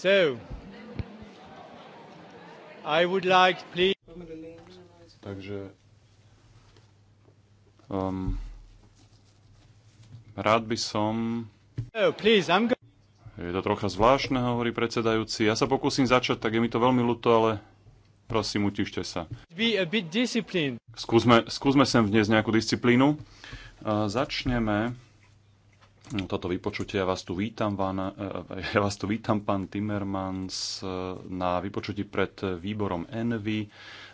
So, I would like, please... Takže um, rád by som... Oh, please, I'm go- je to trocha zvláštne, hovorí predsedajúci. Ja sa pokúsim začať, tak je mi to veľmi ľúto, ale prosím, utište sa. Be a bit skúsme, skúsme sem vniesť nejakú disciplínu. Uh, začneme toto vypočutie. Ja vás tu vítam, pán, eh, eh, ja vás tu vítam, pán Timmermans, eh, na vypočutí pred výborom Envy,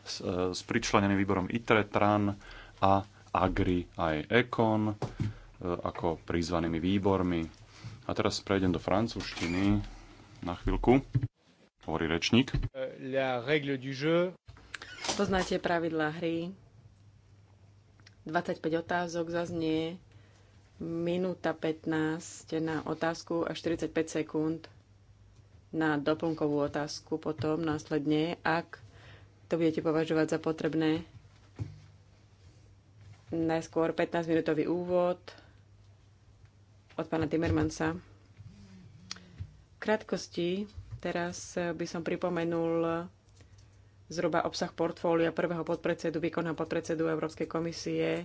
s, s pričleneným výborom ITRE, TRAN a AGRI aj ECON ako prizvanými výbormi. A teraz prejdem do francúzštiny na chvíľku, hovorí rečník. La règle du jeu. Poznáte pravidlá hry. 25 otázok zaznie minúta 15 na otázku a 45 sekúnd na doplnkovú otázku potom následne, ak to budete považovať za potrebné. Najskôr 15-minútový úvod od pána Timmermansa. V krátkosti teraz by som pripomenul zhruba obsah portfólia prvého podpredsedu, výkonného podpredsedu Európskej komisie,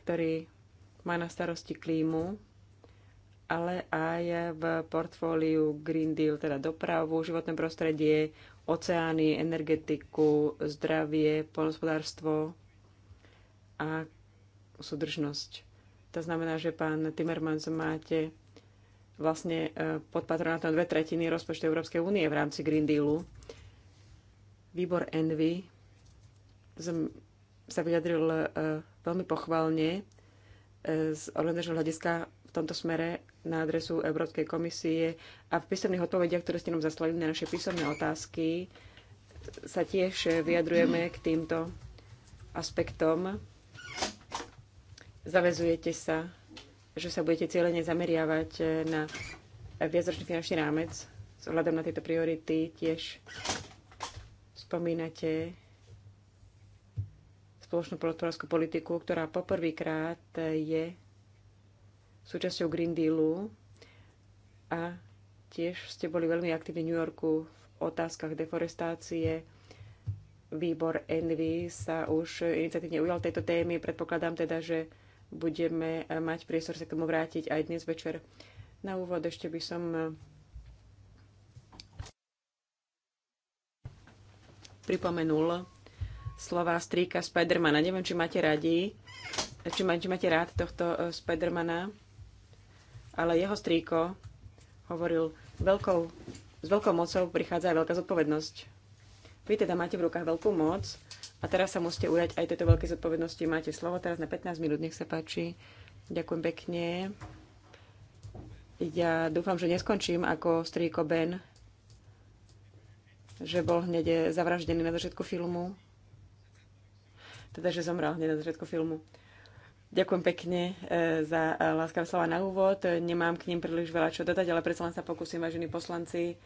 ktorý má na starosti klímu, ale aj v portfóliu Green Deal, teda dopravu, životné prostredie, oceány, energetiku, zdravie, polnospodárstvo a súdržnosť. To znamená, že pán Timmermans máte vlastne e, pod patronátom dve tretiny rozpočtu Európskej únie v rámci Green Dealu. Výbor Envy sa vyjadril e, veľmi pochválne E, z orlandežného hľadiska v tomto smere na adresu Európskej komisie a v písomných odpovediach, ktoré ste nám zaslali na naše písomné otázky, sa tiež vyjadrujeme k týmto aspektom. Zavezujete sa, že sa budete cieľene zameriavať na viacročný finančný rámec s ohľadom na tieto priority. Tiež spomínate spoločnú polnospodárskú politiku, ktorá poprvýkrát je súčasťou Green Dealu a tiež ste boli veľmi aktívni v New Yorku v otázkach deforestácie. Výbor Envy sa už iniciatívne ujal tejto témy. Predpokladám teda, že budeme mať priestor sa k tomu vrátiť aj dnes večer. Na úvod ešte by som eh, pripomenul slova strýka Spidermana. Neviem, či máte radi, či, má, či máte rád tohto e, Spidermana, ale jeho strýko hovoril, veľkou, s veľkou mocou prichádza aj veľká zodpovednosť. Vy teda máte v rukách veľkú moc a teraz sa musíte ujať aj tejto veľkej zodpovednosti. Máte slovo teraz na 15 minút, nech sa páči. Ďakujem pekne. Ja dúfam, že neskončím ako strýko Ben, že bol hneď zavraždený na začiatku filmu teda že zomrel hneď na začiatku filmu. Ďakujem pekne e, za e, láskavé slova na úvod. Nemám k ním príliš veľa čo dodať, ale predsa len sa pokúsim, vážení poslanci.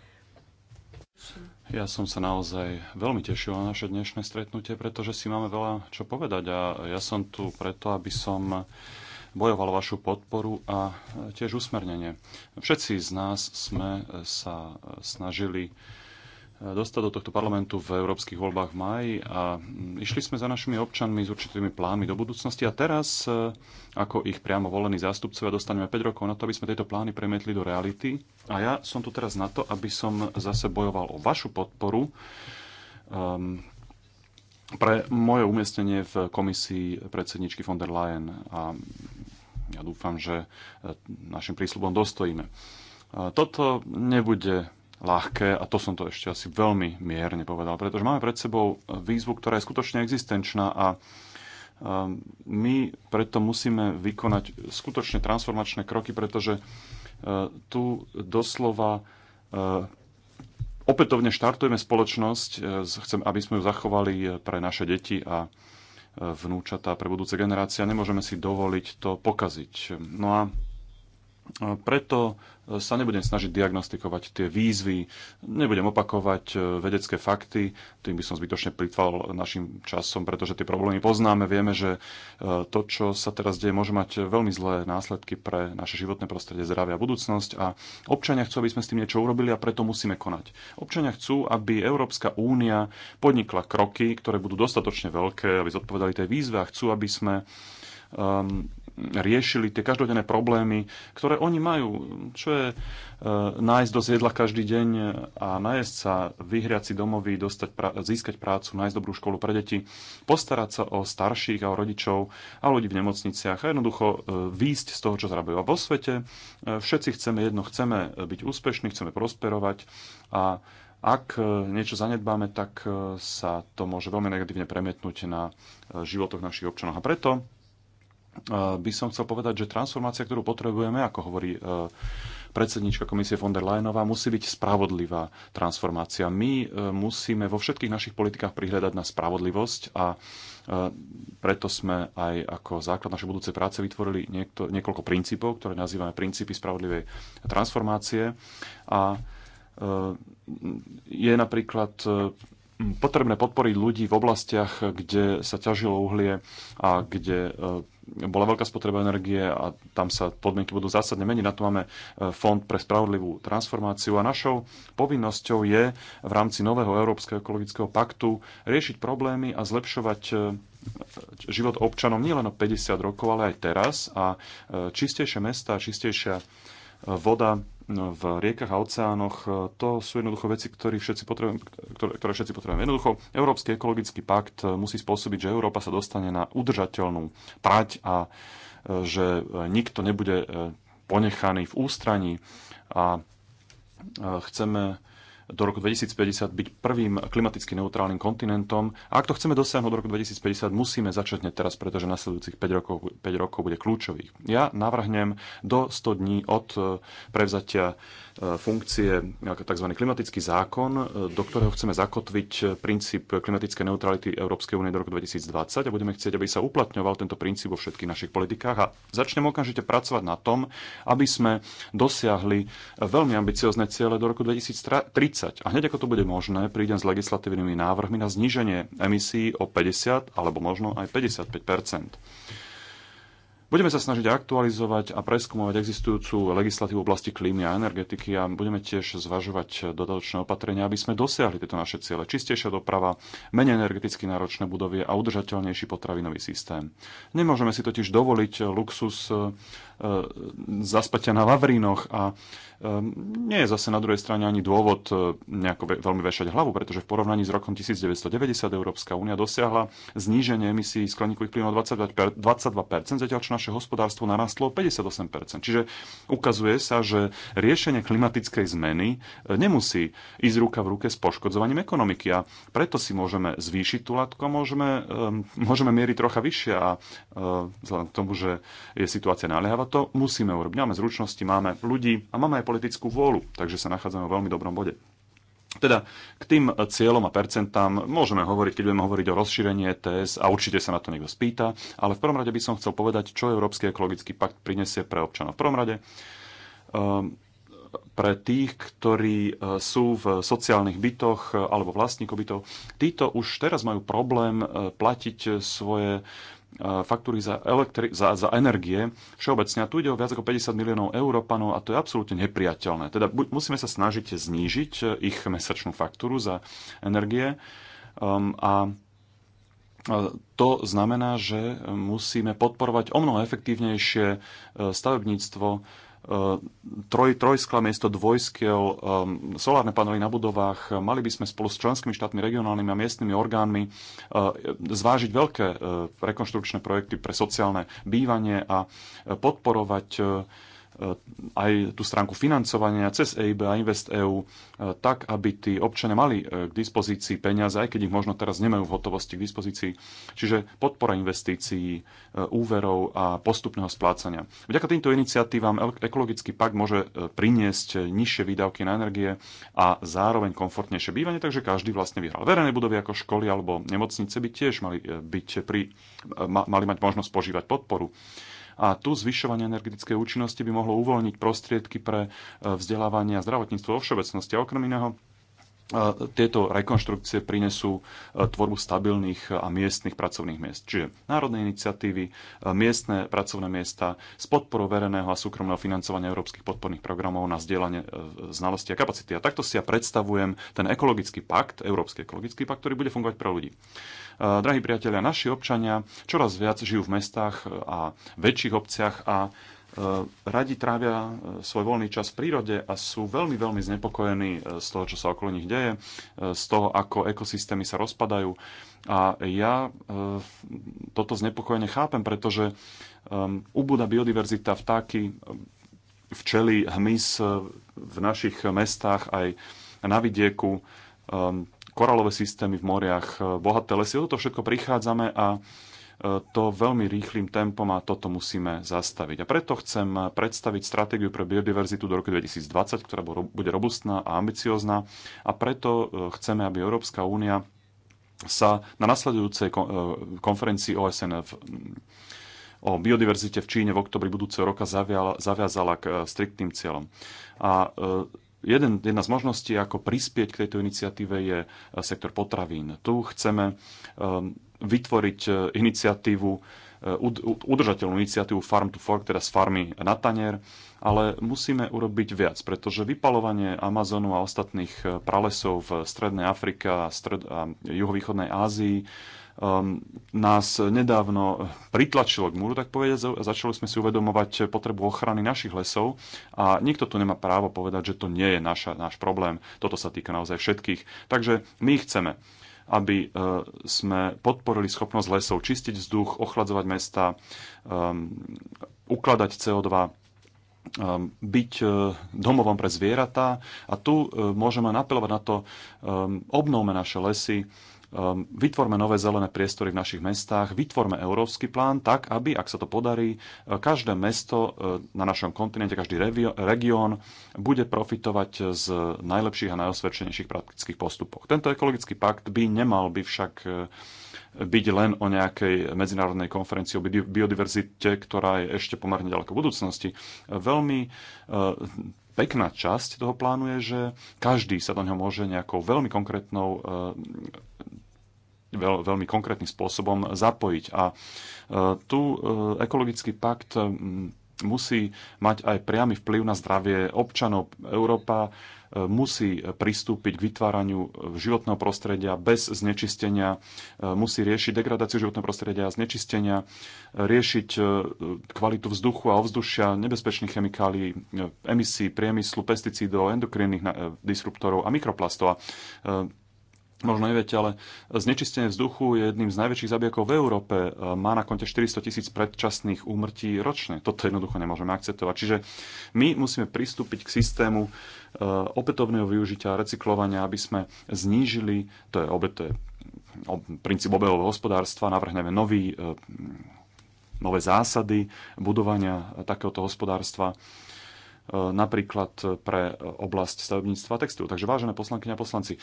Ja som sa naozaj veľmi tešil na naše dnešné stretnutie, pretože si máme veľa čo povedať a ja som tu preto, aby som bojoval vašu podporu a tiež usmernenie. Všetci z nás sme sa snažili dostať do tohto parlamentu v európskych voľbách v maji a mm, išli sme za našimi občanmi s určitými plánmi do budúcnosti a teraz, e, ako ich priamo volení zástupcovia, dostaneme 5 rokov na to, aby sme tieto plány premietli do reality. A ja som tu teraz na to, aby som zase bojoval o vašu podporu um, pre moje umiestnenie v komisii predsedničky von der Leyen. A ja dúfam, že e, našim prísľubom dostojíme. Toto nebude ľahké a to som to ešte asi veľmi mierne povedal, pretože máme pred sebou výzvu, ktorá je skutočne existenčná a ehm, my preto musíme vykonať skutočne transformačné kroky, pretože e, tu doslova e, opätovne štartujeme spoločnosť, e, chcem, aby sme ju zachovali pre naše deti a vnúčatá pre budúce generácie a nemôžeme si dovoliť to pokaziť. No a preto e, sa nebudem snažiť diagnostikovať tie výzvy, nebudem opakovať e, vedecké fakty, tým by som zbytočne plýtval našim časom, pretože tie problémy poznáme, vieme, že e, to, čo sa teraz deje, môže mať veľmi zlé následky pre naše životné prostredie, zdravia a budúcnosť a občania chcú, aby sme s tým niečo urobili a preto musíme konať. Občania chcú, aby Európska únia podnikla kroky, ktoré budú dostatočne veľké, aby zodpovedali tej výzve a chcú, aby sme um, riešili tie každodenné problémy, ktoré oni majú, čo je e, nájsť dosť jedla každý deň a nájsť sa, vyhriať si domovy, dostať získať prácu, nájsť dobrú školu pre deti, postarať sa o starších a o rodičov a ľudí v nemocniciach a jednoducho e, výjsť z toho, čo zarabujú. A vo svete e, všetci chceme jedno, chceme byť úspešní, chceme prosperovať a ak niečo zanedbáme, tak sa to môže veľmi negatívne premietnúť na životoch našich občanov. A preto by som chcel povedať, že transformácia, ktorú potrebujeme, ako hovorí e, predsednička komisie von der Leyenová, musí byť spravodlivá transformácia. My e, musíme vo všetkých našich politikách prihľadať na spravodlivosť a e, preto sme aj ako základ našej budúcej práce vytvorili niekto, niekoľko princípov, ktoré nazývame princípy spravodlivej transformácie. A je napríklad potrebné podporiť ľudí v oblastiach, kde sa ťažilo uhlie a kde e, bola veľká spotreba energie a tam sa podmienky budú zásadne meniť. Na to máme e, Fond pre spravodlivú transformáciu a našou povinnosťou je v rámci nového Európskeho ekologického paktu riešiť problémy a zlepšovať e, život občanom nielen o 50 rokov, ale aj teraz. A čistejšie mesta, čistejšia voda no, v riekach a oceánoch, e, to sú jednoducho veci, ktoré všetci potrebujeme, ktoré, ktoré všetci potrebujeme. Jednoducho, Európsky ekologický pakt e, musí spôsobiť, že Európa sa dostane na udržateľnú trať a e, že nikto nebude ponechaný v ústraní a chceme do roku 2050 byť prvým klimaticky neutrálnym kontinentom. A ak to chceme dosiahnuť do roku 2050, musíme začať teraz, pretože nasledujúcich 5 rokov, 5 rokov bude kľúčových. Ja navrhnem do 100 dní od eh, prevzatia funkcie tzv. klimatický zákon, e, do ktorého chceme zakotviť princíp klimatickej neutrality Európskej únie do roku 2020 a budeme chcieť, aby sa uplatňoval tento princíp vo všetkých našich politikách a začneme okamžite pracovať na tom, aby sme dosiahli veľmi ambiciozne ciele do roku 2030. A hneď ako to bude možné, prídem s legislatívnymi návrhmi na zníženie emisí o 50 alebo možno aj 55 Budeme sa snažiť aktualizovať a preskúmovať existujúcu legislatívu v oblasti klímy a energetiky a budeme tiež zvažovať dodatočné opatrenia, aby sme dosiahli tieto naše ciele. Čistejšia doprava, menej energeticky náročné budovy a udržateľnejší potravinový systém. Nemôžeme si totiž dovoliť luxus E, zaspatia na Vavrinoch a e, nie je zase na druhej strane ani dôvod e, nejako veľmi vešať hlavu, pretože v porovnaní s rokom 1990 Európska únia dosiahla zníženie emisí skleníkových plynov 22%, zatiaľ čo naše hospodárstvo narastlo 58%. Čiže ukazuje sa, že riešenie klimatickej zmeny nemusí ísť ruka v ruke s poškodzovaním ekonomiky a preto si môžeme zvýšiť tú latko, môžeme, môžeme mieriť trocha vyššie a vzhľadom k tomu, že je situácia naliehavá, ale to musíme urobiť. Máme zručnosti, máme ľudí a máme aj politickú vôľu, takže sa nachádzame v veľmi dobrom bode. Teda k tým cieľom a percentám môžeme hovoriť, keď budeme hovoriť o rozšírení ETS a určite sa na to niekto spýta, ale v prvom rade by som chcel povedať, čo Európsky ekologický pakt prinesie pre občanov. V prvom rade um, pre tých, ktorí e, sú v sociálnych bytoch alebo vlastníkov bytov. Títo už teraz majú problém e, platiť svoje faktúry za, elektri- za, za energie všeobecne. A tu ide o viac ako 50 miliónov európanov a to je absolútne nepriateľné. Teda musíme sa snažiť znížiť e, ich mesačnú faktúru za energie. Um, a to znamená, že musíme podporovať o mnoho efektívnejšie e, stavebníctvo, E, troj, trojskla miesto dvojskiel, e, solárne panely na budovách. Mali by sme spolu s členskými štátmi, regionálnymi a miestnymi orgánmi e, zvážiť veľké rekonštrukčné projekty pre sociálne bývanie a podporovať Eh, aj tú stránku financovania cez EIB a InvestEU, eh, tak aby tí občania mali eh, k dispozícii peniaze, aj keď ich možno teraz nemajú v hotovosti k dispozícii. Čiže podpora investícií, úverov a postupného splácania. Vďaka týmto iniciatívam ekologický pak môže priniesť nižšie výdavky na energie a zároveň komfortnejšie bývanie, takže každý vlastne vyhral. Verejné budovy ako školy alebo nemocnice by tiež mali, byť pri, mali mať možnosť požívať podporu. A tu zvyšovanie energetickej účinnosti by mohlo uvoľniť prostriedky pre e, vzdelávanie a zdravotníctvo vo všeobecnosti. A okrem iného tieto rekonštrukcie prinesú e, tvorbu stabilných a miestnych pracovných miest. Čiže národné iniciatívy, e, miestne pracovné miesta s podporou verejného a súkromného financovania európskych podporných programov na zdieľanie znalostí a kapacity. A takto si ja predstavujem ten ekologický pakt, Európsky ekologický pakt, ktorý bude fungovať pre ľudí. E, drahí priatelia, naši občania čoraz viac žijú v mestách a väčších obciach a Eh, radi trávia eh, svoj voľný čas v prírode a sú veľmi, veľmi znepokojení eh, z toho, čo sa okolo nich deje, z toho, ako ekosystémy sa rozpadajú. A ja toto znepokojenie chápem, pretože ubúda biodiverzita, vtáky, včely, hmyz v našich mestách aj na vidieku, koralové systémy v moriach, bohaté lesy, o toto všetko prichádzame a to veľmi rýchlým tempom a toto musíme zastaviť. A preto chcem predstaviť stratégiu pre biodiverzitu do roku 2020, ktorá bude robustná a ambiciozná a preto e, chceme, aby Európska únia sa na nasledujúcej e, konferencii OSN v, o biodiverzite v Číne v oktobri budúceho roka zaviazala k e, striktným cieľom. A jeden, jedna z možností, ako prispieť k tejto iniciatíve, je sektor potravín. Tu chceme vytvoriť e, iniciatívu, e, udržateľnú iniciatívu Farm to Fork, teda z farmy na tanier, ale musíme urobiť viac, pretože vypalovanie Amazonu a ostatných e, pralesov v Strednej Afrike a, stred, a juhovýchodnej Ázii um, nás nedávno pritlačilo k múru, tak povedať, začali sme si uvedomovať potrebu ochrany našich lesov a nikto tu nemá právo povedať, že to nie je naša, náš problém. Toto sa týka naozaj všetkých. Takže my chceme aby e, sme podporili schopnosť lesov čistiť vzduch, ochladzovať mesta, e, ukladať CO2 e, byť domovom pre zvieratá. A tu môžeme napelovať na to, obnovme naše lesy, Um, vytvorme nové zelené priestory v našich mestách, vytvorme európsky plán tak, aby, ak sa to podarí, uh, každé mesto uh, na našom kontinente, každý región bude profitovať z najlepších a najosvedčenejších praktických postupov. Tento ekologický pakt by nemal by však uh, byť len o nejakej medzinárodnej konferencii o biodiverzite, ktorá je ešte pomerne ďaleko v budúcnosti. Veľmi pekná časť toho plánu je, že každý sa do neho môže nejakou veľmi konkrétnou veľ, veľmi konkrétnym spôsobom zapojiť. A e, tu e, ekologický pakt musí mať aj priamy vplyv na zdravie občanov. Európa e, musí pristúpiť k vytváraniu životného prostredia bez znečistenia, musí riešiť degradáciu životného prostredia a znečistenia, riešiť kvalitu vzduchu a ovzdušia, nebezpečných chemikálií, emisí, priemyslu, pesticídov, endokrinných disruptorov a mikroplastov. A možno neviete, ale znečistenie vzduchu je jedným z najväčších zabijakov v Európe. E, má na konte 400 tisíc predčasných úmrtí ročne. Toto jednoducho nemôžeme akceptovať. Čiže my musíme pristúpiť k systému e, opätovného využitia a recyklovania, aby sme znížili, to je, obe, to je princíp obehového hospodárstva, navrhneme nový, e, nové zásady budovania takéhoto hospodárstva napríklad pre oblasť stavebníctva textu. Takže vážené poslankyne a poslanci,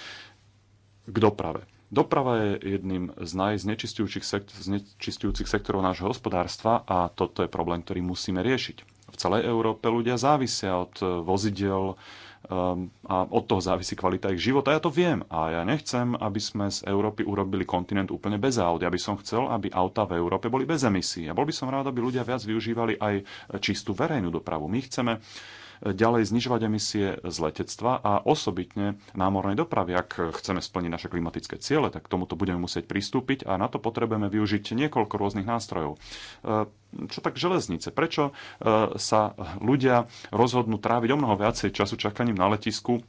k doprave. Doprava je jedným z najznečistujúcich znečistujúcich sektorov nášho hospodárstva a toto je problém, ktorý musíme riešiť. V celej Európe ľudia závisia od eh, vozidel eh, a od toho závisí kvalita ich života. Ja to viem a ja nechcem, aby sme z Európy urobili kontinent úplne bez aut. Ja by som chcel, aby auta v Európe boli bez emisí. A ja bol by som rád, aby ľudia viac využívali aj čistú verejnú dopravu. My chceme ďalej znižovať emisie z letectva a osobitne námornej dopravy. Ak chceme splniť naše klimatické ciele, tak k tomuto budeme musieť pristúpiť a na to potrebujeme využiť niekoľko rôznych nástrojov. E, čo tak železnice? Prečo e, sa ľudia rozhodnú tráviť o mnoho viacej času čakaním na letisku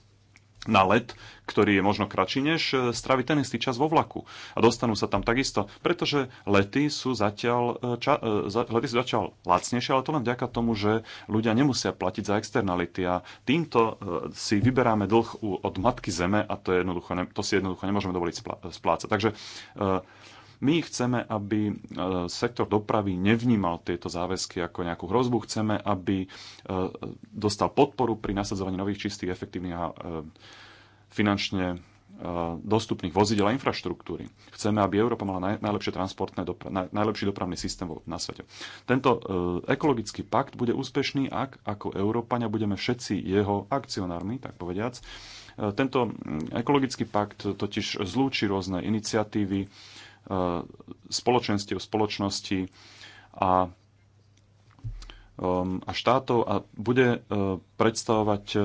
na let, ktorý je možno kratší, než e, stráviť ten istý čas vo vlaku. A dostanú sa tam takisto, pretože lety sú zatiaľ, e, ča, e, lety sú zatiaľ lacnejšie, ale to len vďaka tomu, že ľudia nemusia platiť za externality a týmto si vyberáme dlh od matky zeme a to, je jednoducho, to si jednoducho nemôžeme dovoliť splácať. Takže my chceme, aby e, sektor dopravy nevnímal tieto záväzky ako nejakú hrozbu. Chceme, aby e, dostal podporu pri nasadzovaní nových čistých, efektívnych a e, finančne dostupných vozidel a infraštruktúry. Chceme, aby Európa mala najlepšie transportné, najlepší dopravný systém na svete. Tento ekologický pakt bude úspešný, ak ako Európania budeme všetci jeho akcionármi, tak povediac. Tento ekologický pakt totiž zlúči rôzne iniciatívy, spoločenstiev, spoločnosti a, um, a štátov a bude uh, predstavovať uh,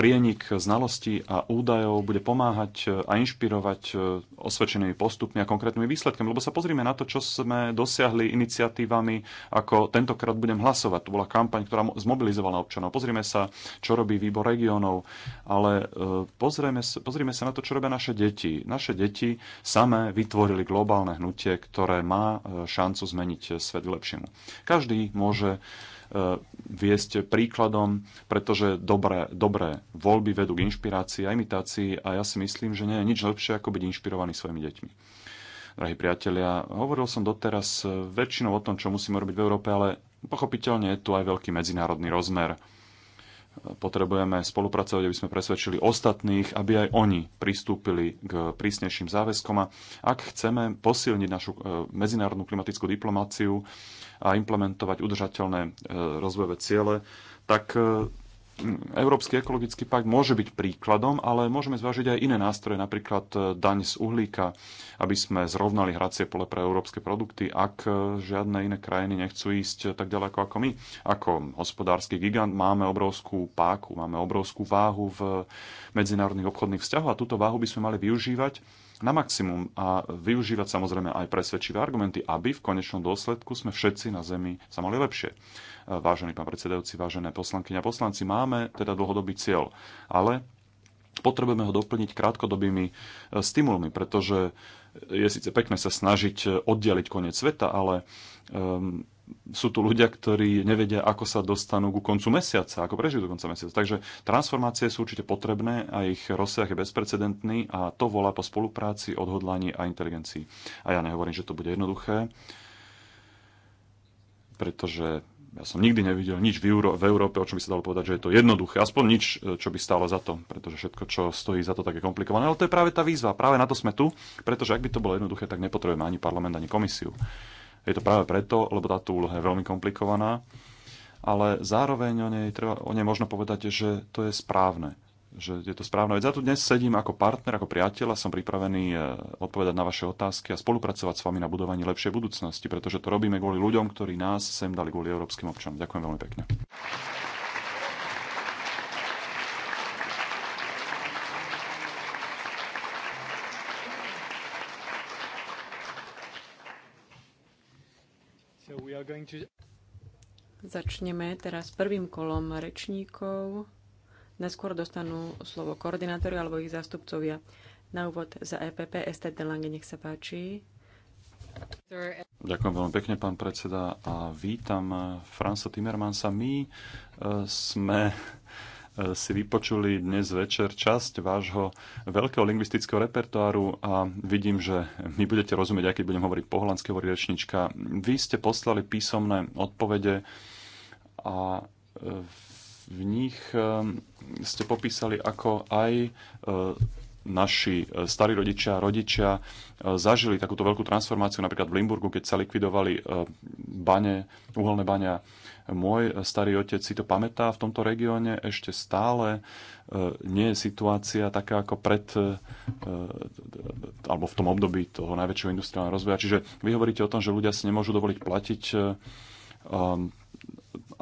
prienik znalostí a údajov bude pomáhať e, a inšpirovať e, osvedčenými postupmi a konkrétnymi výsledkami. Lebo sa pozrime na to, čo sme dosiahli iniciatívami, ako tentokrát budem hlasovať. To bola kampaň, ktorá zmobilizovala občanov. Pozrime sa, čo robí výbor regionov, ale e, pozrime, pozrime sa na to, čo robia naše deti. Naše deti samé vytvorili globálne hnutie, ktoré má šancu zmeniť svet k lepšiemu. Každý môže E, viesť príkladom, pretože dobré, dobré voľby vedú k inšpirácii a imitácii a ja si myslím, že nie je nič lepšie, ako byť inšpirovaný svojimi deťmi. Drahí priatelia, hovoril som doteraz e, väčšinou o tom, čo musíme robiť v Európe, ale pochopiteľne je tu aj veľký medzinárodný rozmer potrebujeme spolupracovať, aby sme presvedčili ostatných, aby aj oni pristúpili k prísnejším záväzkom. A ak chceme posilniť našu e, medzinárodnú klimatickú diplomáciu a implementovať udržateľné e, rozvojové ciele, tak e, Európsky ekologický pakt môže byť príkladom, ale môžeme zvážiť aj iné nástroje, napríklad e, daň z uhlíka, aby sme zrovnali hracie pole pre európske produkty, ak e, žiadne iné krajiny nechcú ísť e, tak ďaleko ako my. Ako hospodársky gigant máme obrovskú páku, máme obrovskú váhu v medzinárodných obchodných vzťahoch a túto váhu by sme mali využívať na maximum a využívať samozrejme aj presvedčivé argumenty, aby v konečnom dôsledku sme všetci na Zemi sa mali lepšie. E, vážený pán predsedajúci, vážené poslankyne a poslanci, máme teda dlhodobý cieľ, ale potrebujeme ho doplniť krátkodobými e, stimulmi, pretože je síce pekné sa snažiť e, oddeliť koniec sveta, ale um, sú tu ľudia, ktorí nevedia, ako sa dostanú ku koncu mesiaca, ako prežijú do konca mesiaca. Takže transformácie sú určite potrebné a ich rozsah je bezprecedentný a to volá po spolupráci, odhodlaní a inteligencii. A ja nehovorím, že to bude jednoduché, pretože ja som nikdy nevidel nič v, Euró- v Európe, o čom by sa dalo povedať, že je to jednoduché. Aspoň nič, čo by stálo za to, pretože všetko, čo stojí za to, tak je komplikované. Ale to je práve tá výzva. Práve na to sme tu, pretože ak by to bolo jednoduché, tak nepotrebujeme ani parlament, ani komisiu. Je to práve preto, lebo táto úloha je veľmi komplikovaná, ale zároveň o nej, treba, o nej možno povedať, že to je správne. Že je to správna vec. Ja tu dnes sedím ako partner, ako priateľ a som pripravený eh, odpovedať na vaše otázky a spolupracovať s vami na budovaní lepšej budúcnosti, pretože to robíme kvôli ľuďom, ktorí nás sem dali kvôli európskym občanom. Ďakujem veľmi pekne. Začneme teraz prvým kolom rečníkov. Neskôr dostanú slovo koordinátori alebo ich zástupcovia. Na úvod za EPP ST Delange, nech sa páči. Ďakujem veľmi pekne, pán predseda, a vítam Franca Timmermansa. My eh, sme si vypočuli dnes večer časť vášho veľkého lingvistického repertoáru a vidím, že mi budete rozumieť, aj keď budem hovoriť po holandsky, rečnička. Vy ste poslali písomné odpovede a e, v nich e, ste popísali, ako aj e, naši starí rodičia, rodičia zažili takúto veľkú transformáciu napríklad v Limburgu, keď sa likvidovali bane, uholné bane môj starý otec si to pamätá, v tomto regióne ešte stále e, nie je situácia taká ako pred, e, e, alebo v tom období toho najväčšieho industriálneho rozvoja. Čiže vy hovoríte o tom, že ľudia si nemôžu dovoliť platiť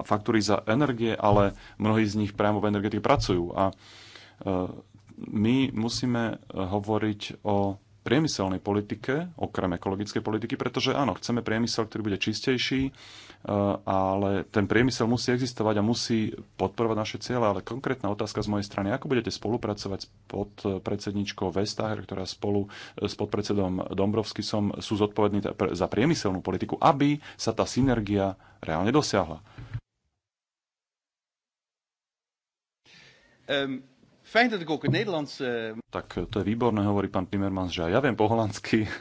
faktúry za energie, ale mnohí z nich priamo v energetike pracujú. A my musíme hovoriť o priemyselnej politike, okrem ekologickej politiky, pretože áno, chceme priemysel, ktorý bude čistejší, ale ten priemysel musí existovať a musí podporovať naše cieľe. Ale konkrétna otázka z mojej strany, ako budete spolupracovať s podpredsedničkou Vestager, ktorá spolu s podpredsedom Dombrovskisom sú zodpovední za priemyselnú politiku, aby sa tá synergia reálne dosiahla? Um, fijn dat ik ook het Nederlands... Eh, tak to je výborné, hovorí pán Timmermans, že ja viem po holandsky,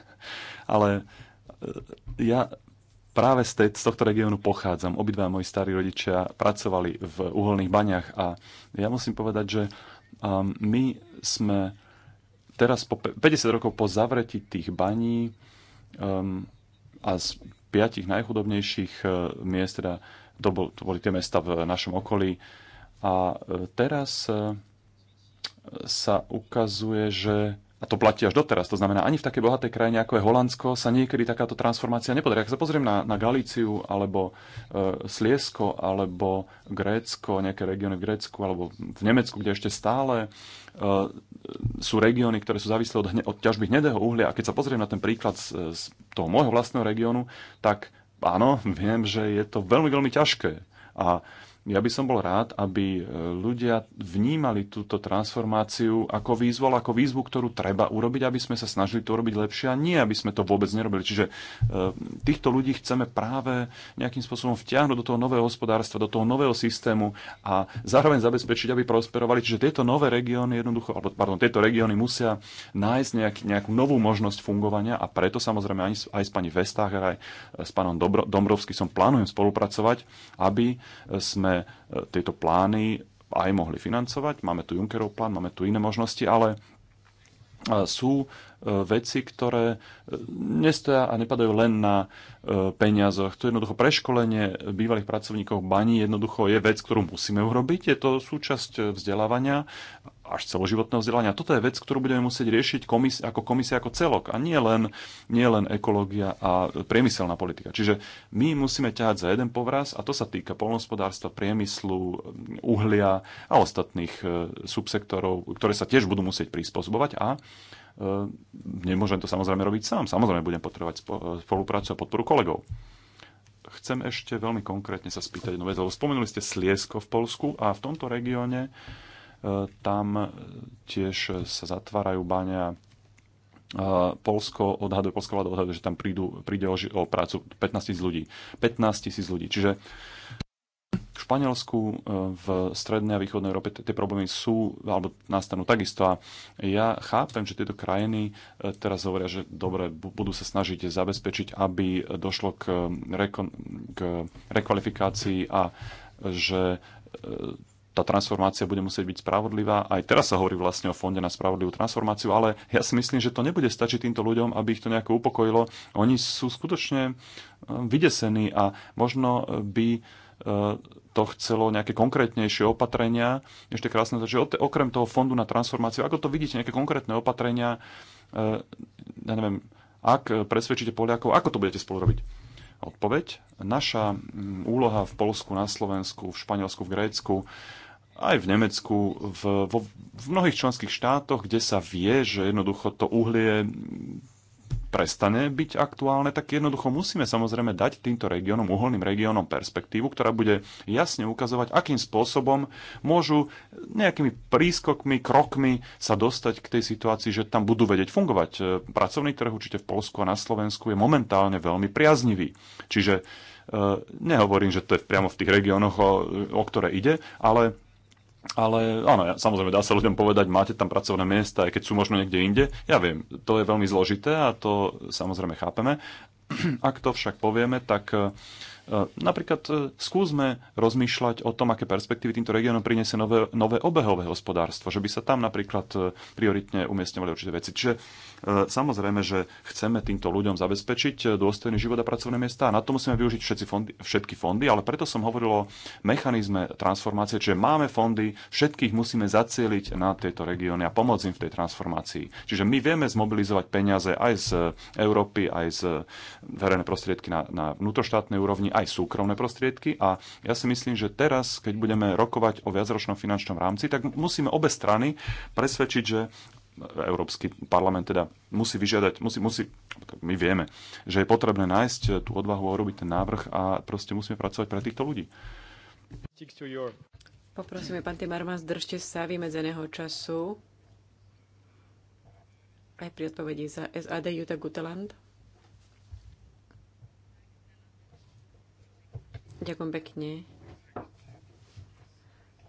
ale eh, ja práve z, tej, z tohto regiónu pochádzam. Obidva moji starí rodičia pracovali v uholných baňach a ja musím povedať, že um, my sme teraz po 50 rokov po zavretí tých baní um, a z piatich najchudobnejších uh, miest, teda to, bol, to boli tie mesta v našom okolí, a uh, teraz uh, sa ukazuje, že a to platí až doteraz. To znamená, ani v takej bohatej krajine ako je Holandsko sa niekedy takáto transformácia nepodarí. Ak sa pozriem na, na Galíciu, alebo e, Sliesko, alebo Grécko, nejaké regióny v Grécku, alebo v Nemecku, kde ešte stále e, sú regióny, ktoré sú závislé od, od ťažby hnedého uhlia. A keď sa pozriem na ten príklad z, z toho môjho vlastného regiónu, tak áno, viem, že je to veľmi, veľmi ťažké. A ja by som bol rád, aby e, ľudia vnímali túto transformáciu ako výzvu, ako výzvu, ktorú treba urobiť, aby sme sa snažili to urobiť lepšie a nie, aby sme to vôbec nerobili. Čiže e, týchto ľudí chceme práve nejakým spôsobom vtiahnuť do toho nového hospodárstva, do toho nového systému a zároveň zabezpečiť, aby prosperovali. Čiže tieto nové regióny jednoducho, alebo pardon, tieto regióny musia nájsť nejak, nejakú novú možnosť fungovania a preto samozrejme ani, aj s pani Vestager, aj s pánom Dobro, Dombrovským plánujem spolupracovať, aby e, sme E, tieto plány aj mohli financovať. Máme tu Junckerov plán, máme tu iné možnosti, ale e, sú e, veci, ktoré nestoja a nepadajú len na peniazoch. To je jednoducho preškolenie bývalých pracovníkov baní jednoducho je vec, ktorú musíme urobiť. Je to súčasť vzdelávania až celoživotného vzdelania. Toto je vec, ktorú budeme musieť riešiť komis- ako komisia ako celok a nie len, nie len ekológia a priemyselná politika. Čiže my musíme ťahať za jeden povraz a to sa týka polnospodárstva, priemyslu, uhlia a ostatných e, subsektorov, ktoré sa tiež budú musieť prispôsobovať a e, nemôžem to samozrejme robiť sám. Samozrejme budem potrebovať spoluprácu a podporu kolegov. Chcem ešte veľmi konkrétne sa spýtať jednu vec, lebo spomenuli ste Sliesko v Polsku a v tomto regióne uh, tam tiež sa zatvárajú báňa. Polsko odhaduje, Polská vláda odhaduje, že tam prídu, príde o, o prácu 15 tisíc ľudí. 15 tisíc ľudí. Čiže v Španielsku, e, v strednej a východnej Európe tie problémy sú, alebo nastanú takisto. A ja chápem, že tieto krajiny e, teraz hovoria, že dobre, budú sa snažiť zabezpečiť, aby došlo k, reko- k rekvalifikácii a že e, tá transformácia bude musieť byť spravodlivá. Aj teraz sa hovorí vlastne o fonde na spravodlivú transformáciu, ale ja si myslím, že to nebude stačiť týmto ľuďom, aby ich to nejako upokojilo. Oni sú skutočne e, vydesení a možno by e, to chcelo nejaké konkrétnejšie opatrenia. Ešte krásne, že okrem toho fondu na transformáciu, ako to vidíte, nejaké konkrétne opatrenia, e, ja neviem, ak presvedčíte Poliakov, ako to budete spolu robiť? odpoveď. Naša úloha v Polsku, na Slovensku, v Španielsku, v Grécku aj v Nemecku, v, vo, v mnohých členských štátoch, kde sa vie, že jednoducho to uhlie prestane byť aktuálne, tak jednoducho musíme samozrejme dať týmto regiónom, uholným regiónom perspektívu, ktorá bude jasne ukazovať, akým spôsobom môžu nejakými prískokmi, krokmi sa dostať k tej situácii, že tam budú vedieť fungovať. E, pracovný trh určite v Polsku a na Slovensku je momentálne veľmi priaznivý. Čiže e, nehovorím, že to je priamo v tých regiónoch, o, o ktoré ide, ale ale áno, samozrejme, dá sa ľuďom povedať, máte tam pracovné miesta, aj keď sú možno niekde inde. Ja viem, to je veľmi zložité a to samozrejme chápeme. Ak to však povieme, tak e, napríklad e, skúsme rozmýšľať o tom, aké perspektívy týmto regiónom priniesie nové, nové obehové hospodárstvo, že by sa tam napríklad e, prioritne umiestňovali určité veci. Čiže E, samozrejme, že chceme týmto ľuďom zabezpečiť e, dôstojný život a pracovné miesta a na to musíme využiť všetci fondy, všetky fondy, ale preto som hovoril o mechanizme transformácie, čiže máme fondy, všetkých musíme zacieliť na tieto regióny a pomôcť im v tej transformácii. Čiže my vieme zmobilizovať peniaze aj z Európy, aj z verejné prostriedky na, na vnútroštátnej úrovni, aj súkromné prostriedky a ja si myslím, že teraz, keď budeme rokovať o viacročnom finančnom rámci, tak musíme obe strany presvedčiť, že Európsky parlament teda musí vyžiadať, musí, musí, my vieme, že je potrebné nájsť tú odvahu a urobiť ten návrh a proste musíme pracovať pre týchto ľudí. Poprosíme, pán Timarmas, držte sa vymedzeného času. Aj pri odpovedi za SAD Juta Guteland. Ďakujem pekne.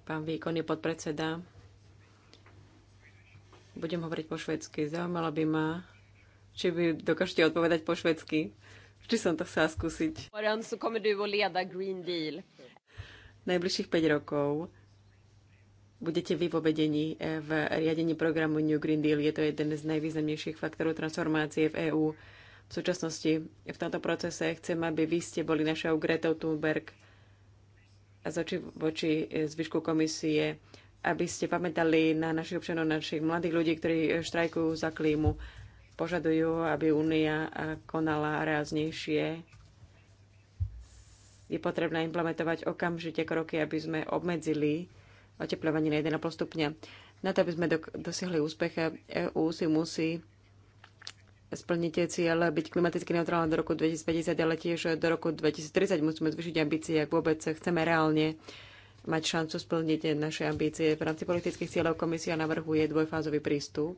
Pán výkonný podpredseda budem hovoriť po švedsky. Zaujímalo by ma, či by dokážete odpovedať po švedsky. Vždy som to chcela skúsiť. Najbližších 5 rokov budete vy vo vedení eh, v riadení programu New Green Deal. Je to jeden z najvýznamnejších faktorov transformácie v EÚ. V súčasnosti v tomto procese chcem, aby vy ste boli našou Gretou Thunberg a voči eh, zvyšku komisie aby ste pamätali na našich občanov, na našich mladých ľudí, ktorí eh, štrajkujú za klímu. Požadujú, aby Únia eh, konala ráznejšie. Je potrebné implementovať okamžite kroky, aby sme obmedzili oteplovanie na 1,5 stupňa. Na to, aby sme dosiahli úspech, EÚ eh, e si musí splniť cieľ byť klimaticky neutrálna do roku 2050, ale tiež do roku 2030 musíme zvýšiť ambície, ak vôbec chceme reálne uh, mať šancu splniť naše ambície. V rámci politických cieľov komisia navrhuje dvojfázový prístup,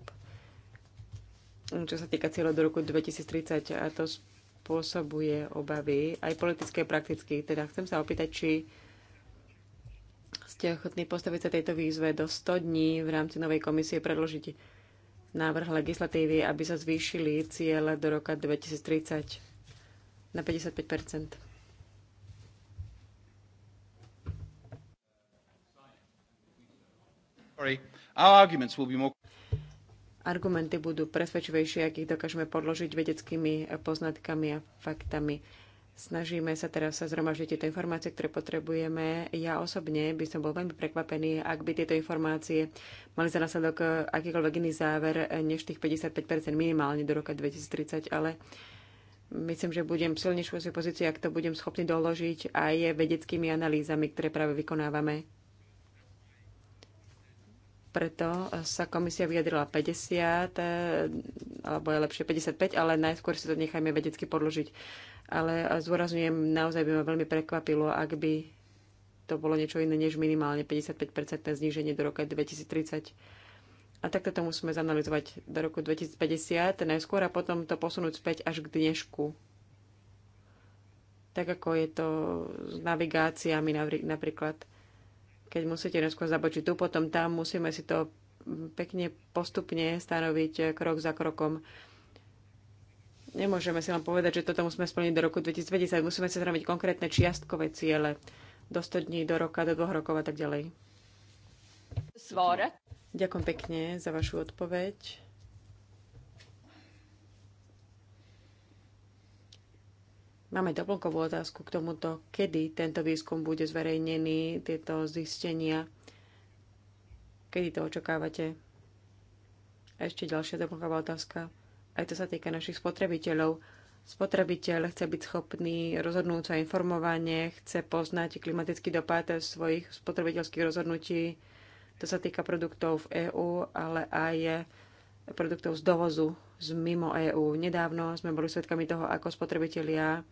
čo sa týka cieľov do roku 2030 a to spôsobuje obavy, aj politické, a prakticky. Teda chcem sa opýtať, či ste ochotní postaviť sa tejto výzve do 100 dní v rámci novej komisie predložiť návrh legislatívy, aby sa zvýšili cieľ do roka 2030 na 55 Argumenty budú presvedčivejšie, ak ich dokážeme podložiť vedeckými poznatkami a faktami. Snažíme sa teraz sa zhromažiť tieto informácie, ktoré potrebujeme. Ja osobne by som bol veľmi prekvapený, ak by tieto informácie mali za následok eh, akýkoľvek iný záver eh, než tých 55% minimálne do roka 2030, ale myslím, že budem silnejšiu svojej pozícii, ak to budem schopný doložiť aj vedeckými analýzami, ktoré práve vykonávame. Preto e, sa komisia vyjadrila 50, e, alebo je lepšie 55, ale najskôr si to nechajme vedecky podložiť. Ale e, zúrazňujem, naozaj by ma veľmi prekvapilo, ak by to bolo niečo iné než minimálne 55% zníženie do roka 2030. A takto to musíme zanalizovať do roku 2050 najskôr a potom to posunúť späť až k dnešku. Tak ako je to s navigáciami napríklad keď musíte neskôr zabočiť tu, potom tam, musíme si to pekne postupne stanoviť eh, krok za krokom. Nemôžeme si len povedať, že toto musíme splniť do roku 2020. Musíme si stanoviť konkrétne čiastkové ciele do 100 dní, do roka, do dvoch rokov a tak ďalej. Svore. Ďakujem pekne za vašu odpoveď. Máme doplnkovú otázku k tomuto, kedy tento výskum bude zverejnený, tieto zistenia, kedy to očakávate. A ešte ďalšia doplnková otázka. Aj to sa týka našich spotrebiteľov. Spotrebiteľ chce byť schopný rozhodnúť sa informovanie, chce poznať klimatický dopad svojich spotrebiteľských rozhodnutí. To sa týka produktov v EÚ, ale aj produktov z dovozu z mimo EÚ. Nedávno sme boli svedkami toho, ako spotrebitelia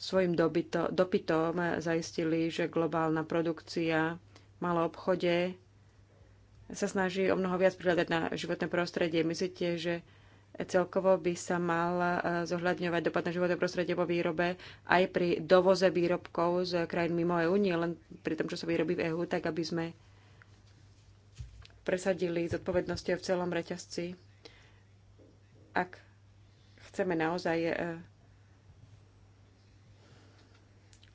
svojim dobyto, dopytom zaistili, že globálna produkcia v malom obchode sa snaží o mnoho viac prihľadať na životné prostredie. Myslíte, že celkovo by sa mal e, zohľadňovať dopad na životné prostredie vo výrobe aj pri dovoze výrobkov z krajín mimo EÚ, nie len pri tom, čo sa vyrobí v EÚ, tak aby sme presadili zodpovednosti v celom reťazci. Ak chceme naozaj e,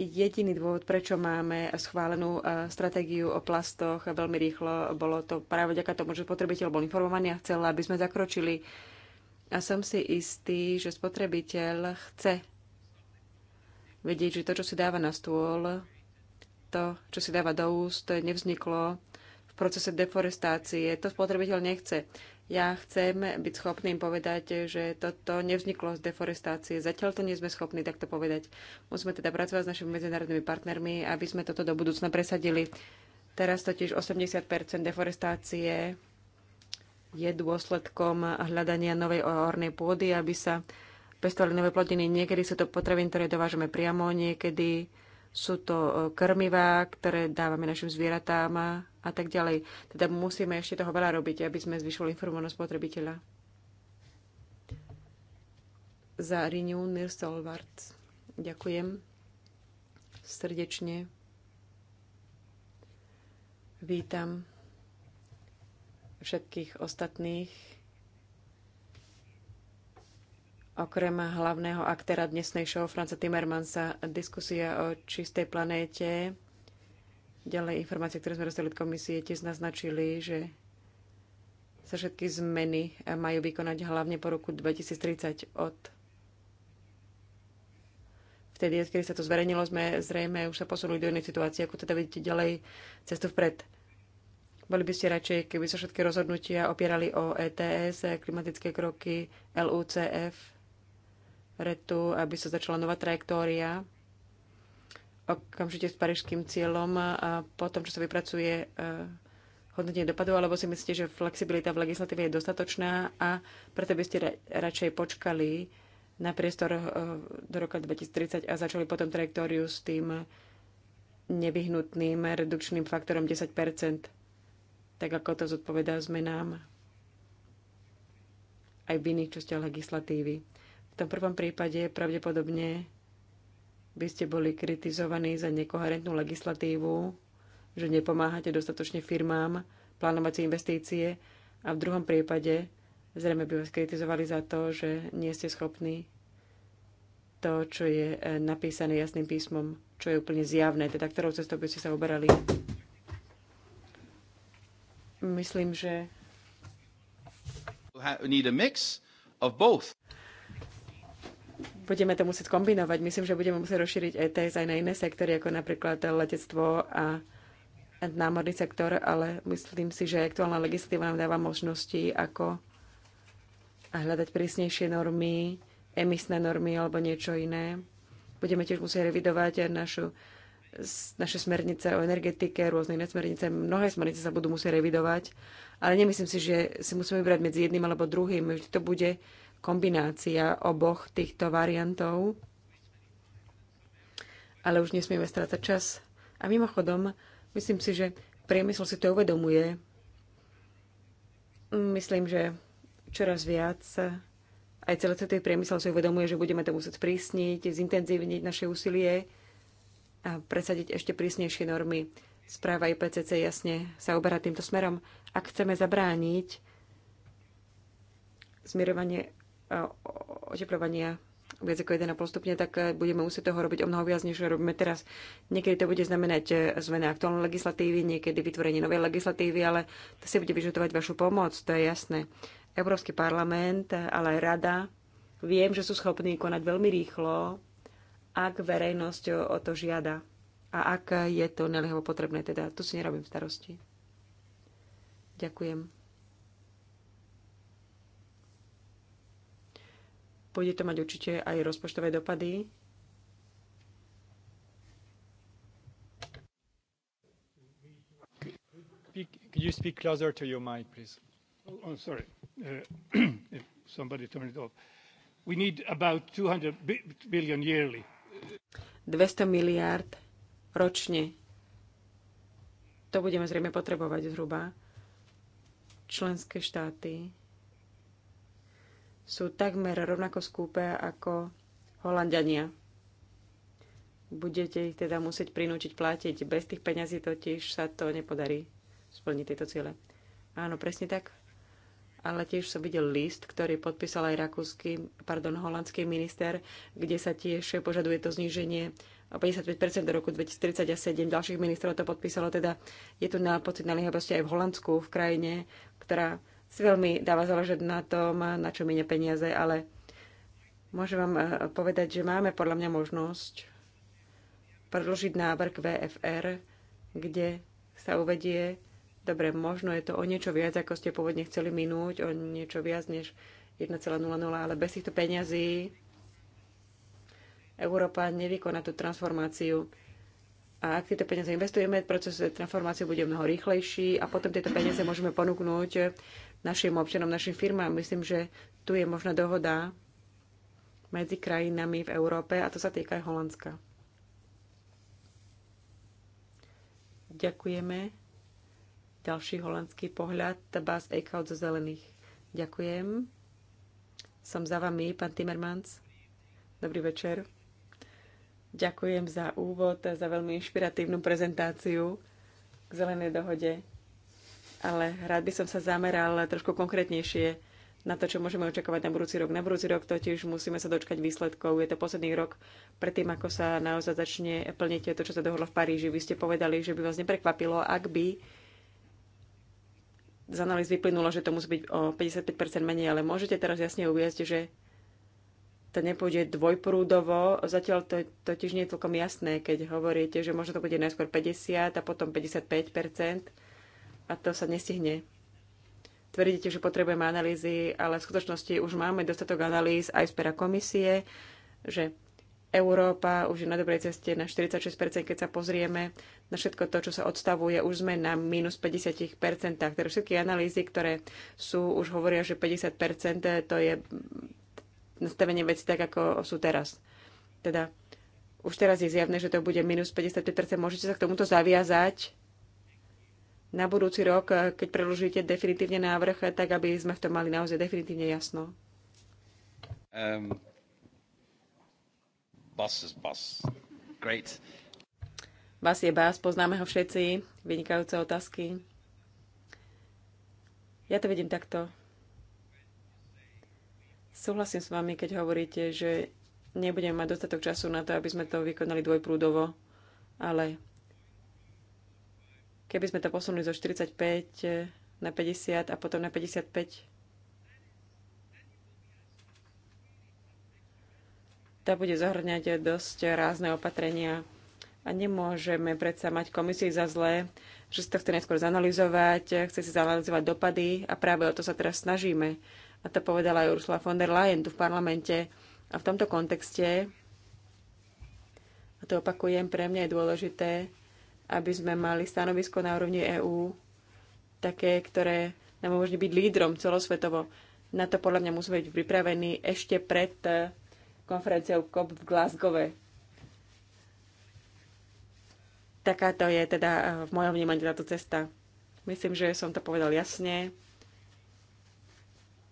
jediný dôvod, prečo máme schválenú e, stratégiu o plastoch veľmi rýchlo. Bolo to práve vďaka tomu, že spotrebiteľ bol informovaný a chcel, aby sme zakročili. A som si istý, že spotrebiteľ chce vedieť, že to, čo si dáva na stôl, to, čo si dáva do úst, nevzniklo v procese deforestácie. To spotrebiteľ nechce. Ja chcem byť schopný im povedať, že toto nevzniklo z deforestácie. Zatiaľ to nie sme schopní takto povedať. Musíme teda pracovať s našimi medzinárodnými partnermi, aby sme toto do budúcna presadili. Teraz totiž 80 deforestácie je dôsledkom hľadania novej ornej pôdy, aby sa pestovali nové plodiny. Niekedy sú to potraviny, ktoré dovážame priamo, niekedy sú to e, krmivá, ktoré dávame našim zvieratám a tak ďalej. Teda musíme ešte toho veľa robiť, aby sme zvyšili informovanosť spotrebiteľa. Za Renew Nils Ďakujem srdečne. Vítam všetkých ostatných. Okrem hlavného aktéra dnesnej show Franca Timmermansa, diskusia o čistej planéte Ďalej informácie, ktoré sme dostali od komisie, tiež naznačili, že sa všetky zmeny eh, majú vykonať hlavne po roku 2030 od vtedy, keď sa to zverejnilo, sme zrejme už sa posunuli do inej situácie, ako teda vidíte ďalej cestu vpred. Boli by ste radšej, keby sa všetky rozhodnutia opierali o ETS, klimatické kroky, LUCF, RETU, aby sa začala nová trajektória okamžite s parížským cieľom a potom, čo sa vypracuje e, hodnotenie dopadov, alebo si myslíte, že flexibilita v legislatíve je dostatočná a preto by ste radšej počkali na priestor e, do roka 2030 a začali potom trajektóriu s tým nevyhnutným redukčným faktorom 10 tak ako to zodpovedá zmenám aj v iných časťach legislatívy. V tom prvom prípade pravdepodobne by ste boli kritizovaní za nekoherentnú legislatívu, že nepomáhate dostatočne firmám plánovať si investície a v druhom prípade zrejme by vás kritizovali za to, že nie ste schopní to, čo je eh, napísané jasným písmom, čo je úplne zjavné, teda ktorou cestou by ste sa uberali. Myslím, že need a mix of both budeme to musieť kombinovať. Myslím, že budeme musieť rozšíriť ETS aj na iné sektory, ako napríklad letectvo a námorný sektor, ale myslím si, že aktuálna legislatíva nám dáva možnosti, ako hľadať prísnejšie normy, emisné normy alebo niečo iné. Budeme tiež musieť revidovať našu, naše smernice o energetike, rôzne iné smernice. Mnohé smernice sa budú musieť revidovať, ale nemyslím si, že si musíme vybrať medzi jedným alebo druhým. Vždy to bude kombinácia oboch týchto variantov. Ale už nesmieme strácať čas. A mimochodom, myslím si, že priemysel si to uvedomuje. Myslím, že čoraz viac aj celé celý priemysel si uvedomuje, že budeme to musieť prísniť, zintenzívniť naše úsilie a presadiť ešte prísnejšie normy. Správa IPCC jasne sa uberá týmto smerom. Ak chceme zabrániť smerovanie oteplovania viac ako 1,5 stupňa, tak e, budeme musieť toho robiť o mnoho viac, než robíme teraz. Niekedy to bude znamenať e, zmena aktuálnej legislatívy, niekedy vytvorenie novej legislatívy, ale to si bude vyžadovať vašu pomoc, to je jasné. Európsky parlament, ale aj rada, viem, že sú schopní konať veľmi rýchlo, ak verejnosť o to žiada a ak je to nelehovo potrebné. Teda tu si nerobím starosti. Ďakujem. Bude to mať určite aj rozpočtové dopady. Could you speak closer to your mic, please? Oh, oh sorry. Uh, if somebody turned it off. We need about 200 billion yearly. 200 miliard ročne. To budeme zrejme potrebovať zhruba. Členské štáty sú takmer rovnako skúpe ako Holandiania. Budete ich teda musieť prinúčiť platiť. Bez tých peňazí totiž sa to nepodarí splniť tieto ciele. Áno, presne tak. Ale tiež som videl list, ktorý podpísal aj rakúsky, pardon, holandský minister, kde sa tiež požaduje to zníženie o 55% do roku 2030 a 7 ďalších ministrov to podpísalo. Teda je tu na pocit na aj v Holandsku, v krajine, ktorá si veľmi dáva záležať na tom, na čo minie peniaze, ale môžem vám eh, povedať, že máme podľa mňa možnosť predložiť návrh VFR, kde sa uvedie, dobre, možno je to o niečo viac, ako ste pôvodne chceli minúť, o niečo viac než 1,00, ale bez týchto peniazí. Európa nevykoná tú transformáciu. A ak tieto peniaze investujeme, proces transformácie bude mnoho rýchlejší a potom tieto peniaze môžeme ponúknúť našim občanom, našim firmám. Myslím, že tu je možná dohoda medzi krajinami v Európe a to sa týka aj Holandska. Ďakujeme. Ďalší holandský pohľad, Tabas Eichhout zo Zelených. Ďakujem. Som za vami, pán Timmermans. Dobrý večer. Ďakujem za úvod a za veľmi inšpiratívnu prezentáciu k zelenej dohode ale rád by som sa zameral trošku konkrétnejšie na to, čo môžeme očakávať na budúci rok. Na budúci rok totiž musíme sa dočkať výsledkov. Je to posledný rok predtým, ako sa naozaj začne plniť to, čo sa dohodlo v Paríži. Vy ste povedali, že by vás neprekvapilo, ak by z analýz vyplynulo, že to musí byť o 55% menej, ale môžete teraz jasne uviezť, že to nepôjde dvojprúdovo. Zatiaľ to totiž nie je celkom jasné, keď hovoríte, že možno to bude najskôr 50 a potom 55 a to sa nestihne. Tvrdíte, že potrebujeme analýzy, ale v skutočnosti už máme dostatok analýz aj z pera komisie, že Európa už je na dobrej ceste na 46%, keď sa pozrieme na všetko to, čo sa odstavuje, už sme na minus 50%. Teda všetky analýzy, ktoré sú, už hovoria, že 50% to je nastavenie veci tak, ako sú teraz. Teda už teraz je zjavné, že to bude minus 55%. Môžete sa k tomuto zaviazať na budúci rok, eh, keď preložíte definitívne návrh, eh, tak aby sme v tom mali naozaj definitívne jasno. Um, bus is bus. Great. Bas je bas, poznáme ho všetci. Vynikajúce otázky. Ja to vidím takto. Súhlasím s vami, keď hovoríte, že nebudeme mať dostatok času na to, aby sme to vykonali dvojprúdovo, ale Keby sme to posunuli zo 45 eh, na 50 a potom na 55, tá bude zahrňať dosť rázne opatrenia. A nemôžeme predsa mať komisii za zlé, že si to chce neskôr zanalizovať, chce si zanalizovať dopady a práve o to sa teraz snažíme. A to povedala aj Ursula von der Leyen tu v parlamente. A v tomto kontexte, a to opakujem, pre mňa je dôležité aby sme mali stanovisko na úrovni EÚ, také, ktoré nám umožní byť lídrom celosvetovo. Na to podľa mňa musíme byť pripravení ešte pred eh, konferenciou COP v Glasgowe. Takáto je teda eh, v mojom vnímaní táto cesta. Myslím, že som to povedal jasne.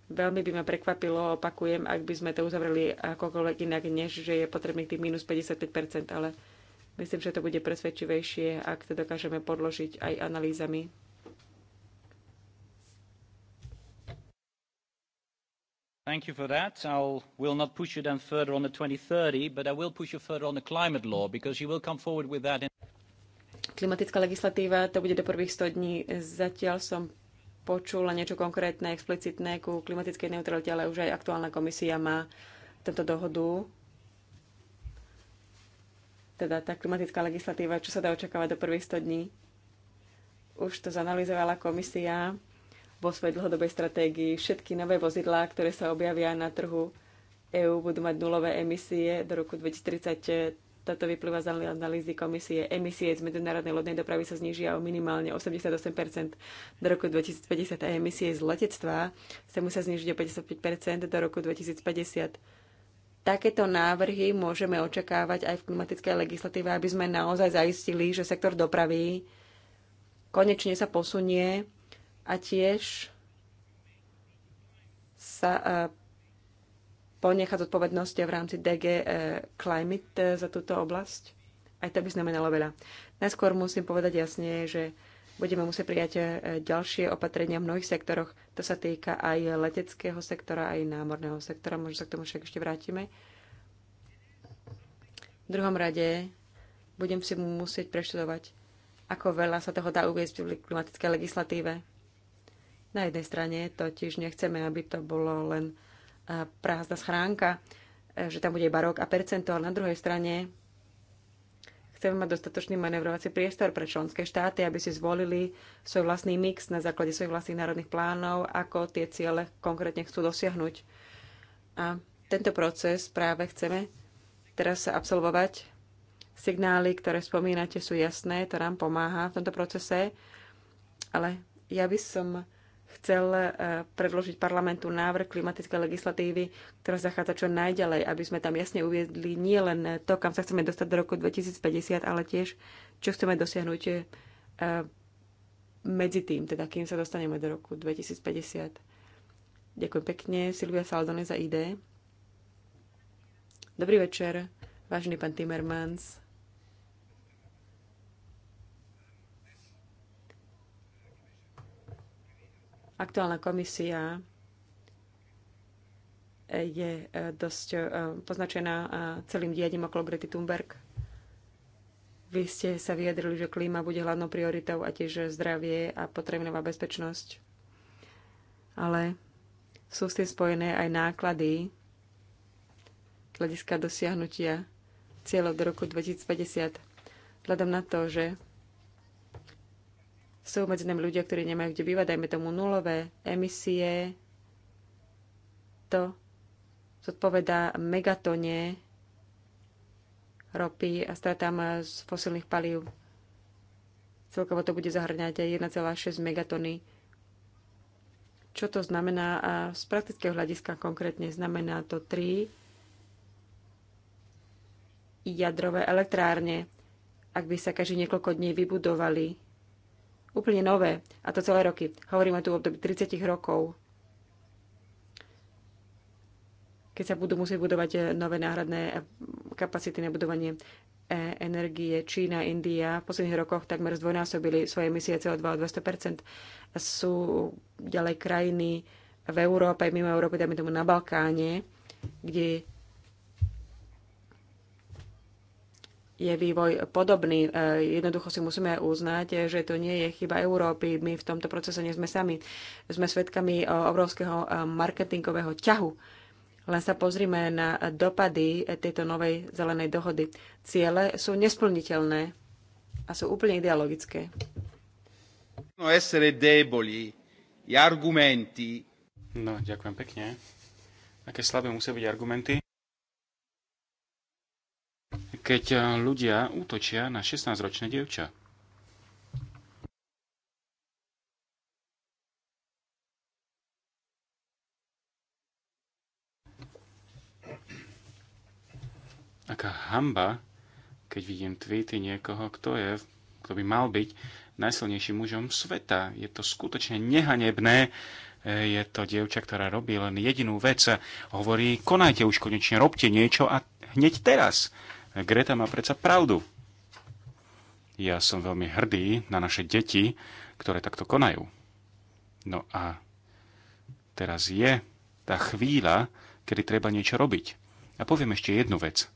Veľmi by ma prekvapilo, opakujem, ak by sme to uzavreli akokoľvek inak, než že je potrebný tých minus 55%, ale Myslím, že to bude presvedčivejšie, ak to dokážeme podložiť aj analýzami. Thank you for that. will not push you then further on the 2030, but I will push you further on the climate law because you will come forward with that. In... Klimatická legislatíva to bude do prvých 100 dní. Zatiaľ som počula niečo konkrétne, explicitné ku klimatickej neutralite, ale už aj aktuálna komisia má tento dohodu teda tá klimatická legislatíva, čo sa dá očakávať do prvých 100 dní. Už to zanalizovala komisia vo svojej dlhodobej stratégii. Všetky nové vozidlá, ktoré sa objavia na trhu EÚ, budú mať nulové emisie do roku 2030. Toto vyplýva z analýzy komisie. Emisie z medzinárodnej lodnej dopravy sa znížia o minimálne 88 do roku 2050 a emisie z letectva sa musia znížiť o 55 do roku 2050 takéto návrhy môžeme očakávať aj v klimatickej legislatíve, aby sme naozaj zaistili, že sektor dopravy konečne sa posunie a tiež sa e, ponecha zodpovednosť v rámci DG e, Climate e, za túto oblasť. Aj to by znamenalo veľa. Najskôr musím povedať jasne, že budeme musieť prijať e, ďalšie opatrenia v mnohých sektoroch. To sa týka aj leteckého sektora, aj námorného sektora. Možno sa k tomu však ešte vrátime. V druhom rade budem si musieť preštudovať, ako veľa sa toho dá uviezť v klimatické legislatíve. Na jednej strane totiž nechceme, aby to bolo len e, prázdna schránka, e, že tam bude iba rok a percento, ale na druhej strane Chceme mať dostatočný manevrovací priestor pre členské štáty, aby si zvolili svoj vlastný mix na základe svojich vlastných národných plánov, ako tie ciele konkrétne chcú dosiahnuť. A tento proces práve chceme teraz absolvovať. Signály, ktoré spomínate, sú jasné, to nám pomáha v tomto procese, ale ja by som chcel e, predložiť parlamentu návrh klimatickej legislatívy, ktorá zachádza čo najďalej, aby sme tam jasne uviedli nie len to, kam sa chceme dostať do roku 2050, ale tiež, čo chceme dosiahnuť e, medzi tým, teda kým sa dostaneme do roku 2050. Ďakujem pekne. Silvia Saldone za ID. Dobrý večer, vážený pán Timmermans. Aktuálna komisia je e, dosť e, poznačená celým diadím okolo Grety Thunberg. Vy ste sa vyjadrili, že klíma bude hlavnou prioritou a tiež zdravie a potrebná bezpečnosť. Ale sú s tým spojené aj náklady hľadiska dosiahnutia cieľov do roku 2050. Vzhľadom na to, že sú medzi nami ľudia, ktorí nemajú kde bývať, dajme tomu nulové emisie. To zodpovedá megatone ropy a stratám z fosilných palív. Celkovo to bude zahrňať aj 1,6 megatony. Čo to znamená? A z praktického hľadiska konkrétne znamená to 3 jadrové elektrárne, ak by sa každý niekoľko dní vybudovali Úplne nové. A to celé roky. Hovoríme tu o období 30 rokov, keď sa budú musieť budovať eh, nové náhradné eh, kapacity na budovanie eh, energie. Čína, India v posledných rokoch takmer zdvojnásobili svoje emisie CO2 o 200%. Sú ďalej krajiny v Európe, mimo Európy, dáme tomu na Balkáne, kde je vývoj podobný. E, jednoducho si musíme uznať, že to nie je chyba Európy. My v tomto procese nie sme sami. Sme svedkami e, obrovského e, marketingového ťahu. Len sa pozrime na dopady tejto novej zelenej dohody. Ciele sú nesplniteľné a sú úplne ideologické. No, ďakujem pekne. Aké slabé musia byť argumenty, keď eh, ľudia útočia na 16-ročné dievča. Aká hamba, keď vidím tweety niekoho, kto je, kto by mal byť najsilnejším mužom sveta. Je to skutočne nehanebné. Eh, je to dievča, ktorá robí len jedinú vec. Hovorí, konajte už konečne, robte niečo a hneď teraz. Greta má predsa pravdu. Ja som veľmi hrdý na naše deti, ktoré takto konajú. No a teraz je tá chvíľa, kedy treba niečo robiť. A poviem ešte jednu vec.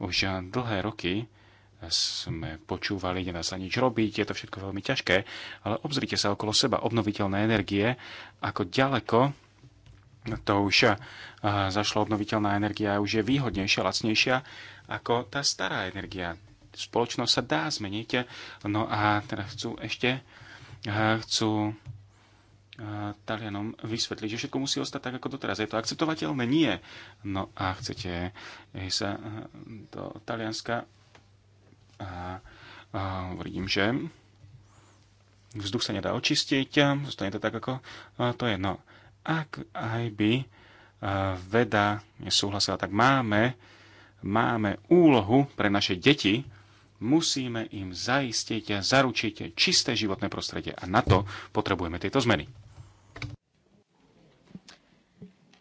Už dlhé roky sme počúvali, nedá sa nič robiť, je to všetko veľmi ťažké, ale obzrite sa okolo seba, obnoviteľné energie, ako ďaleko to už eh, zašlo obnoviteľná energia a už je výhodnejšia, lacnejšia ako tá stará energia. Spoločnosť sa dá zmeniť, no a teraz chcú ešte, eh, chcú eh, Talianom vysvetliť, že všetko musí ostať tak, ako doteraz. Je to akceptovateľné? Nie. No a chcete sa do Talianska a, a že vzduch sa nedá očistiť, zostane to tak, ako to je. No ak aj by eh, veda nesúhlasila, tak máme, máme úlohu pre naše deti, musíme im zaistiť a zaručiť čisté životné prostredie a na to potrebujeme tieto zmeny.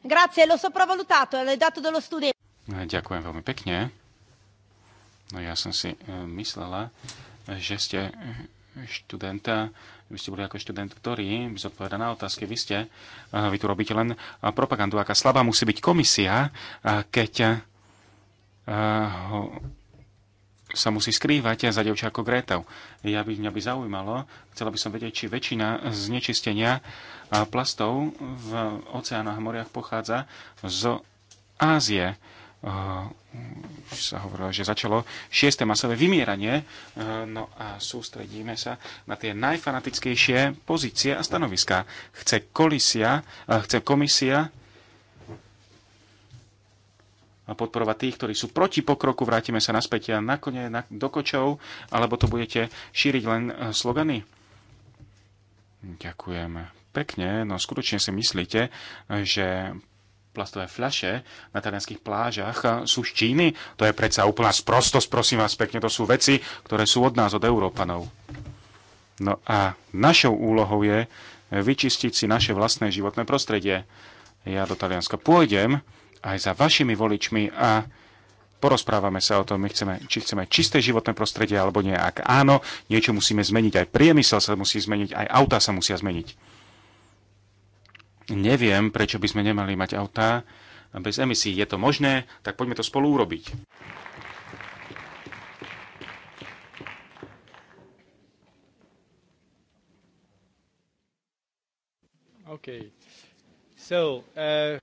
Grazie, lo sopravvalutato, l'hai dato dello studio. Eh, ďakujem veľmi pekne. No ja som si eh, myslela, že ste študenta vy ste boli ako študent, ktorý by zodpovedal na otázky. Vy ste, eh, vy tu robíte len eh, propagandu, aká slabá musí byť komisia, eh, keď sa musí skrývať za devča ako Grétov. Ja by, mňa by zaujímalo, chcela by som vedieť, či väčšina znečistenia plastov v oceánoch a moriach pochádza z Ázie už sa hovorilo, že začalo šieste masové vymieranie, no a sústredíme sa na tie najfanatickejšie pozície a stanoviská. Chce, kolisia, chce komisia podporovať tých, ktorí sú proti pokroku, vrátime sa naspäť a nakone na, do kočov, alebo to budete šíriť len e, slogany? Ďakujem pekne, no skutočne si myslíte, že plastové fľaše na talianských plážach sú z Číny. To je predsa úplná sprostosť, prosím vás pekne. To sú veci, ktoré sú od nás, od Európanov. No a našou úlohou je vyčistiť si naše vlastné životné prostredie. Ja do Talianska pôjdem aj za vašimi voličmi a porozprávame sa o tom, my chceme, či chceme čisté životné prostredie alebo nie. Ak áno, niečo musíme zmeniť. Aj priemysel sa musí zmeniť, aj auta sa musia zmeniť neviem, prečo by sme nemali mať autá bez emisí. Je to možné, tak poďme to spolu urobiť. Okay. So, uh...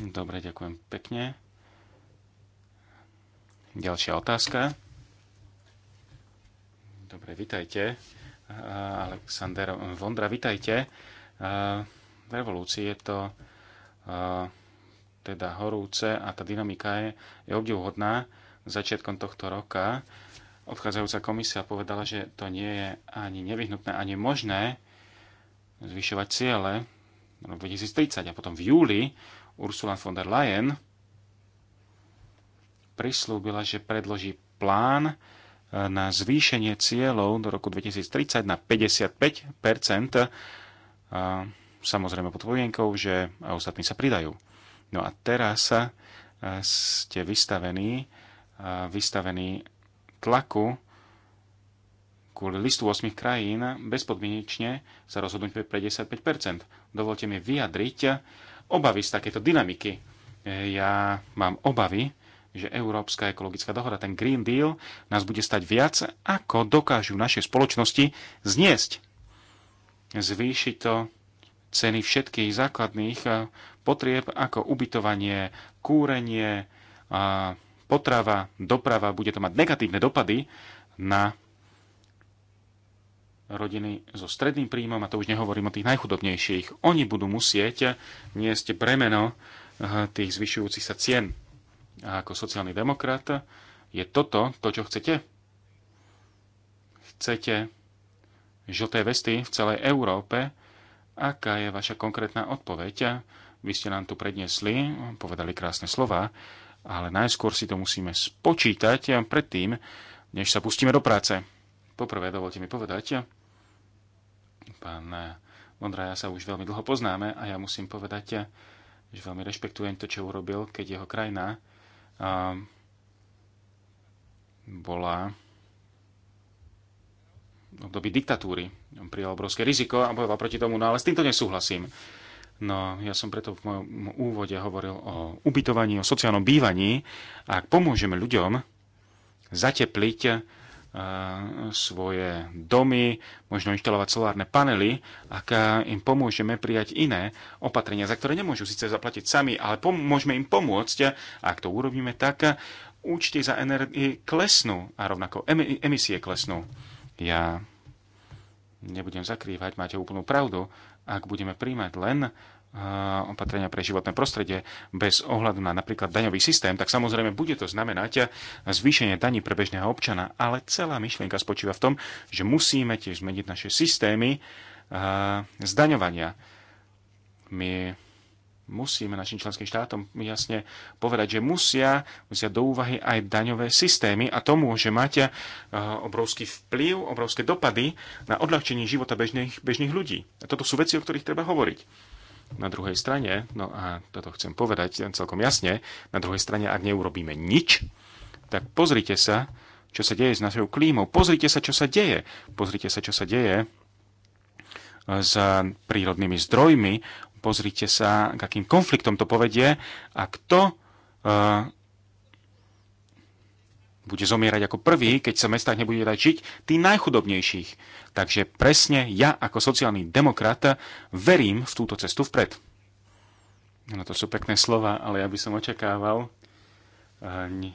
Dobre, ďakujem pekne. Ďalšia otázka. Dobre, vitajte. Eh, Alexander Vondra, vitajte. Uh, eh, revolúcii. Je to uh, teda horúce a tá dynamika je, je obdivhodná. Začiatkom tohto roka odchádzajúca komisia povedala, že to nie je ani nevyhnutné, ani možné zvyšovať ciele v 2030. A potom v júli Ursula von der Leyen prislúbila, že predloží plán eh, na zvýšenie cieľov do roku 2030 na 55 samozrejme pod podmienkou, že ostatní sa pridajú. No a teraz sa eh, ste vystavení, eh, vystavení tlaku kvôli listu 8 krajín bezpodmienečne sa rozhodnúť pre 55%. Dovolte mi vyjadriť eh, obavy z takéto dynamiky. Ja mám obavy, že Európska ekologická dohoda, ten Green Deal, nás bude stať viac, ako dokážu naše spoločnosti zniesť. Zvýši to ceny všetkých základných eh, potrieb ako ubytovanie, kúrenie, potrava, doprava. Bude to mať negatívne dopady na rodiny so stredným príjmom, a to už nehovorím o tých najchudobnejších. Oni budú musieť niesť bremeno eh, tých zvyšujúcich sa cien. A ako sociálny demokrat je toto to, čo chcete? Chcete žlté vesty v celej Európe, Aká je vaša konkrétna odpoveď? Vy ste nám tu predniesli, povedali krásne slova, ale najskôr si to musíme spočítať predtým, než sa pustíme do práce. Poprvé, dovolte mi povedať, pán ja sa už veľmi dlho poznáme a ja musím povedať, že veľmi rešpektujem to, čo urobil, keď jeho krajina bola období diktatúry. On prijal obrovské riziko a bojoval proti tomu, no ale s týmto nesúhlasím. No, ja som preto v mojom úvode hovoril o ubytovaní, o sociálnom bývaní. A ak pomôžeme ľuďom zatepliť uh, svoje domy, možno inštalovať solárne panely, ak eh, im pomôžeme prijať iné opatrenia, za ktoré nemôžu síce zaplatiť sami, ale môžeme im pomôcť. A ak to urobíme tak, eh, účty za energii klesnú a rovnako emisie klesnú. Ja nebudem zakrývať, máte úplnú pravdu, ak budeme príjmať len eh, opatrenia pre životné prostredie bez ohľadu na napríklad daňový systém, tak samozrejme bude to znamenať eh, zvýšenie daní pre bežného občana, ale celá myšlienka spočíva v tom, že musíme tiež zmeniť naše systémy eh, zdaňovania. My musíme našim členským štátom jasne povedať, že musia, musia do úvahy aj daňové systémy a to môže mať eh, obrovský vplyv, obrovské dopady na odľahčenie života bežných, bežných ľudí. A toto sú veci, o ktorých treba hovoriť. Na druhej strane, no a toto chcem povedať celkom jasne, na druhej strane, ak neurobíme nič, tak pozrite sa, čo sa deje s našou klímou. Pozrite sa, čo sa deje. Pozrite sa, čo sa deje eh, s prírodnými zdrojmi, Pozrite sa, k akým konfliktom to povedie a kto uh, bude zomierať ako prvý, keď sa v mestách nebude dať žiť, tých najchudobnejších. Takže presne ja ako sociálny demokrat verím v túto cestu vpred. No to sú pekné slova, ale ja by som očakával e,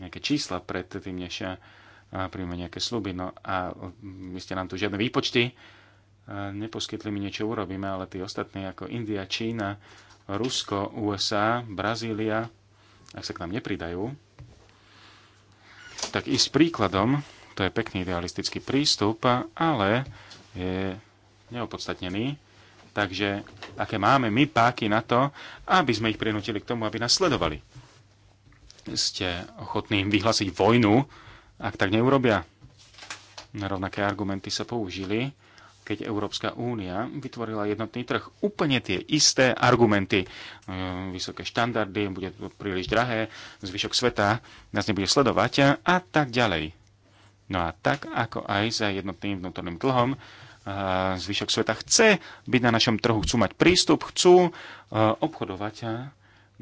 nejaké čísla pred tým, než e, príjme nejaké sluby. No a vy ste nám tu žiadne výpočty neposkytli mi niečo urobíme, ale tí ostatní ako India, Čína, Rusko, USA, Brazília, ak sa k nám nepridajú, tak i s príkladom, to je pekný idealistický prístup, ale je neopodstatnený. Takže aké máme my páky na to, aby sme ich prinútili k tomu, aby nás sledovali? Ste ochotní im vyhlásiť vojnu, ak tak neurobia? Rovnaké argumenty sa použili keď Európska únia vytvorila jednotný trh. Úplne tie isté argumenty. E, vysoké štandardy, bude to príliš drahé, zvyšok sveta nás nebude sledovať a tak ďalej. No a tak ako aj za jednotným vnútorným dlhom, e, zvyšok sveta chce byť na našom trhu, chcú mať prístup, chcú e, obchodovať.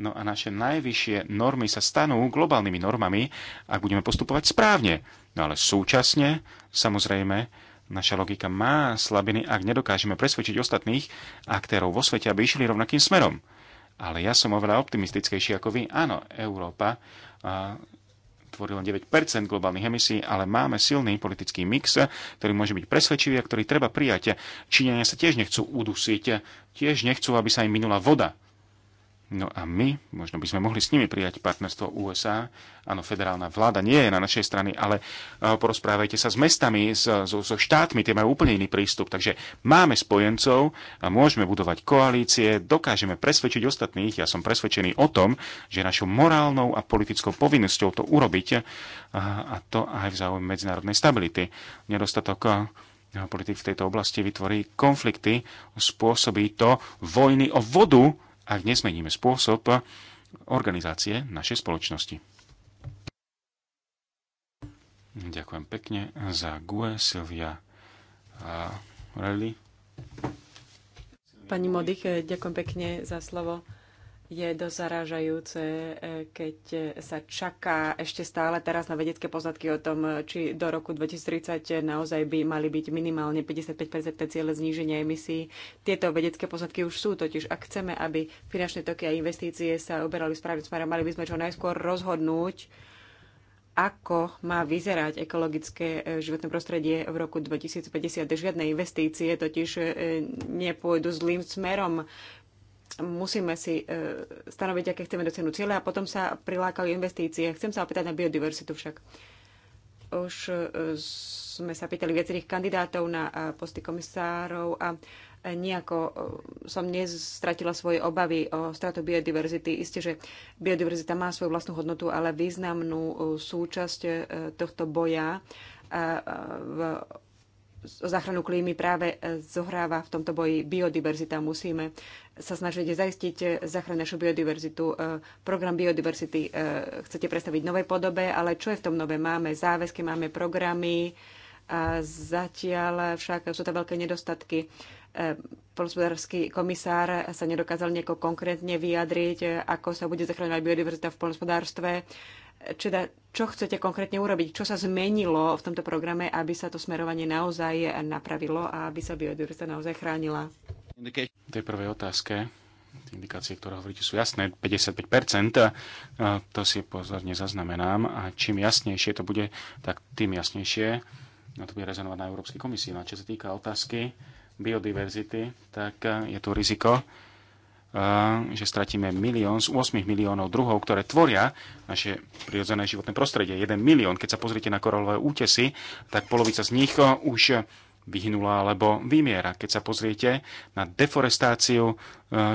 No a naše najvyššie normy sa stanú globálnymi normami, ak budeme postupovať správne. No ale súčasne, samozrejme, Naša logika má slabiny, ak nedokážeme presvedčiť ostatných aktérov vo svete, aby išli rovnakým smerom. Ale ja som oveľa optimistickejší ako vy. Áno, Európa a, tvorí len 9 globálnych emisí, ale máme silný politický mix, ktorý môže byť presvedčivý a ktorý treba prijať. Číňania sa tiež nechcú udusiť, tiež nechcú, aby sa im minula voda No a my, možno by sme mohli s nimi prijať partnerstvo USA. Áno, federálna vláda nie je na našej strane, ale e, porozprávajte sa s mestami, so, so štátmi, tie majú úplne iný prístup. Takže máme spojencov, a môžeme budovať koalície, dokážeme presvedčiť ostatných. Ja som presvedčený o tom, že našou morálnou a politickou povinnosťou to urobiť a to aj v záujme medzinárodnej stability. Nedostatok e, politik v tejto oblasti vytvorí konflikty, spôsobí to vojny o vodu, ak nesmeníme spôsob organizácie našej spoločnosti. Ďakujem pekne za GUE Silvia Rally. Pani Modich, ďakujem pekne za slovo je dosť zaražajúce, e, keď sa čaká ešte stále teraz na vedecké poznatky o tom, či do roku 2030 naozaj by mali byť minimálne 55% cieľe zníženia emisí. Tieto vedecké poznatky už sú, totiž ak chceme, aby finančné toky a investície sa uberali správnym smerom, mali by sme čo najskôr rozhodnúť, ako má vyzerať ekologické e, životné prostredie v roku 2050. Žiadne investície totiž e, nepôjdu zlým smerom musíme si e, stanoviť, aké chceme dosiahnuť cieľe a potom sa prilákajú investície. Chcem sa opýtať na biodiverzitu však. Už e, sme sa pýtali viacerých kandidátov na e, posty komisárov a nejako som nestratila svoje obavy o stratu biodiverzity. Isté, že biodiverzita má svoju vlastnú hodnotu, ale významnú súčasť tohto boja v záchranu klímy práve zohráva v tomto boji biodiverzita. Musíme sa snažiť zaistiť záchranu našu biodiverzitu. E, program biodiverzity e, chcete predstaviť v novej podobe, ale čo je v tom nové? Máme záväzky, máme programy, a zatiaľ však sú to veľké nedostatky. E, polnospodársky komisár sa nedokázal nejako konkrétne vyjadriť, ako sa bude zachraňovať biodiverzita v polnospodárstve. Čiže teda, čo chcete konkrétne urobiť? Čo sa zmenilo v tomto programe, aby sa to smerovanie naozaj napravilo a aby sa biodiverzita naozaj chránila? V tej prvej otázke, indikácie, ktoré hovoríte, sú jasné, 55%, to si pozorne zaznamenám a čím jasnejšie to bude, tak tým jasnejšie na to bude rezonovať na Európskej komisii. No a čo sa týka otázky, biodiverzity, tak eh, je tu riziko, eh, že stratíme milión z 8 miliónov druhov, ktoré tvoria naše prirodzené životné prostredie. 1 milión, keď sa pozrite na koralové útesy, tak polovica z nich eh, už vyhnula alebo vymiera. Keď sa pozriete na deforestáciu,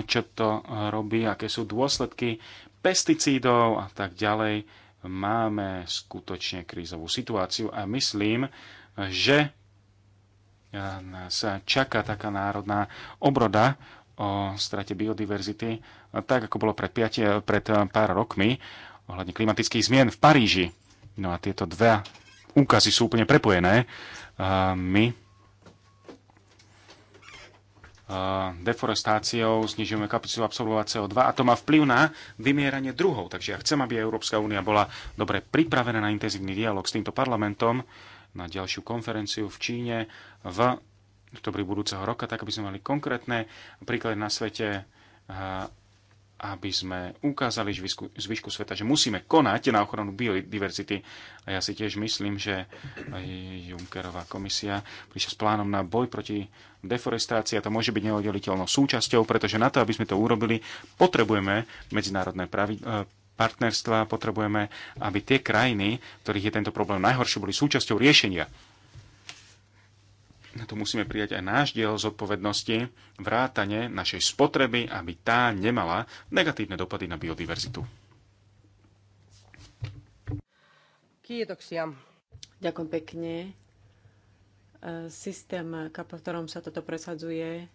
čo to robí, aké sú dôsledky pesticídov a tak ďalej, máme skutočne krízovú situáciu a myslím, že nás čaká taká národná obroda o strate biodiverzity, tak ako bolo pred, 5, pred pár rokmi ohľadne klimatických zmien v Paríži. No a tieto dva úkazy sú úplne prepojené. My deforestáciou znižujeme kapacitu absolvovať CO2 a to má vplyv na vymieranie druhov. Takže ja chcem, aby Európska únia bola dobre pripravená na intenzívny dialog s týmto parlamentom, na ďalšiu konferenciu v Číne v oktobri budúceho roka, tak aby sme mali konkrétne príklady na svete, eh, aby sme ukázali zvyšku, zvyšku sveta, že musíme konať na ochranu biodiverzity. A ja si tiež myslím, že Junckerová komisia prišla s plánom na boj proti deforestácii a to môže byť neoddeliteľnou súčasťou, pretože na to, aby sme to urobili, potrebujeme medzinárodné pravidla eh, partnerstva. Potrebujeme, aby tie krajiny, ktorých je tento problém najhorší, boli súčasťou riešenia. Na to musíme prijať aj náš diel zodpovednosti, vrátane našej spotreby, aby tá nemala negatívne dopady na biodiverzitu. Ďakujem pekne. E, systém, v ktorom sa toto presadzuje,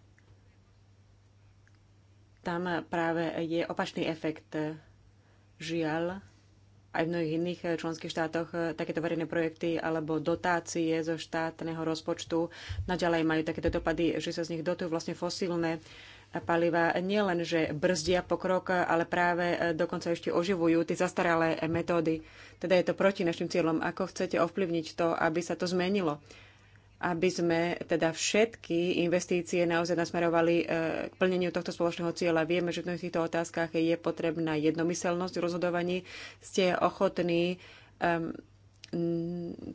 tam práve je opačný efekt Žiaľ, aj v mnohých iných eh, členských štátoch eh, takéto verejné projekty alebo dotácie zo štátneho rozpočtu naďalej majú takéto dopady, že sa z nich dotujú vlastne fosílne eh, paliva nielen, že brzdia pokrok, ale práve dokonca ešte oživujú tie zastaralé metódy. Teda je to proti našim cieľom. Ako chcete ovplyvniť to, aby sa to zmenilo? aby sme teda všetky investície naozaj nasmerovali e, k plneniu tohto spoločného cieľa. Vieme, že v týchto otázkach je potrebná jednomyselnosť v rozhodovaní. Ste ochotní um,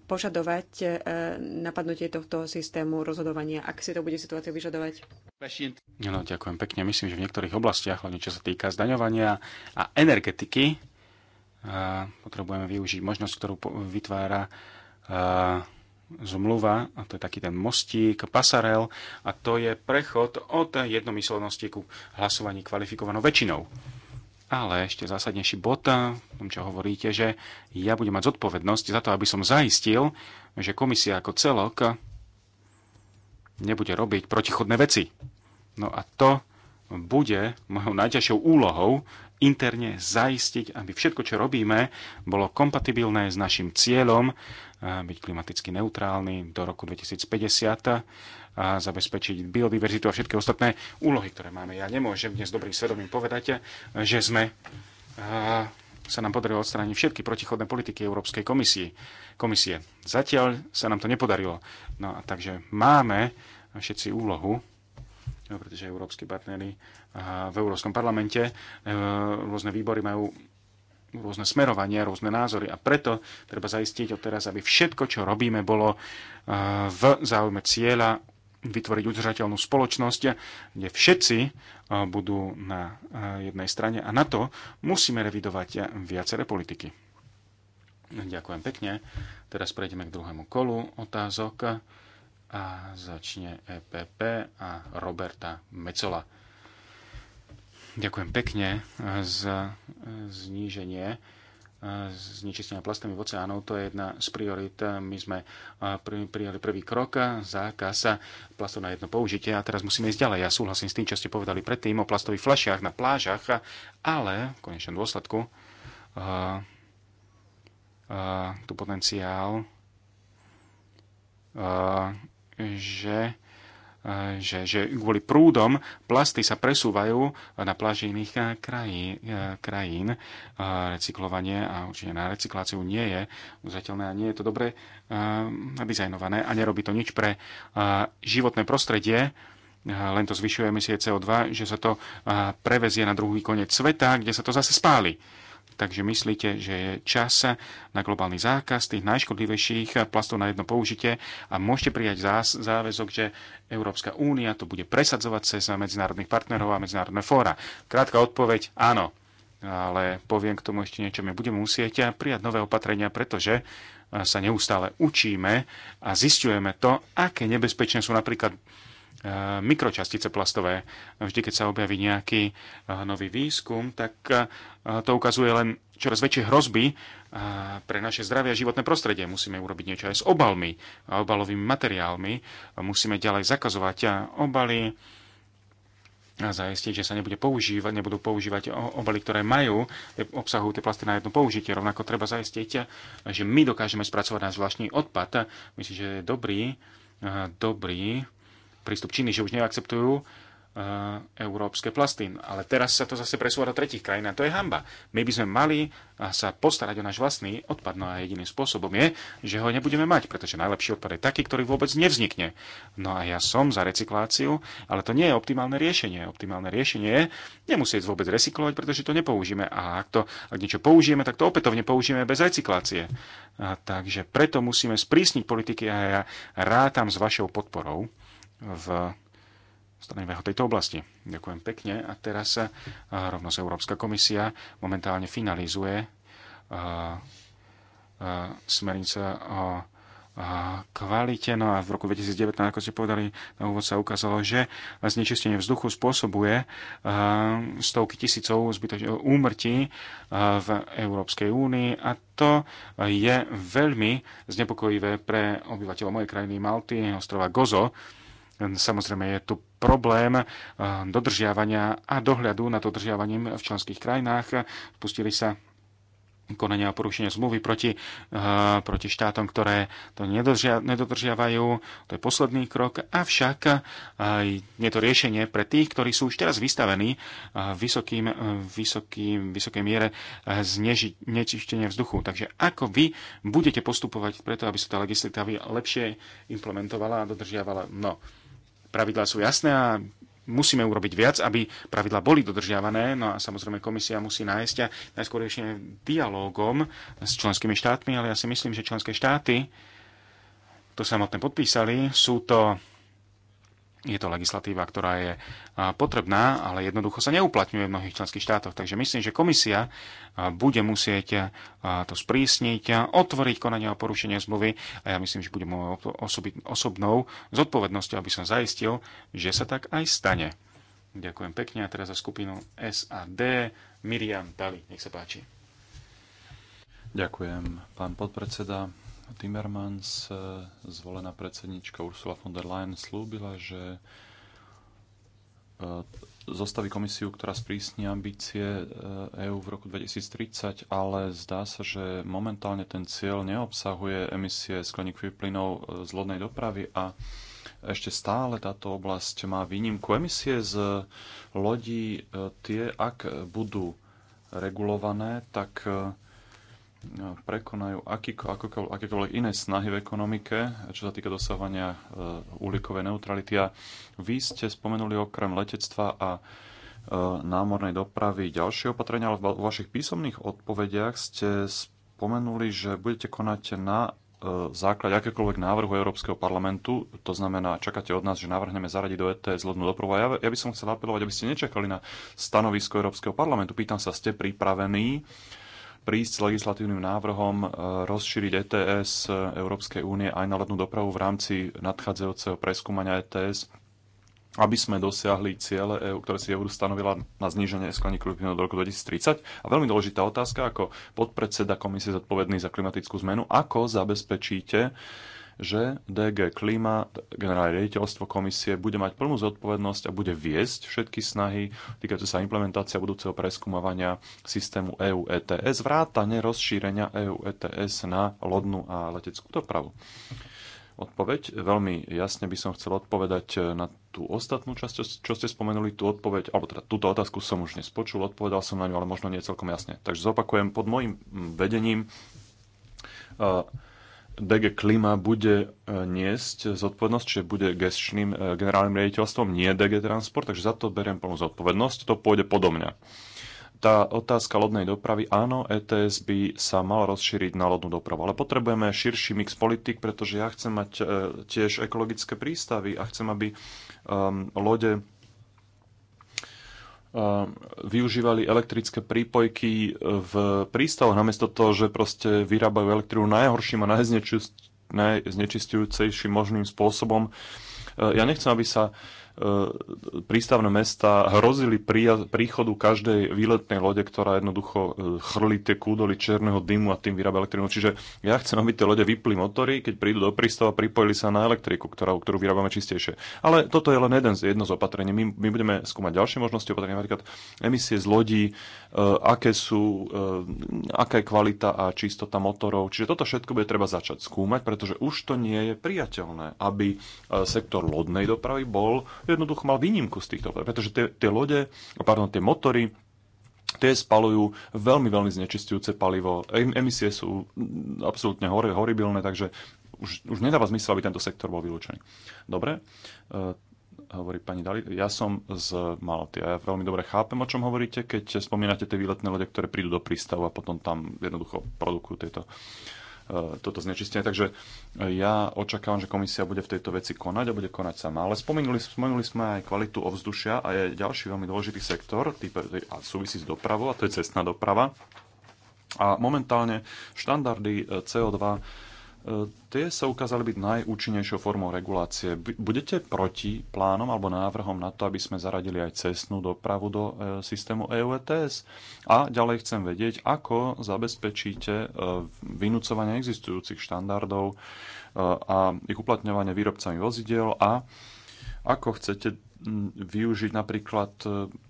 požadovať e, napadnutie tohto systému rozhodovania, ak si to bude situácia vyžadovať? No, ďakujem pekne. Myslím, že v niektorých oblastiach, hlavne čo sa týka zdaňovania a energetiky, e, potrebujeme využiť možnosť, ktorú vytvára zmluva, a to je taký ten mostík, pasarel, a to je prechod od jednomyslenosti ku hlasovaní kvalifikovanou väčšinou. Ale ešte zásadnejší bod, v tom, čo hovoríte, že ja budem mať zodpovednosť za to, aby som zaistil, že komisia ako celok nebude robiť protichodné veci. No a to bude mojou najťažšou úlohou interne zaistiť, aby všetko, čo robíme, bolo kompatibilné s našim cieľom eh, byť klimaticky neutrálny do roku 2050 a eh, zabezpečiť biodiverzitu a všetky ostatné úlohy, ktoré máme. Ja nemôžem dnes dobrým svedomím povedať, eh, že sme sa nám podarilo odstrániť všetky protichodné politiky Európskej komisie. komisie. Zatiaľ sa nám to nepodarilo. No a takže máme všetci úlohu No, pretože európsky partnery v Európskom parlamente e, rôzne výbory majú rôzne smerovania, rôzne názory a preto treba zaistiť od teraz, aby všetko, čo robíme, bolo e, v záujme cieľa vytvoriť udržateľnú spoločnosť, kde všetci e, budú na jednej strane a na to musíme revidovať viaceré politiky. Ďakujem pekne. Teraz prejdeme k druhému kolu otázok a začne EPP a Roberta Mecola. Ďakujem pekne za zníženie e, znečistenia plastami v oceánov. To je jedna z priorit. My sme e, prijali prvý krok, zákaz plastov na jedno použitie a teraz musíme ísť ďalej. Ja súhlasím s tým, čo ste povedali predtým o plastových fľašiach na plážach, ale v konečnom dôsledku uh, uh, tu potenciál uh, že e, že, že kvôli prúdom plasty sa presúvajú na pláži iných e, krají, e, krajín. Recyklovanie a určite na recykláciu nie je uzateľné a nie je to dobre nadizajnované a nerobí to nič pre životné prostredie. Len to zvyšuje emisie CO2, že sa to prevezie na druhý koniec sveta, kde sa to zase spáli. Takže myslíte, že je čas na globálny zákaz tých najškodlivejších plastov na jedno použitie a môžete prijať záväzok, že Európska únia to bude presadzovať cez medzinárodných partnerov a medzinárodné fóra. Krátka odpoveď, áno. Ale poviem k tomu ešte niečo. My budeme musieť prijať nové opatrenia, pretože e, sa neustále učíme a zistujeme to, aké nebezpečné sú napríklad E, mikročastice plastové. Vždy, keď sa objaví nejaký e, nový výskum, tak e, to ukazuje len čoraz väčšie hrozby pre naše zdravie a životné prostredie. Musíme urobiť niečo aj s obalmi a obalovými materiálmi. Musíme ďalej zakazovať obaly a zajistiť, že sa nebude používať, nebudú používať obaly, ktoré majú, obsahujú tie plasty na jedno použitie. Rovnako treba zaistiť, že my dokážeme spracovať náš zvláštny odpad. Myslím, že je dobrý, dobrý prístup Číny, že už neakceptujú eh, európske plasty. Ale teraz sa to zase presúva do tretich krajín a to je hamba. My by sme mali eh, sa postarať o náš vlastný odpad. No a jediným spôsobom je, že ho nebudeme mať, pretože najlepší odpad je taký, ktorý vôbec nevznikne. No a ja som za recykláciu, ale to nie je optimálne riešenie. Optimálne riešenie je nemusieť vôbec recyklovať, pretože to nepoužijeme. A ak, to, ak niečo použijeme, tak to opätovne použijeme bez recyklácie. A takže preto musíme sprísniť politiky a ja rátam s vašou podporou v stanového tejto oblasti. Ďakujem pekne. A teraz sa eh, rovnosť Európska komisia momentálne finalizuje eh, eh, smernica o kvalite. No a v roku 2019, ako ste povedali, na úvod sa ukázalo, že znečistenie vzduchu spôsobuje stovky tisícov úmrtí v Európskej únii a to je veľmi znepokojivé pre obyvateľov mojej krajiny Malty, ostrova Gozo, Samozrejme je tu problém eh, dodržiavania a dohľadu nad dodržiavaním v členských krajinách. Pustili sa konania o porušenie zmluvy proti, uh, proti štátom, ktoré to nedodržiavajú. To je posledný krok. Avšak uh, je to riešenie pre tých, ktorí sú už teraz vystavení uh, vysokým, uh, vysokým, vysokej miere uh, vzduchu. Takže ako vy budete postupovať preto, aby sa tá legislatíva lepšie implementovala a dodržiavala? No, uh, Pravidlá sú jasné a musíme urobiť viac, aby pravidlá boli dodržiavané. No a samozrejme komisia musí nájsť a najskôr ešte dialógom s členskými štátmi, ale ja si myslím, že členské štáty to samotné podpísali. Sú to je to legislatíva, ktorá je potrebná, ale jednoducho sa neuplatňuje v mnohých členských štátoch. Takže myslím, že komisia bude musieť to sprísniť, otvoriť konanie o porušenie zmluvy a ja myslím, že bude mojou osobnou zodpovednosťou, aby som zaistil, že sa tak aj stane. Ďakujem pekne a teraz za skupinu SAD Miriam Tali, Nech sa páči. Ďakujem, pán podpredseda Timmermans, eh, zvolená predsednička Ursula von der Leyen, slúbila, že eh, zostaví komisiu, ktorá sprísni ambície EÚ eh, e v roku 2030, ale zdá sa, že momentálne ten cieľ neobsahuje emisie skleníkových plynov z lodnej dopravy a ešte stále táto oblasť má výnimku. Emisie z lodí tie, ak budú regulované, tak No, prekonajú akékoľvek iné snahy v ekonomike, čo sa týka dosahovania e, uhlíkovej neutrality. A vy ste spomenuli okrem letectva a e, námornej dopravy ďalšie opatrenia, ale vo vašich písomných odpovediach ste spomenuli, že budete konať na e, základe akékoľvek návrhu Európskeho parlamentu, to znamená, čakáte od nás, že navrhneme zaradiť do ETS lodnú dopravu. A ja, ja by som chcel apelovať, aby ste nečakali na stanovisko Európskeho parlamentu. Pýtam sa, ste pripravení uh, prísť s legislatívnym návrhom e, rozšíriť ETS e, Európskej únie aj na letnú dopravu v rámci nadchádzajúceho preskúmania ETS, aby sme dosiahli ciele EU, ktoré si EU stanovila na zníženie skleníkových plynov do roku 2030. A veľmi dôležitá otázka, ako podpredseda komisie zodpovedný za klimatickú zmenu, ako zabezpečíte, že DG Klima, generálne riaditeľstvo komisie, bude mať plnú zodpovednosť a bude viesť všetky snahy týkajúce sa implementácia budúceho preskúmavania systému EU ETS, vrátane rozšírenia EU ETS na lodnú a leteckú dopravu. Odpoveď. Veľmi jasne by som chcel odpovedať eh, na tú ostatnú časť, čo ste spomenuli, tú odpoveď, alebo teda túto otázku som už nespočul, odpovedal som na ňu, ale možno nie celkom jasne. Takže zopakujem, pod môjim vedením uh, DG Klima bude e, niesť zodpovednosť, čiže bude gestčným e, generálnym riaditeľstvom, nie DG Transport, takže za to beriem plnú zodpovednosť, to pôjde podo mňa. Tá otázka lodnej dopravy, áno, ETS by sa mal rozšíriť na lodnú dopravu, ale potrebujeme širší mix politik, pretože ja chcem mať e, tiež ekologické prístavy a chcem, aby um, lode využívali elektrické prípojky v prístavoch, namiesto toho, že proste vyrábajú elektrínu najhorším a najznečistujúcejším možným spôsobom. Ja nechcem, aby sa E, prístavné mesta hrozili príchodu každej výletnej lode, ktorá jednoducho e, chrli tie kúdoly černého dymu a tým vyrába elektrínu. Čiže ja chcem, aby tie lode vypli motory, keď prídu do prístava, pripojili sa na elektriku, ktorá, ktorú vyrábame čistejšie. Ale toto je len jeden z, jedno z opatrení. My, my budeme skúmať ďalšie možnosti opatrenia, napríklad emisie z lodí, e, aké sú, aká je kvalita a čistota motorov. Čiže toto všetko bude treba začať skúmať, pretože už to nie je priateľné, aby sektor lodnej dopravy bol jednoducho mal výnimku z týchto, pretože tie, tie lode, pardon, tie motory, tie spalujú veľmi, veľmi znečistujúce palivo. Emisie sú absolútne hor- horibilné, takže už, už nedáva zmysel, aby tento sektor bol vylúčený. Dobre, e, hovorí pani Dali, ja som z Malty a ja veľmi dobre chápem, o čom hovoríte, keď spomínate tie výletné lode, ktoré prídu do prístavu a potom tam jednoducho produkujú tieto uh, E, toto znečistenie. Takže e, ja očakávam, že komisia bude v tejto veci konať a bude konať sama. Ale spomenuli, spomenuli sme aj kvalitu ovzdušia a je ďalší veľmi dôležitý sektor tý, a súvisí s dopravou a to je cestná doprava. A momentálne štandardy e, CO2 tie sa ukázali byť najúčinnejšou formou regulácie. Budete proti plánom alebo návrhom na to, aby sme zaradili aj cestnú dopravu do e, systému EU ETS? A ďalej chcem vedieť, ako zabezpečíte e, vynúcovanie existujúcich štandardov e, a ich uplatňovanie výrobcami vozidiel a ako chcete využiť napríklad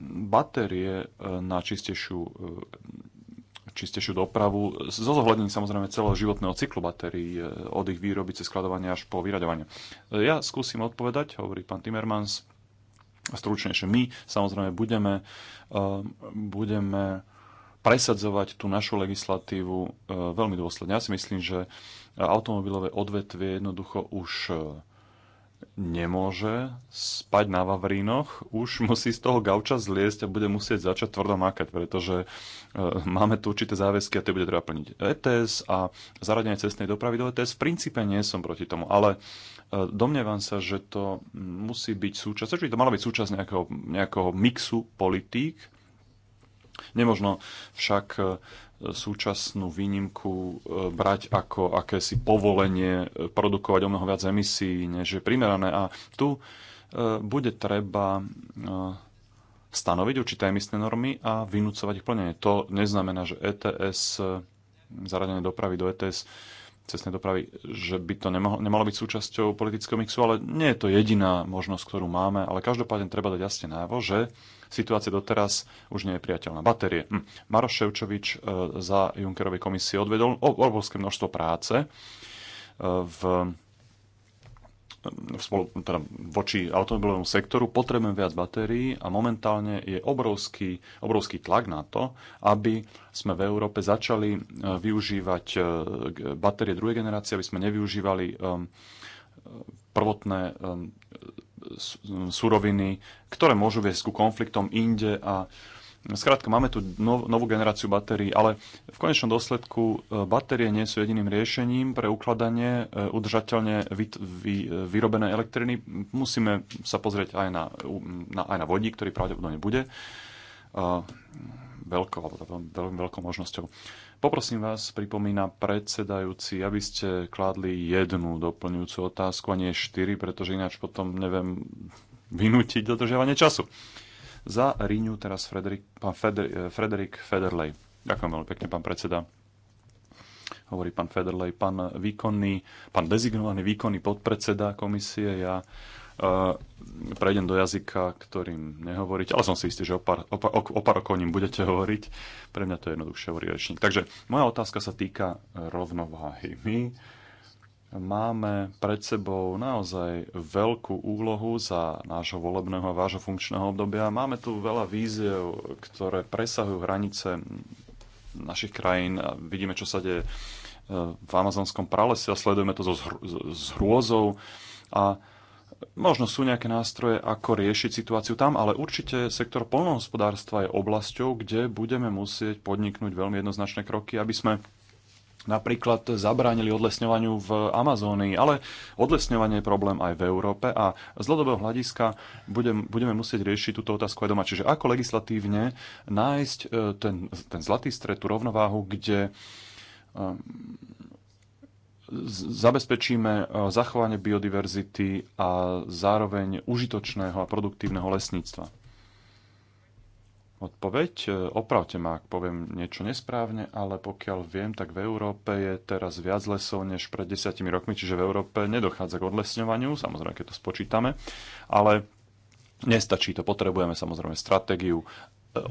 batérie na čistejšiu čistejšiu dopravu, so zohľadním samozrejme celého životného cyklu batérií, e, od ich výroby cez skladovanie až po vyraďovanie. E, ja skúsim odpovedať, hovorí pán Timmermans, stručnejšie. My samozrejme budeme, e, budeme presadzovať tú našu legislatívu veľmi dôsledne. Ja si myslím, že automobilové odvetvie jednoducho už nemôže spať na Vavrínoch, už musí z toho gauča zliesť a bude musieť začať tvrdo makať, pretože e, máme tu určité záväzky a tie bude treba plniť. ETS a zaradenie cestnej dopravy do ETS v princípe nie som proti tomu, ale e, domnievam sa, že to musí byť súčasť, čiže to malo byť súčasť nejakého, nejakého mixu politík, Nemožno však e, súčasnú výnimku e, brať ako akési povolenie e, produkovať o mnoho viac emisí, než je primerané. A tu bude treba stanoviť určité emisné normy a vynúcovať ich plnenie. To neznamená, že ETS, zaradenie dopravy do ETS, cestnej dopravy, že by to nemohlo, nemalo byť súčasťou politického mixu, ale nie je to jediná možnosť, ktorú máme, ale každopádne treba dať jasne návo, že situácia doteraz už nie je priateľná. Batérie. Hm. Maroš Ševčovič e, za Junckerovej komisie odvedol obrovské množstvo práce e, v e, teda voči automobilovému sektoru potrebujeme viac batérií a momentálne je obrovský, obrovský tlak na to, aby sme v Európe začali využívať batérie druhej generácie, aby sme nevyužívali prvotné Mm, suroviny, ktoré môžu viesť ku konfliktom inde a Skrátka, máme tu nov, novú generáciu batérií, ale v konečnom dôsledku e, batérie nie sú jediným riešením pre ukladanie e, udržateľne vy, vy, e, vyrobené elektriny. Musíme sa pozrieť aj na, na, aj na vodík, ktorý pravdepodobne bude veľkou, alebo veľkou možnosťou. Poprosím vás, pripomína predsedajúci, aby ste kládli jednu doplňujúcu otázku a nie štyri, pretože ináč potom neviem vynútiť dodržiavanie času. Za Ríňu teraz Frederik, pán Frederik Federley. Ďakujem veľmi pekne, pán predseda. Hovorí pán Federley, pán výkonný, pán dezignovaný výkonný podpredseda komisie. Ja Uh, prejdem do jazyka, ktorým nehovoríte, ale som si istý, že o pár, o, o pár rokov ním budete hovoriť. Pre mňa to je jednoduchšie hovorí rečník. Takže moja otázka sa týka rovnováhy. My máme pred sebou naozaj veľkú úlohu za nášho volebného a vášho funkčného obdobia. Máme tu veľa víziev, ktoré presahujú hranice našich krajín a vidíme, čo sa deje eh, v amazonskom pralese a sledujeme to so zhrôzou. A Možno sú nejaké nástroje, ako riešiť situáciu tam, ale určite sektor polnohospodárstva je oblasťou, kde budeme musieť podniknúť veľmi jednoznačné kroky, aby sme napríklad zabránili odlesňovaniu v Amazónii, ale odlesňovanie je problém aj v Európe a z dlhodobého hľadiska budem, budeme musieť riešiť túto otázku aj doma. Čiže ako legislatívne nájsť eh, ten, ten zlatý stred, tú rovnováhu, kde ehm, zabezpečíme e, zachovanie biodiverzity a zároveň užitočného a produktívneho lesníctva? Odpoveď, e, opravte ma, ak poviem niečo nesprávne, ale pokiaľ viem, tak v Európe je teraz viac lesov než pred desiatimi rokmi, čiže v Európe nedochádza k odlesňovaniu, samozrejme, keď to spočítame, ale nestačí to, potrebujeme samozrejme stratégiu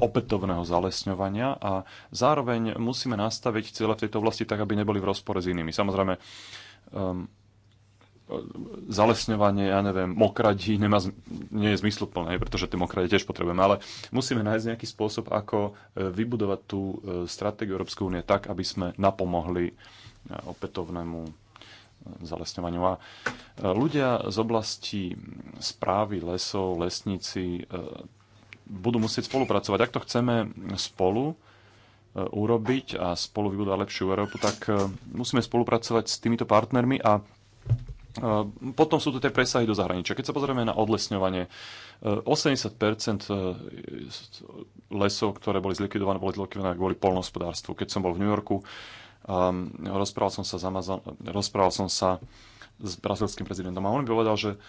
opätovného zalesňovania a zároveň musíme nastaviť cieľe v tejto oblasti tak, aby neboli v rozpore s inými. Samozrejme, um, zalesňovanie, ja neviem, mokradí nemá, nie je zmysluplné, pretože tie mokradí tiež potrebujeme, ale musíme nájsť nejaký spôsob, ako e, vybudovať tú e, stratégiu Európskej únie tak, aby sme napomohli e, opätovnému zalesňovaniu. A ľudia z oblasti správy lesov, lesníci budú musieť spolupracovať. Ak to chceme spolu e, urobiť a spolu vybudovať lepšiu Európu, tak e, musíme spolupracovať s týmito partnermi a e, potom sú tu tie presahy do zahraničia. Keď sa pozrieme na odlesňovanie, 80% lesov, ktoré boli zlikvidované, boli zlikvidované kvôli polnohospodárstvu. Keď som bol v New Yorku, um, rozprával som sa, Amazon, rozprával som sa s brazilským prezidentom a on mi povedal, že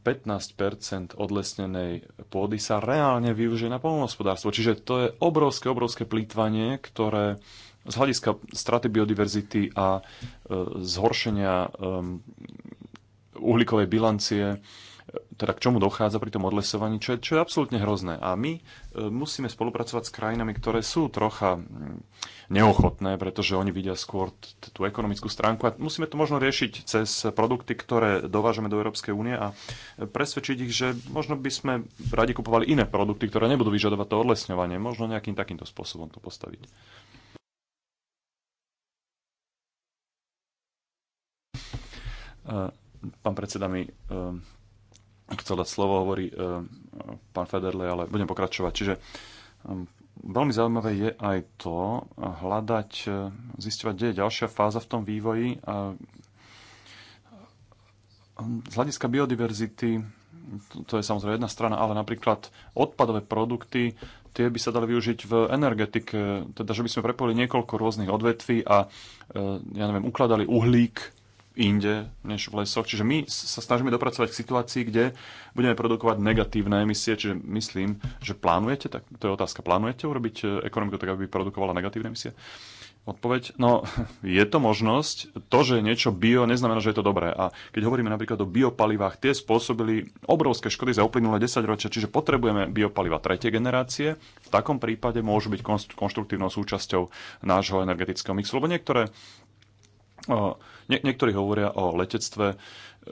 15 odlesnenej pôdy sa reálne využije na polnohospodárstvo. Čiže to je obrovské, obrovské plýtvanie, ktoré z hľadiska straty biodiverzity a e, zhoršenia e, uhlíkovej bilancie teda k čomu dochádza pri tom odlesovaní, čo je, čo je absolútne hrozné. A my e, musíme spolupracovať s krajinami, ktoré sú trocha mm, neochotné, pretože oni vidia skôr tú ekonomickú stránku a musíme to možno riešiť cez produkty, ktoré dovážame do Európskej únie a e, presvedčiť ich, že možno by sme radi kupovali iné produkty, ktoré nebudú vyžadovať to odlesňovanie. Možno nejakým takýmto spôsobom to postaviť. E, pán predseda mi chcel dať slovo, hovorí e, pán Federley, ale budem pokračovať. Čiže e, veľmi zaujímavé je aj to hľadať, e, zistovať, kde je ďalšia fáza v tom vývoji. A z hľadiska biodiverzity, to je samozrejme jedna strana, ale napríklad odpadové produkty, tie by sa dali využiť v energetike, teda že by sme prepojili niekoľko rôznych odvetví a ja neviem, ukladali uhlík inde než v lesoch. Čiže my sa snažíme dopracovať k situácii, kde budeme produkovať negatívne emisie, čiže myslím, že plánujete, tak to je otázka, plánujete urobiť e, ekonomiku tak, aby produkovala negatívne emisie? Odpoveď, no je to možnosť. To, že je niečo bio, neznamená, že je to dobré. A keď hovoríme napríklad o biopalivách, tie spôsobili obrovské škody za uplynulé 10 ročia, čiže potrebujeme biopaliva tretie generácie. V takom prípade môžu byť konštruktívnou súčasťou nášho energetického mixu, lebo niektoré nie, niektorí hovoria o letectve.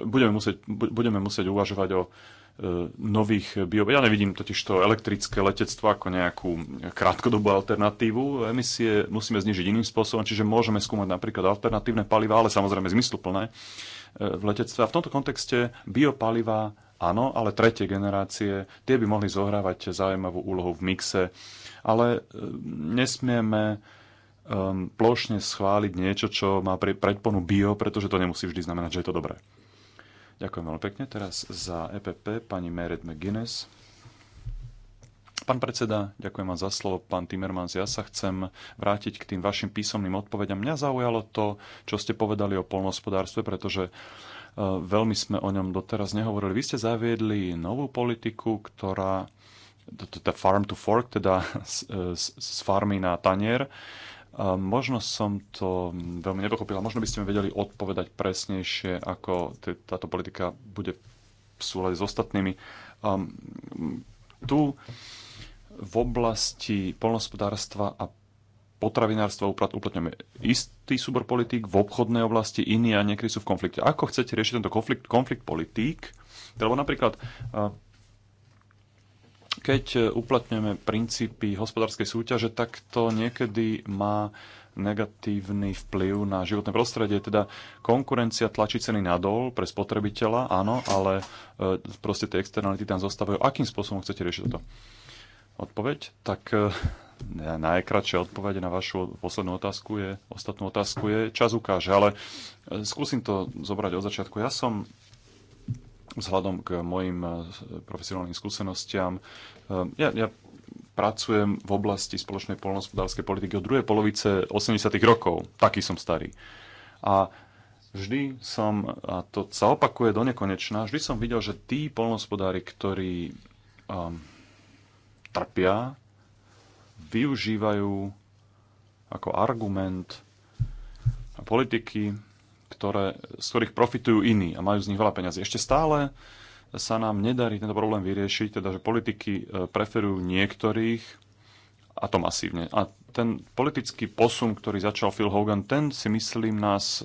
Budeme musieť, budeme musieť uvažovať o e, nových bio... Ja nevidím totiž to elektrické letectvo ako nejakú krátkodobú alternatívu. Emisie musíme znižiť iným spôsobom, čiže môžeme skúmať napríklad alternatívne paliva, ale samozrejme zmysluplné e, v letectve. A v tomto kontexte biopaliva áno, ale tretie generácie, tie by mohli zohrávať zaujímavú úlohu v mixe, ale e, nesmieme um, plošne schváliť niečo, čo má pre, predponu bio, pretože to nemusí vždy znamenať, že je to dobré. Ďakujem veľmi pekne. Teraz za EPP pani Meret McGuinness. Pán predseda, ďakujem vám za slovo. Pán Timmermans, ja sa chcem vrátiť k tým vašim písomným odpovediam. Mňa zaujalo to, čo ste povedali o polnohospodárstve, pretože uh, veľmi sme o ňom doteraz nehovorili. Vy ste zaviedli novú politiku, ktorá, teda farm to fork, teda z farmy na tanier, Možno som to veľmi nepochopila, možno by ste mi vedeli odpovedať presnejšie, ako táto politika bude v súlade s ostatnými. Um, tu v oblasti polnospodárstva a potravinárstva uplatňujeme istý súbor politík, v obchodnej oblasti iní a niekedy sú v konflikte. Ako chcete riešiť tento konflikt, konflikt politík? Lebo napríklad uh, keď e, uplatňujeme princípy hospodárskej súťaže, tak to niekedy má negatívny vplyv na životné prostredie. Teda konkurencia tlačí ceny nadol pre spotrebiteľa, áno, ale e, proste tie externality tam zostávajú. Akým spôsobom chcete riešiť toto? Odpoveď? Tak e, najkračšia odpoveď na vašu poslednú otázku je, ostatnú otázku je, čas ukáže, ale skúsim to zobrať od začiatku. Ja som vzhľadom k mojim e, profesionálnym skúsenostiam. E, ja, ja pracujem v oblasti spoločnej polnospodárskej politiky od druhej polovice 80. rokov. Taký som starý. A vždy som, a to sa opakuje do nekonečna, vždy som videl, že tí polnospodári, ktorí um, trpia, využívajú ako argument politiky ktoré, z ktorých profitujú iní a majú z nich veľa peňazí. Ešte stále sa nám nedarí tento problém vyriešiť, teda že politiky e, preferujú niektorých a to masívne. A ten politický posun, ktorý začal Phil Hogan, ten si myslím nás e,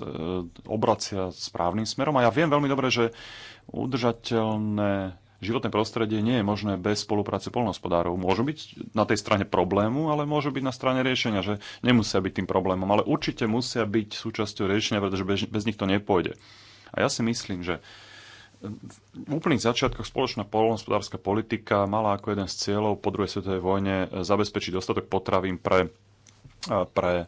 obracia správnym smerom. A ja viem veľmi dobre, že udržateľné životné prostredie nie je možné bez spolupráce polnohospodárov. Môžu byť na tej strane problému, ale môžu byť na strane riešenia, že nemusia byť tým problémom, ale určite musia byť súčasťou riešenia, pretože bez, bez nich to nepôjde. A ja si myslím, že v úplných začiatkoch spoločná polnohospodárska politika mala ako jeden z cieľov po druhej svetovej vojne zabezpečiť dostatok potravín pre, pre e,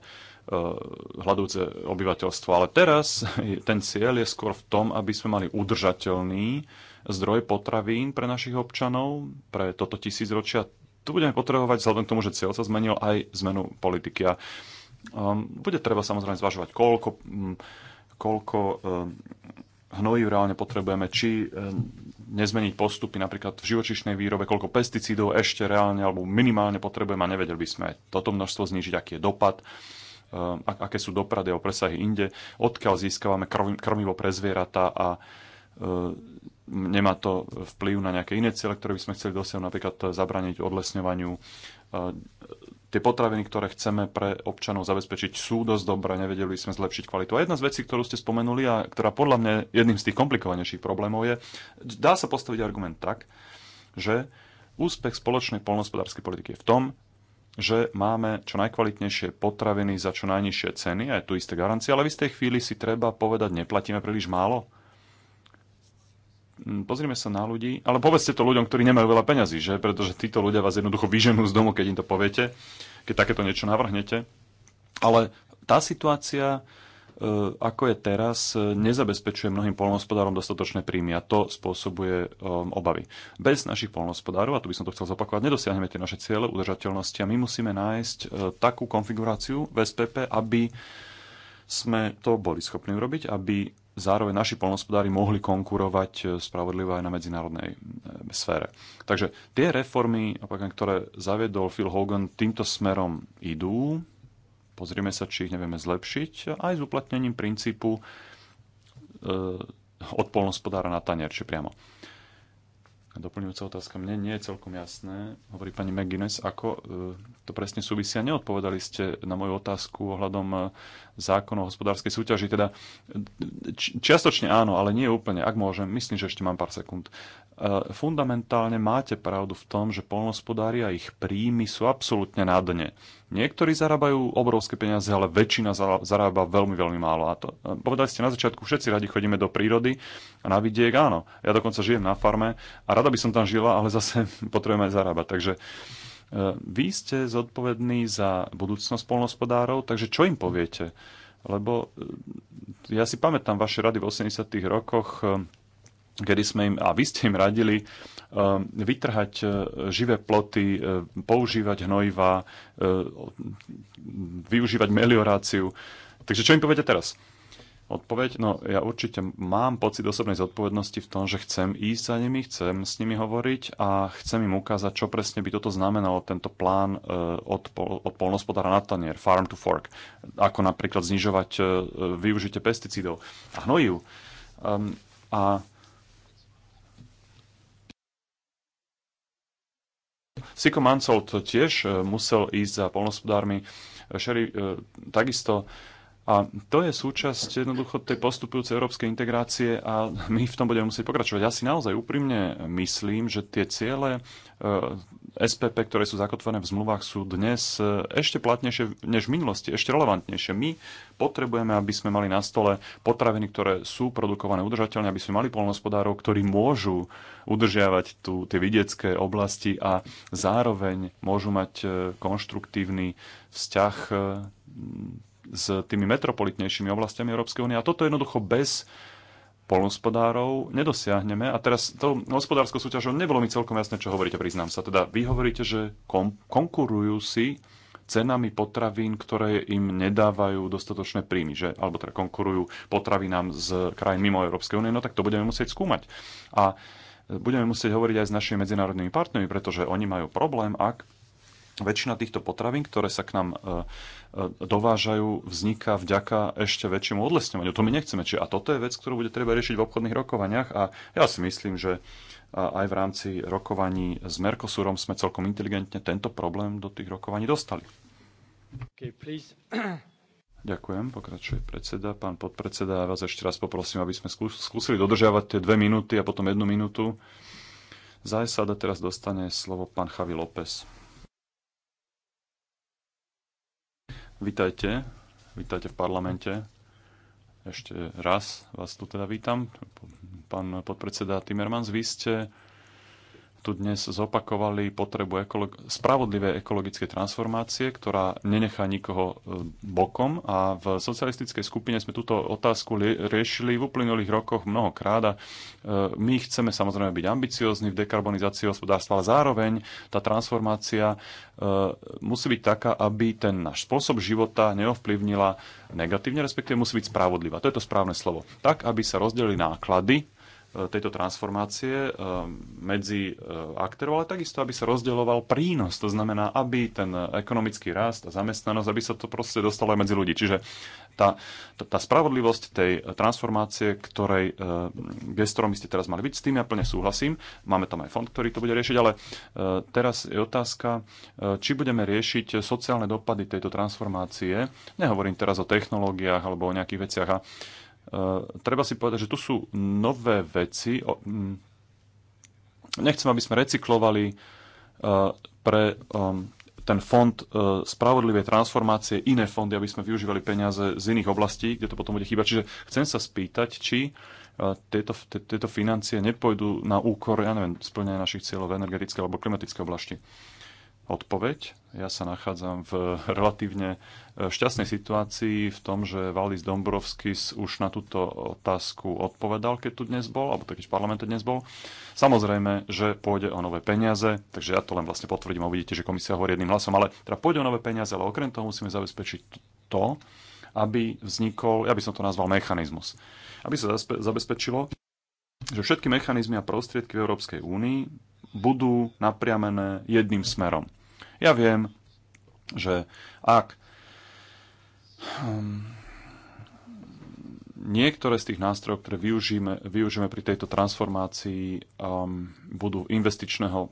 hľadúce obyvateľstvo. Ale teraz ten cieľ je skôr v tom, aby sme mali udržateľný zdroj potravín pre našich občanov, pre toto tisícročia. Tu budeme potrebovať, vzhľadom k tomu, že cieľ sa zmenil, aj zmenu politiky. A um, bude treba samozrejme zvažovať, koľko, um, koľko um, hnojív reálne potrebujeme, či um, nezmeniť postupy napríklad v živočišnej výrobe, koľko pesticídov ešte reálne alebo minimálne potrebujeme a nevedeli by sme aj toto množstvo znižiť, aký je dopad um, aké sú doprady o presahy inde, odkiaľ získavame krmivo pre zvieratá a uh, nemá to vplyv na nejaké iné ciele, ktoré by sme chceli dosiahnuť, napríklad zabraniť odlesňovaniu. E, tie potraviny, ktoré chceme pre občanov zabezpečiť, sú dosť dobré, nevedeli sme zlepšiť kvalitu. A jedna z vecí, ktorú ste spomenuli a ktorá podľa mňa jedným z tých komplikovanejších problémov je, dá sa postaviť argument tak, že úspech spoločnej polnospodárskej politiky je v tom, že máme čo najkvalitnejšie potraviny za čo najnižšie ceny, a je tu isté garancie, ale v istej chvíli si treba povedať, neplatíme príliš málo Mm, Pozrieme sa na ľudí, ale povedzte to ľuďom, ktorí nemajú veľa peňazí, že? Pretože títo ľudia vás jednoducho vyženú z domu, keď im to poviete, keď takéto niečo navrhnete. Ale tá situácia, e, ako je teraz, e, nezabezpečuje mnohým polnohospodárom dostatočné príjmy a to spôsobuje e, obavy. Bez našich polnohospodárov, a tu by som to chcel zopakovať, nedosiahneme tie naše ciele udržateľnosti a my musíme nájsť takú konfiguráciu v SPP, aby sme to boli schopní urobiť, aby zároveň naši polnospodári mohli konkurovať e, spravodlivo aj na medzinárodnej e, sfére. Takže tie reformy, ktoré zaviedol Phil Hogan, týmto smerom idú. Pozrieme sa, či ich nevieme zlepšiť aj s uplatnením princípu e, od polnospodára na tanier, či priamo. Doplňujúca otázka. Mne nie je celkom jasné, hovorí pani McGuinness, ako to presne súvisia. Neodpovedali ste na moju otázku ohľadom zákon o hospodárskej súťaži. Teda čiastočne áno, ale nie úplne, ak môžem. Myslím, že ešte mám pár sekúnd. E, fundamentálne máte pravdu v tom, že polnospodári a ich príjmy sú absolútne na dne. Niektorí zarábajú obrovské peniaze, ale väčšina zarába veľmi, veľmi málo. A to, e, povedali ste na začiatku, všetci radi chodíme do prírody a na vidiek, áno. Ja dokonca žijem na farme a rada by som tam žila, ale zase potrebujeme zarábať. Takže E, vy ste zodpovední za budúcnosť polnospodárov, takže čo im poviete? Lebo e, ja si pamätám vaše rady v 80. rokoch, e, kedy sme im, a vy ste im radili, vytrhať živé ploty, používať hnojiva, využívať melioráciu. Takže čo im poviete teraz? odpoveď? No, ja určite mám pocit osobnej zodpovednosti v tom, že chcem ísť za nimi, chcem s nimi hovoriť a chcem im ukázať, čo presne by toto znamenalo, tento plán e, od, od polnospodára na tanier, farm to fork, ako napríklad znižovať e, využite pesticídov a hnojiv. Um, a Siko Mancolt tiež e, musel ísť za polnospodármi, Sherry takisto a to je súčasť jednoducho tej postupujúcej európskej integrácie a my v tom budeme musieť pokračovať. Ja si naozaj úprimne myslím, že tie ciele eh, SPP, ktoré sú zakotvené v zmluvách, sú dnes eh, ešte platnejšie než v minulosti, ešte relevantnejšie. My potrebujeme, aby sme mali na stole potraviny, ktoré sú produkované udržateľne, aby sme mali polnospodárov, ktorí môžu udržiavať tu tie vidiecké oblasti a zároveň môžu mať eh, konštruktívny vzťah s tými metropolitnejšími oblastiami Európskej únie. A toto jednoducho bez polnospodárov nedosiahneme. A teraz to hospodárskou súťažou nebolo mi celkom jasné, čo hovoríte, priznám sa. Teda vy hovoríte, že kom- konkurujú si cenami potravín, ktoré im nedávajú dostatočné príjmy, že? alebo teda konkurujú potravinám z krajín mimo Európskej únie, no tak to budeme musieť skúmať. A budeme musieť hovoriť aj s našimi medzinárodnými partnermi, pretože oni majú problém, ak väčšina týchto potravín, ktoré sa k nám e, e, dovážajú, vzniká vďaka ešte väčšiemu odlesňovaniu. To my nechceme. Čiže a toto je vec, ktorú bude treba riešiť v obchodných rokovaniach a ja si myslím, že aj v rámci rokovaní s Mercosurom sme celkom inteligentne tento problém do tých rokovaní dostali. Okay, Ďakujem, pokračuje predseda. Pán podpredseda, ja vás ešte raz poprosím, aby sme skúsili dodržiavať tie dve minúty a potom jednu minútu. Zajsada teraz dostane slovo pán Chavi López. Vítajte, vítajte v parlamente. Ešte raz vás tu teda vítam. Pán podpredseda Timmermans, vy ste tu dnes zopakovali potrebu ekolo- spravodlivej ekologickej transformácie, ktorá nenechá nikoho e, bokom. A v socialistickej skupine sme túto otázku riešili v uplynulých rokoch mnohokrát a e, my chceme samozrejme byť ambiciozni v dekarbonizácii hospodárstva, ale zároveň tá transformácia e, musí byť taká, aby ten náš spôsob života neovplyvnila negatívne, respektíve musí byť spravodlivá. To je to správne slovo. Tak, aby sa rozdelili náklady tejto transformácie eh, medzi eh, aktérov, ale takisto, aby sa rozdeľoval prínos. To znamená, aby ten eh, ekonomický rast a zamestnanosť, aby sa to proste dostalo aj medzi ľudí. Čiže tá, tá, spravodlivosť tej transformácie, ktorej gestorom ste teraz mali byť, s tým ja plne súhlasím. Máme tam aj fond, ktorý to bude riešiť, ale teraz je otázka, či budeme riešiť sociálne dopady tejto transformácie. Nehovorím teraz o technológiách alebo o nejakých veciach. A Eh, treba si povedať, že tu sú nové veci. Mm, nechcem, aby sme recyklovali eh, pre ehm, ten fond eh, spravodlivej transformácie iné fondy, aby sme využívali peniaze z iných oblastí, kde to potom bude chýbať. Čiže chcem sa spýtať, či tieto, tieto financie nepôjdu na úkor, ja neviem, splnenia našich cieľov v energetickej alebo klimatickej oblasti odpoveď. Ja sa nachádzam v relatívne e, šťastnej situácii v tom, že Valis Dombrovskis už na túto otázku odpovedal, keď tu dnes bol, alebo keď v parlamente dnes bol. Samozrejme, že pôjde o nové peniaze, takže ja to len vlastne potvrdím a uvidíte, že komisia hovorí jedným hlasom, ale teda pôjde o nové peniaze, ale okrem toho musíme zabezpečiť to, aby vznikol, ja by som to nazval mechanizmus, aby sa zabezpečilo, že všetky mechanizmy a prostriedky v Európskej únii budú napriamené jedným smerom. Ja viem, že ak ehm, niektoré z tých nástrojov, ktoré využijeme, využijeme pri tejto transformácii, um, budú investičného,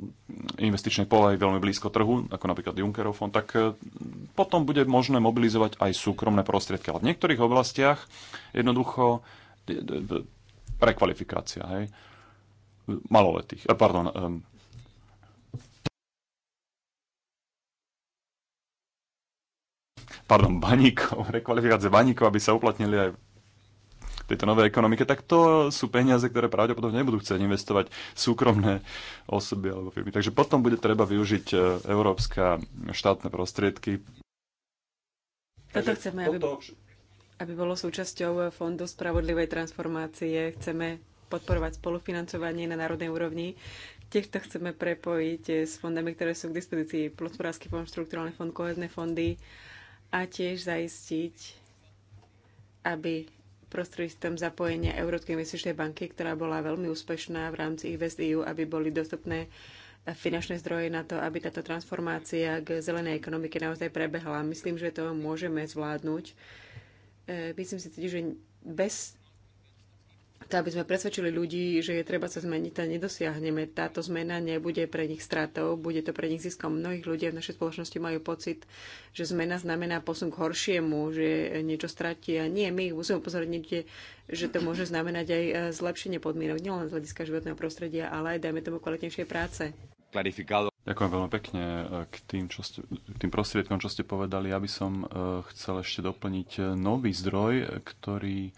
investičnej povahy veľmi blízko trhu, ako napríklad Junckerov fond, tak e, potom bude možné mobilizovať aj súkromné prostriedky. Ale v niektorých oblastiach jednoducho e, e, prekvalifikácia, hej, maloletých, pardon, ehm, pardon, baníkov, rekvalifikácie baníkov, aby sa uplatnili aj tejto novej ekonomike, tak to sú peniaze, ktoré pravdepodobne nebudú chcieť investovať súkromné osoby alebo firmy. Takže potom bude treba využiť e, európska štátne prostriedky. Toto chceme, aby, aby bolo súčasťou e, Fondu spravodlivej transformácie. Chceme podporovať spolufinancovanie na národnej úrovni. Tiež to chceme prepojiť e, s fondami, ktoré sú k dispozícii. Plotvorský fond, štruktúrálny fond, kohezné fondy. fondy a tiež zaistiť, aby prostredstvom zapojenia Európskej investičnej banky, ktorá bola veľmi úspešná v rámci EU, e aby boli dostupné finančné zdroje na to, aby táto transformácia k zelenej ekonomike naozaj prebehla. Myslím, že to môžeme zvládnuť. E, myslím si, že bez to, aby sme presvedčili ľudí, že je treba sa zmeniť a nedosiahneme. Táto zmena nebude pre nich stratou, bude to pre nich ziskom. Mnohých ľudia v našej spoločnosti majú pocit, že zmena znamená posun k horšiemu, že niečo stratia. Nie, my ich musíme upozorniť, že to môže znamenať aj e, zlepšenie podmienok, nielen z hľadiska životného prostredia, ale aj, dajme tomu, kvalitnejšie práce. Ďakujem veľmi pekne e, k tým, čo ste, k tým prostriedkom, čo ste povedali. Ja by som e, chcel ešte doplniť nový zdroj, ktorý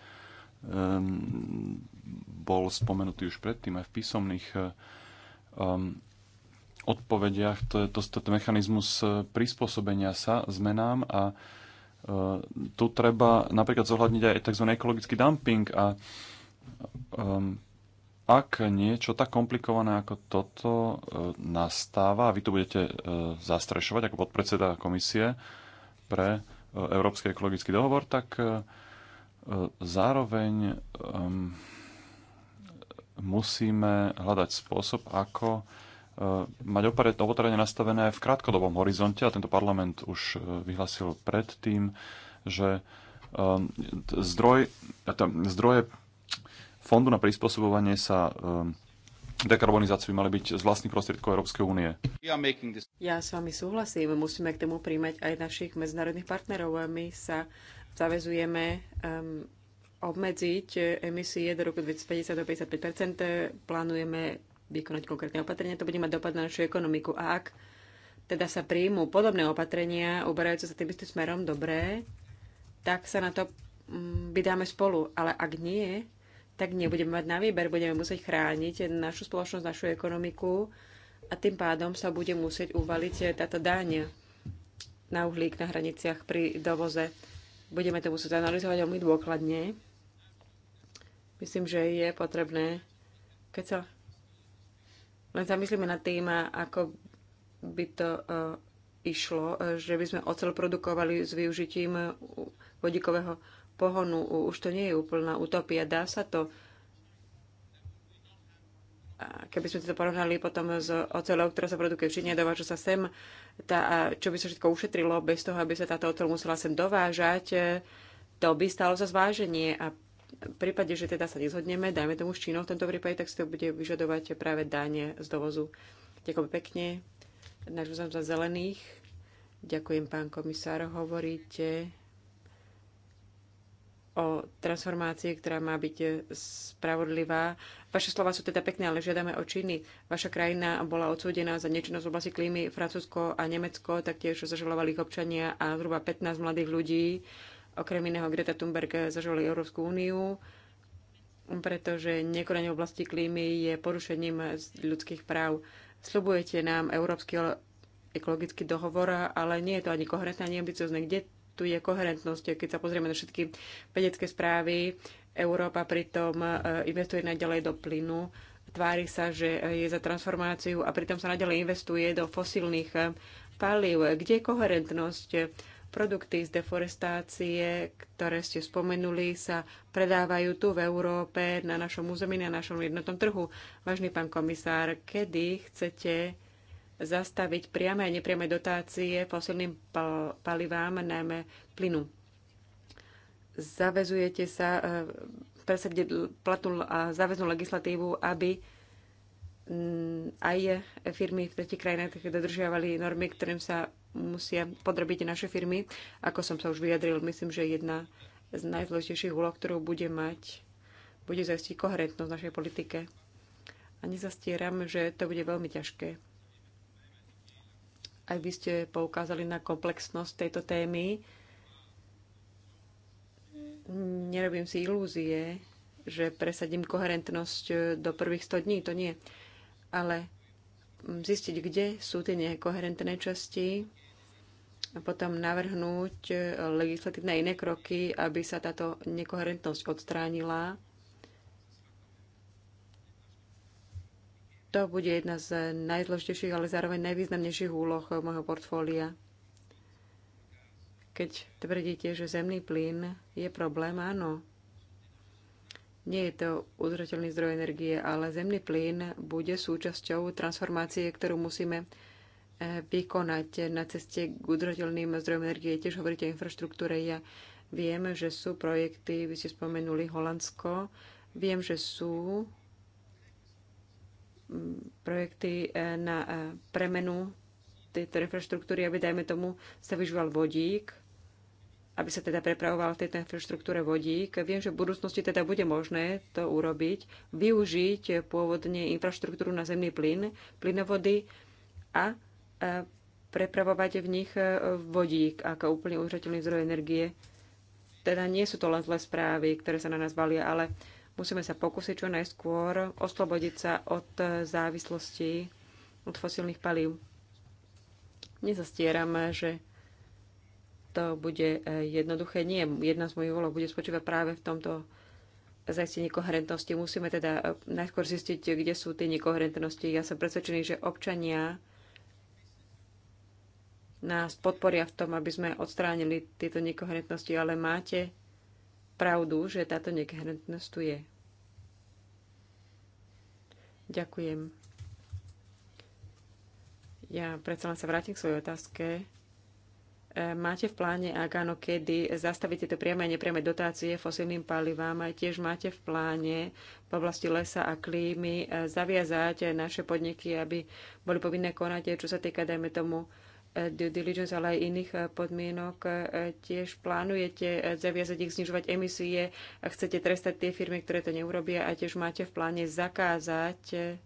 um, bol spomenutý už predtým aj v písomných um, odpovediach. To je to, to mechanizmus e, prispôsobenia sa zmenám a e, tu treba napríklad zohľadniť aj tzv. ekologický dumping a um, ak niečo tak komplikované ako toto uh, nastáva, a vy to budete uh, zastrešovať ako podpredseda komisie pre uh, Európsky ekologický dohovor, tak uh, Zároveň musíme hľadať spôsob, ako eh, mať opatrenie nastavené v krátkodobom horizonte, a tento parlament už eh, vyhlasil predtým, že zdroj, zdroje fondu na prispôsobovanie sa dekarbonizáciu mali byť z vlastných prostriedkov Európskej únie. Ja s vami súhlasím, musíme k tomu príjmať aj našich medzinárodných partnerov. My sa zavezujeme um, obmedziť emisie do roku 2050 do 55 Plánujeme vykonať konkrétne opatrenia, to bude mať dopad na našu ekonomiku. A ak teda sa príjmú podobné opatrenia, uberajúce sa tým istým smerom dobré, tak sa na to mm, vydáme spolu. Ale ak nie, tak nebudeme mať na výber, budeme musieť chrániť našu spoločnosť, našu ekonomiku a tým pádom sa bude musieť uvaliť táto daň na uhlík na hraniciach pri dovoze. Budeme to musieť analyzovať veľmi dôkladne. Myslím, že je potrebné, keď sa len zamyslíme nad tým, ako by to uh, išlo, e, že by sme ocel produkovali s využitím vodíkového pohonu. Už to nie je úplná utopia. Dá sa to keby sme to porovnali potom s oceľou, ktorá sa produkuje v Číne, dováža sa sem, tá, čo by sa všetko ušetrilo bez toho, aby sa táto oceľ musela sem dovážať, to by stalo za zváženie a v prípade, že teda sa nezhodneme, dajme tomu s Čínou v tomto prípade, tak si to bude vyžadovať práve dáne z dovozu. Ďakujem pekne. Náš za zelených. Ďakujem, pán komisár. Hovoríte o transformácii, ktorá má byť spravodlivá Vaše slova sú teda pekné, ale žiadame o činy. Vaša krajina bola odsúdená za nečinnosť v oblasti klímy. Francúzsko a Nemecko taktiež zažalovali ich občania a zhruba 15 mladých ľudí, okrem iného Greta Thunberg, zažalovali Európsku úniu pretože nekonanie v oblasti klímy je porušením ľudských práv. Sľubujete nám Európsky ekologický dohovor, ale nie je to ani koherentné, ani ambiciozne. Kde tu je koherentnosť? Keď sa pozrieme na všetky vedecké správy, Európa pritom e, investuje naďalej do plynu, tvári sa, že je za transformáciu a pritom sa naďalej investuje do fosílnych e, palív. Kde je koherentnosť? Produkty z deforestácie, ktoré ste spomenuli, sa predávajú tu v Európe, na našom území, na našom jednotnom trhu. Vážny pán komisár, kedy chcete zastaviť priame a nepriame dotácie fosilným palivám, najmä plynu? zavezujete sa e, presadiť platnú a záväznú legislatívu, aby mm, aj firmy v tretich krajinách dodržiavali normy, ktorým sa musia podrobiť naše firmy. Ako som sa už vyjadril, myslím, že jedna z najdôležitejších úloh, ktorú bude mať, bude zajistiť koherentnosť našej politike. A nezastieram, že to bude veľmi ťažké. Aj vy ste poukázali na komplexnosť tejto témy nerobím si ilúzie, že presadím koherentnosť eh, do prvých 100 dní, to nie. Ale mm, zistiť, kde sú tie nekoherentné časti a potom navrhnúť eh, legislatívne iné kroky, aby sa táto nekoherentnosť odstránila. To bude jedna z najdôležitejších, ale zároveň najvýznamnejších úloh eh, môjho portfólia. Keď tvrdíte, že zemný plyn je problém, áno. Nie je to udržateľný zdroj energie, ale zemný plyn bude súčasťou transformácie, ktorú musíme e, vykonať na ceste k udržateľným zdrojom energie. Tiež hovoríte o infraštruktúre. Ja viem, že sú projekty, vy ste spomenuli Holandsko, viem, že sú mm, projekty e, na e, premenu tejto infraštruktúry, aby dajme tomu sa vyžval vodík aby sa teda prepravoval v tejto infraštruktúre vodík. Viem, že v budúcnosti teda bude možné to urobiť, využiť pôvodne infraštruktúru na zemný plyn, plynovody a e, prepravovať v nich e, vodík ako úplne udržateľný zdroj energie. Teda nie sú to len zlé správy, ktoré sa na nás valia, ale musíme sa pokúsiť čo najskôr oslobodiť sa od e, závislosti od fosílnych palív. Nezastieram, že to bude e, jednoduché. Nie, jedna z mojich úloh bude spočívať práve v tomto zajistení koherentnosti. Musíme teda e, najskôr zistiť, kde sú tie nekoherentnosti. Ja som presvedčený, že občania nás podporia v tom, aby sme odstránili tieto nekoherentnosti, ale máte pravdu, že táto nekoherentnosť tu je. Ďakujem. Ja predsa len sa vrátim k svojej otázke E, máte v pláne, ak áno, kedy zastavíte to priame a nepriame dotácie fosilným palivám? Tiež máte v pláne v oblasti lesa a klímy e, zaviazať naše podniky, aby boli povinné konať, e, čo sa týka, dajme tomu, due diligence, ale aj iných podmienok. Tiež plánujete zaviazať ich znižovať emisie a chcete trestať tie firmy, ktoré to neurobia a tiež máte v pláne zakázať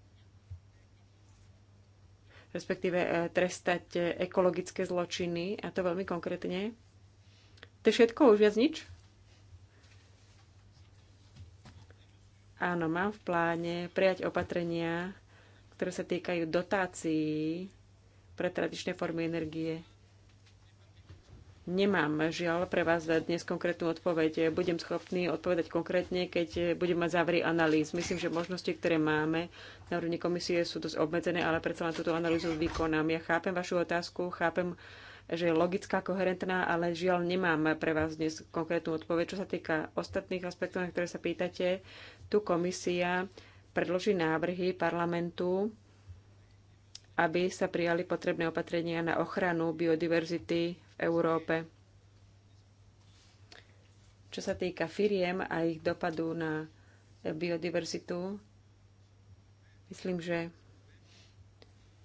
respektíve e, trestať e, ekologické zločiny, a to veľmi konkrétne. To je všetko, už viac nič? Áno, mám v pláne prijať opatrenia, ktoré sa týkajú dotácií pre tradičné formy energie. Nemám žiaľ pre vás dnes konkrétnu odpoveď. Budem schopný odpovedať konkrétne, keď budem mať závery analýz. Myslím, že možnosti, ktoré máme na úrovni komisie sú dosť obmedzené, ale predsa len túto analýzu vykonám. Ja chápem vašu otázku, chápem, že je logická, koherentná, ale žiaľ nemám pre vás dnes konkrétnu odpoveď. Čo sa týka ostatných aspektov, na ktoré sa pýtate, tu komisia predloží návrhy parlamentu, aby sa prijali potrebné opatrenia na ochranu biodiverzity Európe. Čo sa týka firiem a ich dopadu na biodiverzitu, myslím, že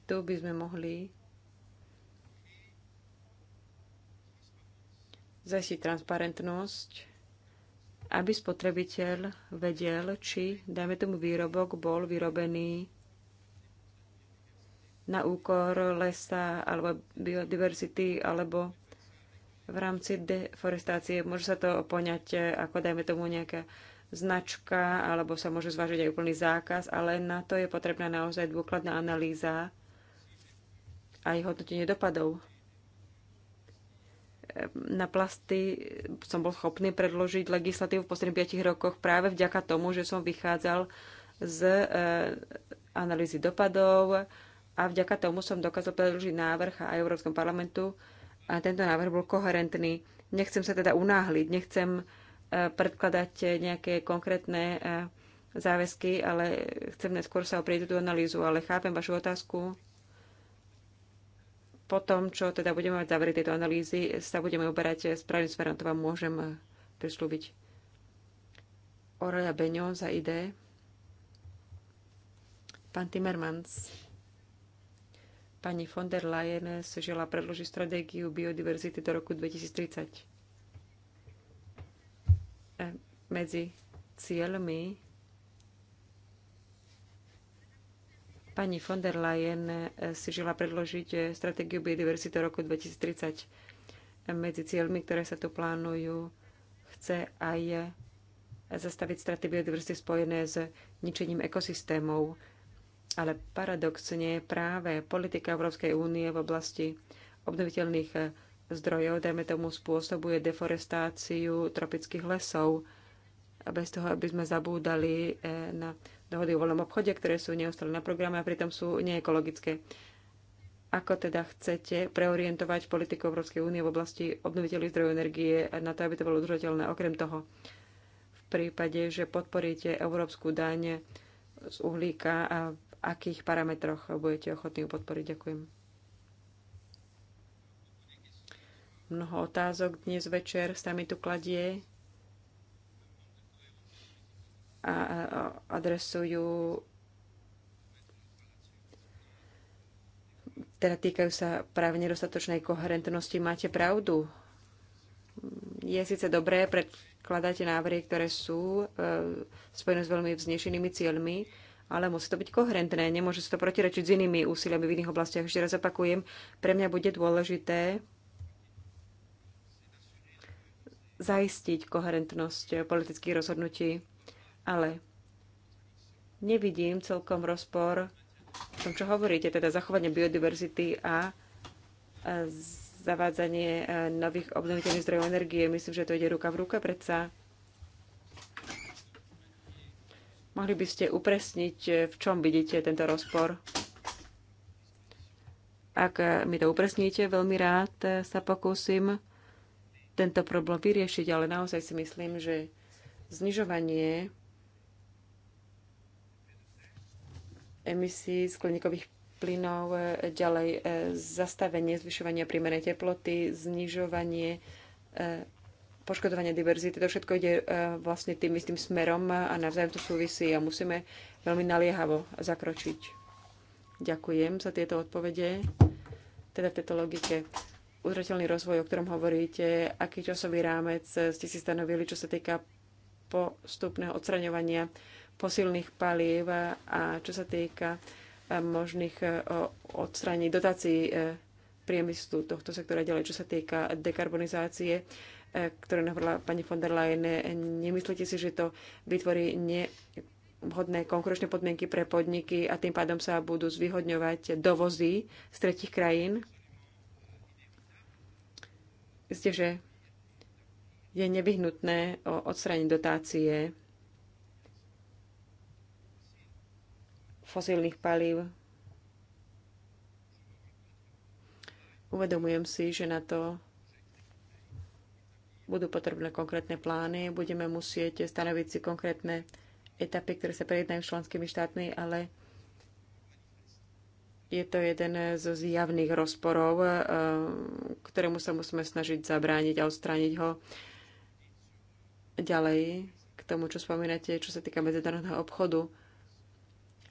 tu by sme mohli zasiť transparentnosť, aby spotrebiteľ vedel, či, dajme tomu, výrobok bol vyrobený na úkor lesa alebo biodiverzity alebo v rámci deforestácie. Môže sa to poňať eh, ako, dajme tomu, nejaká značka, alebo sa môže zvážiť aj úplný zákaz, ale na to je potrebná naozaj dôkladná analýza aj hodnotenie dopadov. Ehm, na plasty som bol schopný predložiť legislatívu v posledných 5 rokoch práve vďaka tomu, že som vychádzal z eh, analýzy dopadov a vďaka tomu som dokázal predložiť návrh aj Európskom parlamentu a tento návrh bol koherentný. Nechcem sa teda unáhliť, nechcem e, predkladať nejaké konkrétne e, záväzky, ale chcem neskôr sa oprieť tú analýzu, ale chápem vašu otázku. Po tom, čo teda budeme mať závery tejto analýzy, sa budeme uberať správnym smerom, to vám môžem e, prislúbiť. Orelia Beňo za ID. Pán Timmermans. Pani von der Leyen si žela predložiť stratégiu biodiverzity do roku 2030. E, medzi cieľmi pani von der Leyen e, si žela predložiť e, stratégiu biodiverzity do roku 2030. Medzi cieľmi, ktoré sa tu plánujú, chce aj zastaviť straty biodiverzity spojené s ničením ekosystémov. Ale paradoxne práve politika Európskej únie v oblasti obnoviteľných eh, zdrojov, dajme tomu, spôsobuje deforestáciu tropických lesov, a bez toho, aby sme zabúdali eh, na dohody o voľnom obchode, ktoré sú neustále na programe a pritom sú neekologické. Ako teda chcete preorientovať politiku Európskej únie v oblasti obnoviteľných zdrojov energie na to, aby to bolo udržateľné? Okrem toho, v prípade, že podporíte európsku daň z uhlíka a akých parametroch budete ochotní ju podporiť. Ďakujem. Mnoho otázok dnes večer sa mi tu kladie a adresujú teda týkajú sa práve nedostatočnej koherentnosti. Máte pravdu. Je síce dobré, predkladáte návrhy, ktoré sú e, spojené s veľmi vznešenými cieľmi, ale musí to byť koherentné, nemôže sa to protirečiť s inými úsiliami v iných oblastiach. Ešte raz opakujem, pre mňa bude dôležité zaistiť koherentnosť politických rozhodnutí, ale nevidím celkom rozpor v tom, čo hovoríte, teda zachovanie biodiverzity a zavádzanie e, nových obnoviteľných zdrojov energie. Myslím, že to ide ruka v ruka predsa. Mohli by ste upresniť, e, v čom vidíte tento rozpor? Ak mi to upresníte, veľmi rád e, sa pokúsim tento problém vyriešiť, ale naozaj si myslím, že znižovanie emisí skleníkových plynov, e, ďalej zastavenie zvyšovania primernej teploty, znižovanie poškodovania diverzity, to všetko ide e, vlastne tým istým smerom a navzájom to súvisí a musíme veľmi naliehavo zakročiť. Ďakujem za tieto odpovede, teda v tejto logike. Udržateľný rozvoj, o ktorom hovoríte, aký časový rámec ste si stanovili, čo sa týka postupného odstraňovania posilných palív a čo sa týka e, možných e, odstraní dotácií priemyslu tohto sektora ďalej, čo sa týka dekarbonizácie E, ktoré navrhla pani von der Leyen. E, nemyslíte si, že to vytvorí nevhodné konkurenčné podmienky pre podniky a tým pádom sa budú zvyhodňovať dovozy z tretich krajín? Isté, že je nevyhnutné odstrániť dotácie fosílnych palív. Uvedomujem si, že na to budú potrebné konkrétne plány, budeme musieť stanoviť si konkrétne etapy, ktoré sa prejednajú s členskými štátmi, ale je to jeden zo zjavných rozporov, eh, ktorému sa musíme snažiť zabrániť a odstrániť ho ďalej k tomu, čo spomínate, čo sa týka medzinárodného obchodu.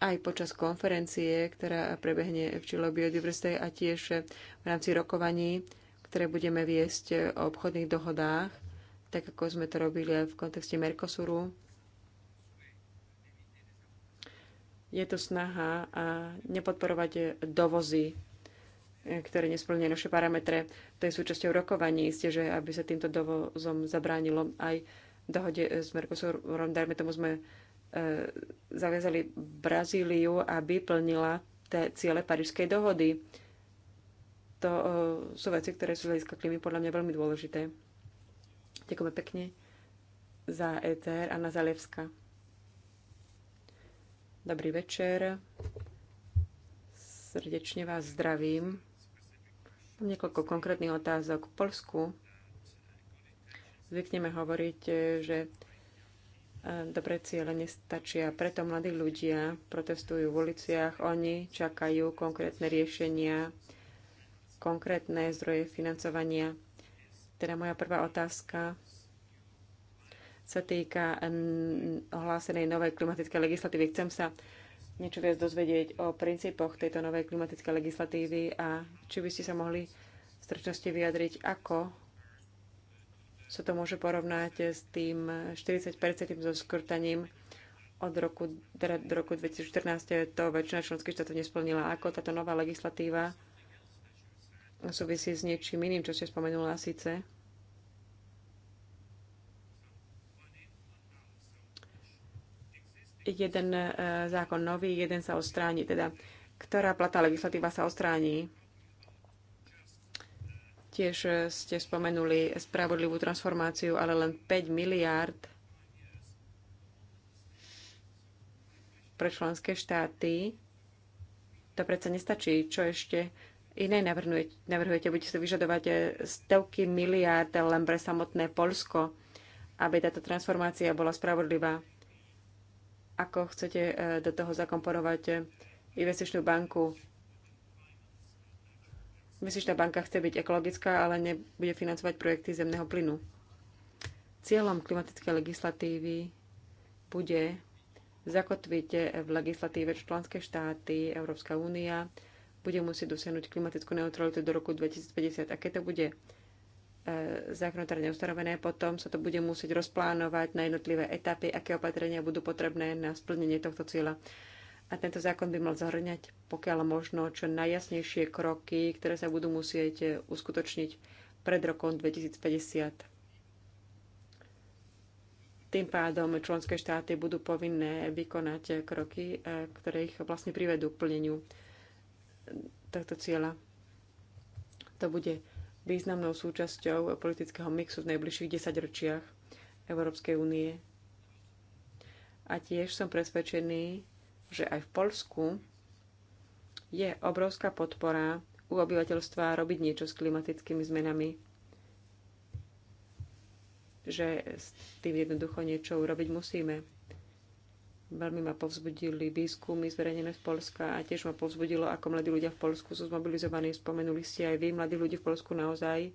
Aj počas konferencie, ktorá prebehne v Čilo a tiež v rámci rokovaní ktoré budeme viesť o obchodných dohodách, tak ako sme to robili aj v kontexte Mercosuru. Je to snaha a nepodporovať dovozy, ktoré nesplňujú naše parametre. To je súčasťou rokovaní, isté, že aby sa týmto dovozom zabránilo aj v dohode s Mercosurom. Dajme tomu sme e, zaviazali Brazíliu, aby plnila tie ciele Parížskej dohody to e, sú veci, ktoré sú z hľadiska klímy podľa mňa veľmi dôležité. Ďakujeme pekne za e a na Zalevska. Dobrý večer. Srdečne vás zdravím. Mám niekoľko konkrétnych otázok. V Polsku zvykneme hovoriť, e, že dobre ciele nestačia. Preto mladí ľudia protestujú v uliciach. Oni čakajú konkrétne riešenia konkrétne zdroje financovania. Teda moja prvá otázka sa týka ohlásenej novej klimatickej legislatívy. Chcem sa niečo viac dozvedieť o princípoch tejto novej klimatickej legislatívy a či by ste sa mohli v stručnosti vyjadriť, ako sa to môže porovnať s tým 40 zoskrtaním od roku, teda do roku 2014 to väčšina členských štátov nesplnila. Ako táto nová legislatíva súvisí s niečím iným, čo ste spomenula síce. Jeden e, zákon nový, jeden sa ostráni, teda ktorá platá legislatíva sa ostráni. Tiež e, ste spomenuli spravodlivú transformáciu, ale len 5 miliárd pre členské štáty. To predsa nestačí. Čo ešte iné navrhujete, budete si vyžadovať e, stovky miliárd len pre samotné Polsko, aby táto transformácia bola spravodlivá. Ako chcete e, do toho zakomponovať e, investičnú banku? Investičná banka chce byť ekologická, ale nebude financovať projekty zemného plynu. Cieľom klimatickej legislatívy bude zakotviť v legislatíve členské štáty Európska únia, bude musieť dosiahnuť klimatickú neutralitu do roku 2050. A keď to bude e, zákonotárne ustanovené, potom sa to bude musieť rozplánovať na jednotlivé etapy, aké opatrenia budú potrebné na splnenie tohto cieľa. A tento zákon by mal zahrňať pokiaľ možno čo najjasnejšie kroky, ktoré sa budú musieť e, uskutočniť pred rokom 2050. Tým pádom členské štáty budú povinné vykonať e, kroky, ktoré ich vlastne privedú k plneniu tohto cieľa. To bude významnou súčasťou politického mixu v najbližších desaťročiach Európskej únie. A tiež som presvedčený, že aj v Polsku je obrovská podpora u obyvateľstva robiť niečo s klimatickými zmenami. Že s tým jednoducho niečo urobiť musíme. Veľmi ma povzbudili výskumy zverejnené z Polska a tiež ma povzbudilo, ako mladí ľudia v Polsku sú zmobilizovaní. Spomenuli ste aj vy, mladí ľudia v Polsku naozaj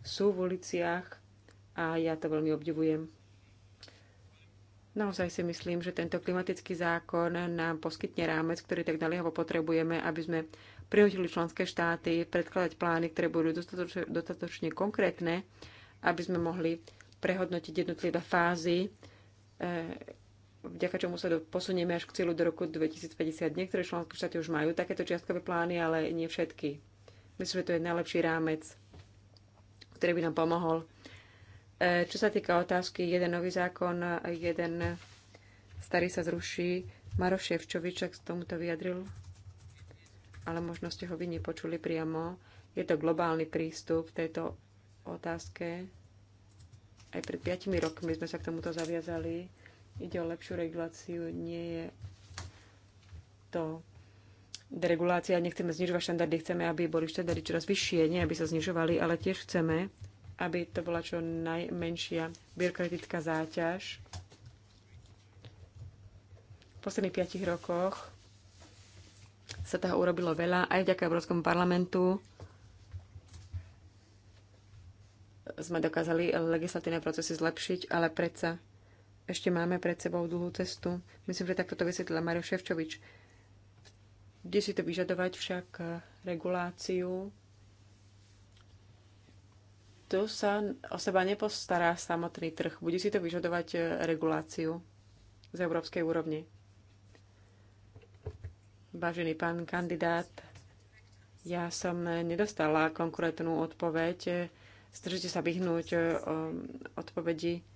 sú v uliciach a ja to veľmi obdivujem. Naozaj si myslím, že tento klimatický zákon nám poskytne rámec, ktorý tak naliehavo potrebujeme, aby sme prinútili členské štáty predkladať plány, ktoré budú dostatočne, dostatočne konkrétne, aby sme mohli prehodnotiť jednotlivé fázy eh, vďaka čomu sa posunieme až k cieľu do roku 2050. Niektoré členské štáty už majú takéto čiastkové plány, ale nie všetky. Myslím, že to je najlepší rámec, ktorý by nám pomohol. E, čo sa týka otázky, jeden nový zákon, jeden starý sa zruší. Maroš Ševčovič k tomuto vyjadril, ale možno ste ho vy nepočuli priamo. Je to globálny prístup v tejto otázke. Aj pred 5 rokmi sme sa k tomuto zaviazali Ide o lepšiu reguláciu, nie je to deregulácia. Nechceme znižovať štandardy, chceme, aby boli štandardy čoraz vyššie, nie aby sa znižovali, ale tiež chceme, aby to bola čo najmenšia byrokratická záťaž. V posledných piatich rokoch sa toho urobilo veľa, aj vďaka Európskom parlamentu sme dokázali legislatívne procesy zlepšiť, ale predsa ešte máme pred sebou dlhú cestu. Myslím, že takto to vysvetlila Mario Ševčovič. Bude si to vyžadovať však eh, reguláciu. Tu sa o seba nepostará samotný trh. Bude si to vyžadovať eh, reguláciu z európskej úrovni. Vážený pán kandidát, ja som eh, nedostala konkrétnu odpoveď. Snažite sa vyhnúť odpovedi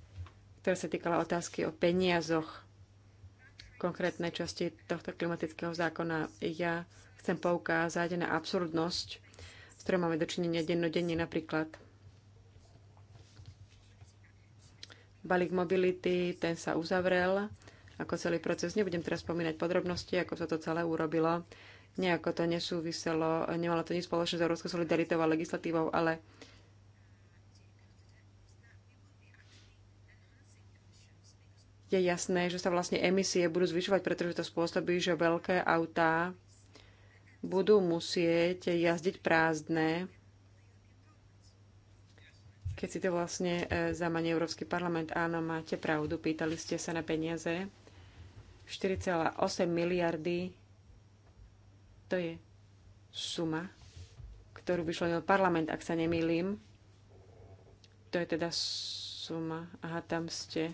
ktorá sa týkala otázky o peniazoch konkrétnej časti tohto klimatického zákona. Ja chcem poukázať na absurdnosť, s ktorou máme dočinenia dennodenne napríklad. Balík mobility, ten sa uzavrel ako celý proces. Nebudem teraz spomínať podrobnosti, ako sa to celé urobilo. Nejako to nesúviselo, nemalo to nič spoločné s Európskou solidaritou a legislatívou, ale je jasné, že sa vlastne emisie budú zvyšovať, pretože to spôsobí, že veľké autá budú musieť jazdiť prázdne, keď si to vlastne e, zamanie Európsky parlament. Áno, máte pravdu, pýtali ste sa na peniaze. 4,8 miliardy to je suma, ktorú by šlenil parlament, ak sa nemýlim. To je teda suma. Aha, tam ste.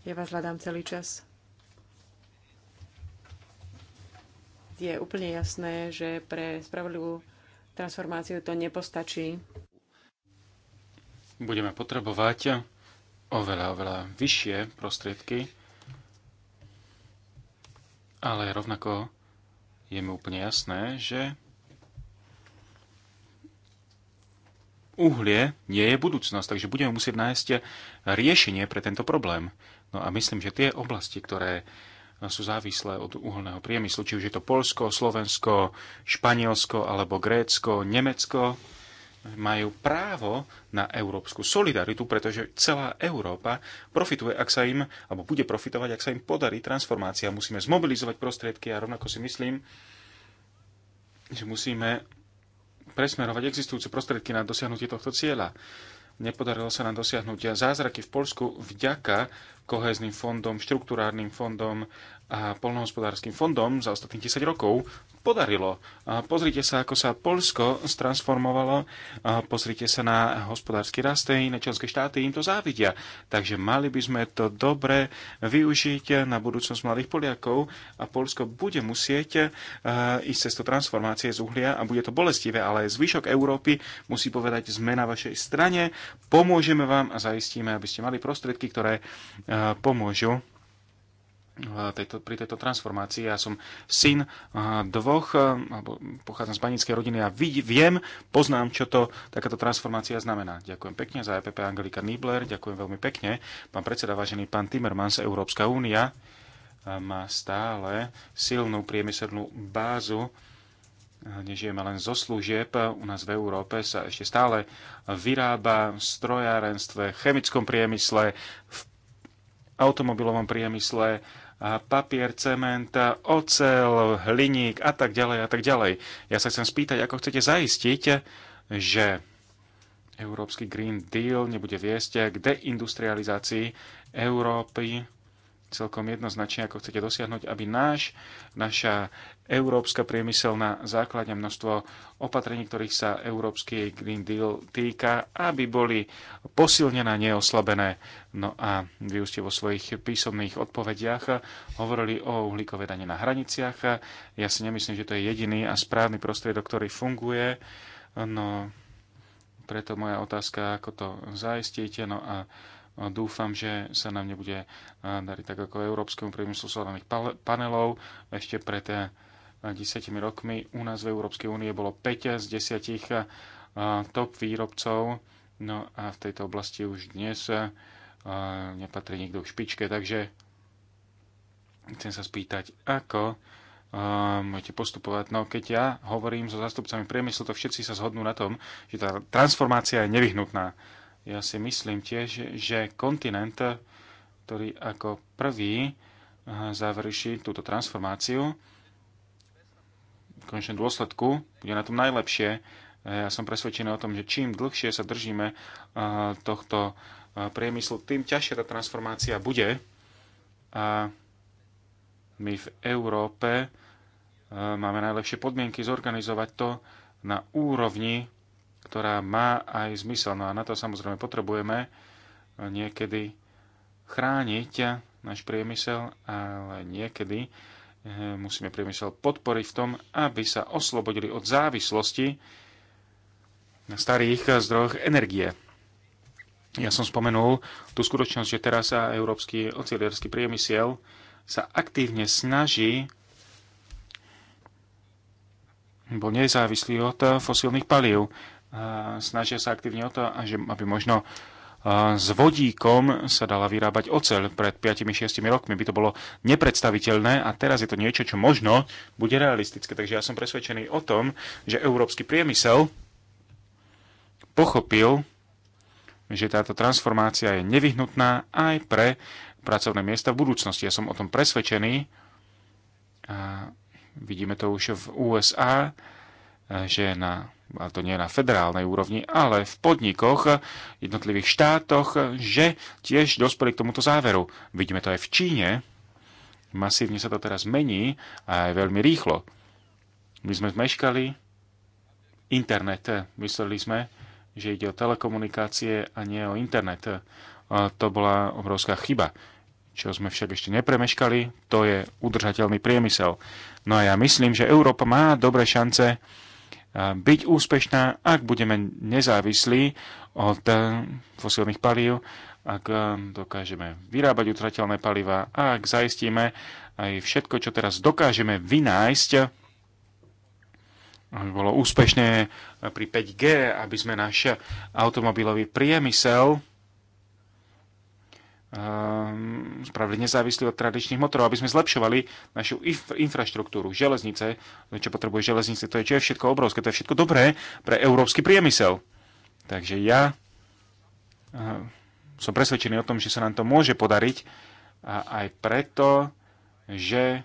Ja vás hľadám celý čas. Je úplne jasné, že pre spravodlivú transformáciu to nepostačí. Budeme potrebovať oveľa, oveľa vyššie prostriedky, ale rovnako je mi úplne jasné, že uhlie nie je budúcnosť, takže budeme musieť nájsť riešenie pre tento problém. No a myslím, že tie oblasti, ktoré sú závislé od uholného priemyslu, či už je to Polsko, Slovensko, Španielsko alebo Grécko, Nemecko, majú právo na európsku solidaritu, pretože celá Európa profituje, ak sa im, alebo bude profitovať, ak sa im podarí transformácia. Musíme zmobilizovať prostriedky a rovnako si myslím, že musíme presmerovať existujúce prostriedky na dosiahnutie tohto cieľa. Nepodarilo sa nám dosiahnuť zázraky v Polsku vďaka kohezným fondom, štruktúrárnym fondom a polnohospodárským fondom za ostatných 10 rokov podarilo. Pozrite sa, ako sa Polsko stransformovalo, pozrite sa na hospodársky rast, iné členské štáty im to závidia. Takže mali by sme to dobre využiť na budúcnosť mladých Poliakov a Polsko bude musieť e, ísť to transformácie z uhlia a bude to bolestivé, ale zvyšok Európy musí povedať, sme na vašej strane, pomôžeme vám a zaistíme, aby ste mali prostriedky, ktoré e, pomôžu tejto, pri tejto transformácii. Ja som syn dvoch, alebo pochádzam z panickej rodiny a viem, poznám, čo to takáto transformácia znamená. Ďakujem pekne za EPP Angelika Niebler, ďakujem veľmi pekne. Pán predseda, vážený pán Timmermans, Európska únia má stále silnú priemyselnú bázu nežijeme len zo služieb. U nás v Európe sa ešte stále vyrába v strojárenstve, chemickom priemysle, v automobilovom priemysle, papier, cement, ocel, hliník a tak ďalej a tak ďalej. Ja sa chcem spýtať, ako chcete zaistiť, že Európsky Green Deal nebude viesť k deindustrializácii Európy celkom jednoznačne, ako chcete dosiahnuť, aby náš, naša európska priemyselná základňa množstvo opatrení, ktorých sa Európsky Green Deal týka, aby boli posilnené, neoslabené. No a vy už ste vo svojich písomných odpovediach hovorili o uhlíkovej dane na hraniciach. Ja si nemyslím, že to je jediný a správny prostriedok, ktorý funguje. No, preto moja otázka, ako to zaistíte. No a Dúfam, že sa nám nebude eh, dariť tak ako európskemu priemyslu solárnych panelov. Ešte pred 10 eh, rokmi u nás v Európskej únie bolo 5 z 10 eh, top výrobcov. No a v tejto oblasti už dnes nepatrí nikto k špičke, takže chcem sa spýtať, ako môžete postupovať. No keď ja hovorím so zastupcami priemyslu, to všetci sa zhodnú na tom, že tá transformácia je nevyhnutná. Ja si myslím tiež, že kontinent, ktorý ako prvý završí túto transformáciu, v konečnom dôsledku bude na tom najlepšie. Ja som presvedčený o tom, že čím dlhšie sa držíme tohto priemyslu, tým ťažšia tá transformácia bude. A my v Európe máme najlepšie podmienky zorganizovať to na úrovni ktorá má aj zmysel. No a na to samozrejme potrebujeme niekedy chrániť náš priemysel, ale niekedy eh, musíme priemysel podporiť v tom, aby sa oslobodili od závislosti na starých zdrojoch energie. Ja som spomenul tú skutočnosť, že teraz sa európsky ocelierský priemysel sa aktívne snaží bol nezávislý od fosílnych palív snažia sa aktívne o to, aby možno s vodíkom sa dala vyrábať oceľ pred 5-6 rokmi. By to bolo nepredstaviteľné a teraz je to niečo, čo možno bude realistické. Takže ja som presvedčený o tom, že európsky priemysel pochopil, že táto transformácia je nevyhnutná aj pre pracovné miesta v budúcnosti. Ja som o tom presvedčený. A vidíme to už v USA, E, že na, ale to nie na federálnej úrovni, ale v podnikoch, e, jednotlivých štátoch, e, že tiež dospeli k tomuto záveru. Vidíme to aj v Číne. Masívne sa to teraz mení a aj veľmi rýchlo. My sme zmeškali internet. Mysleli sme, že ide o telekomunikácie a nie o internet. A to bola obrovská chyba. Čo sme však ešte nepremeškali, to je udržateľný priemysel. No a ja myslím, že Európa má dobré šance byť úspešná, ak budeme nezávislí od eh, fosílnych palív, ak eh, dokážeme vyrábať utratelné paliva a ak zaistíme aj všetko, čo teraz dokážeme vynájsť, aby bolo úspešné pri 5G, aby sme náš automobilový priemysel Ehm, spravili nezávislí od tradičných motorov, aby sme zlepšovali našu infraštruktúru, železnice, čo potrebuje železnice, to je, čo je všetko obrovské, to je všetko dobré pre európsky priemysel. Takže ja ehm, som presvedčený o tom, že sa nám to môže podariť a aj preto, že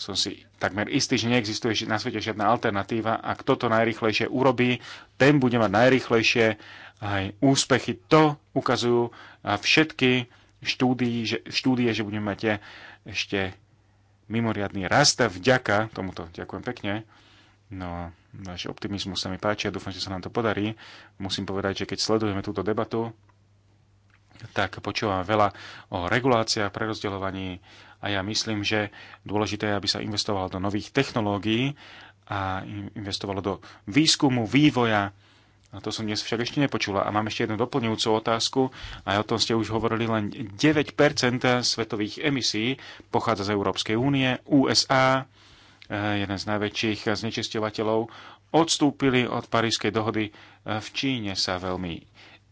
som si takmer istý, že neexistuje na svete žiadna alternatíva a kto to najrychlejšie urobí, ten bude mať najrychlejšie aj úspechy. To ukazujú všetky štúdie, že, štúdie, že budeme mať ešte mimoriadný rast vďaka tomuto. Ďakujem pekne. No, váš optimizmus sa mi páči a dúfam, že sa nám to podarí. Musím povedať, že keď sledujeme túto debatu, tak počúvam veľa o reguláciách, prerozdeľovaní a ja myslím, že dôležité je, aby sa investovalo do nových technológií a investovalo do výskumu, vývoja, a to som dnes však ešte nepočula. A mám ešte jednu doplňujúcu otázku. A o tom ste už hovorili, len 9% svetových emisí pochádza z Európskej únie. USA, eh, jeden z najväčších znečisťovateľov, odstúpili od Parískej dohody. Eh, v Číne sa veľmi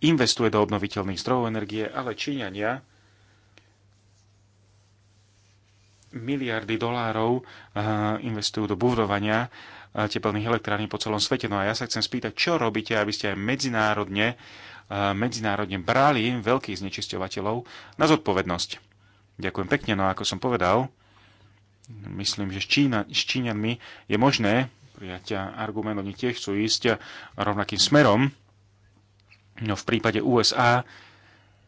investuje do obnoviteľných zdrojov energie, ale Číňania miliardy dolárov eh, investujú do budovania tepelných elektrární po celom svete. No a ja sa chcem spýtať, čo robíte, aby ste aj medzinárodne, medzinárodne brali veľkých znečisťovateľov na zodpovednosť. Ďakujem pekne, no a ako som povedal, myslím, že s, Čína, s Číňanmi je možné prijať argument, oni tiež chcú ísť rovnakým smerom. No v prípade USA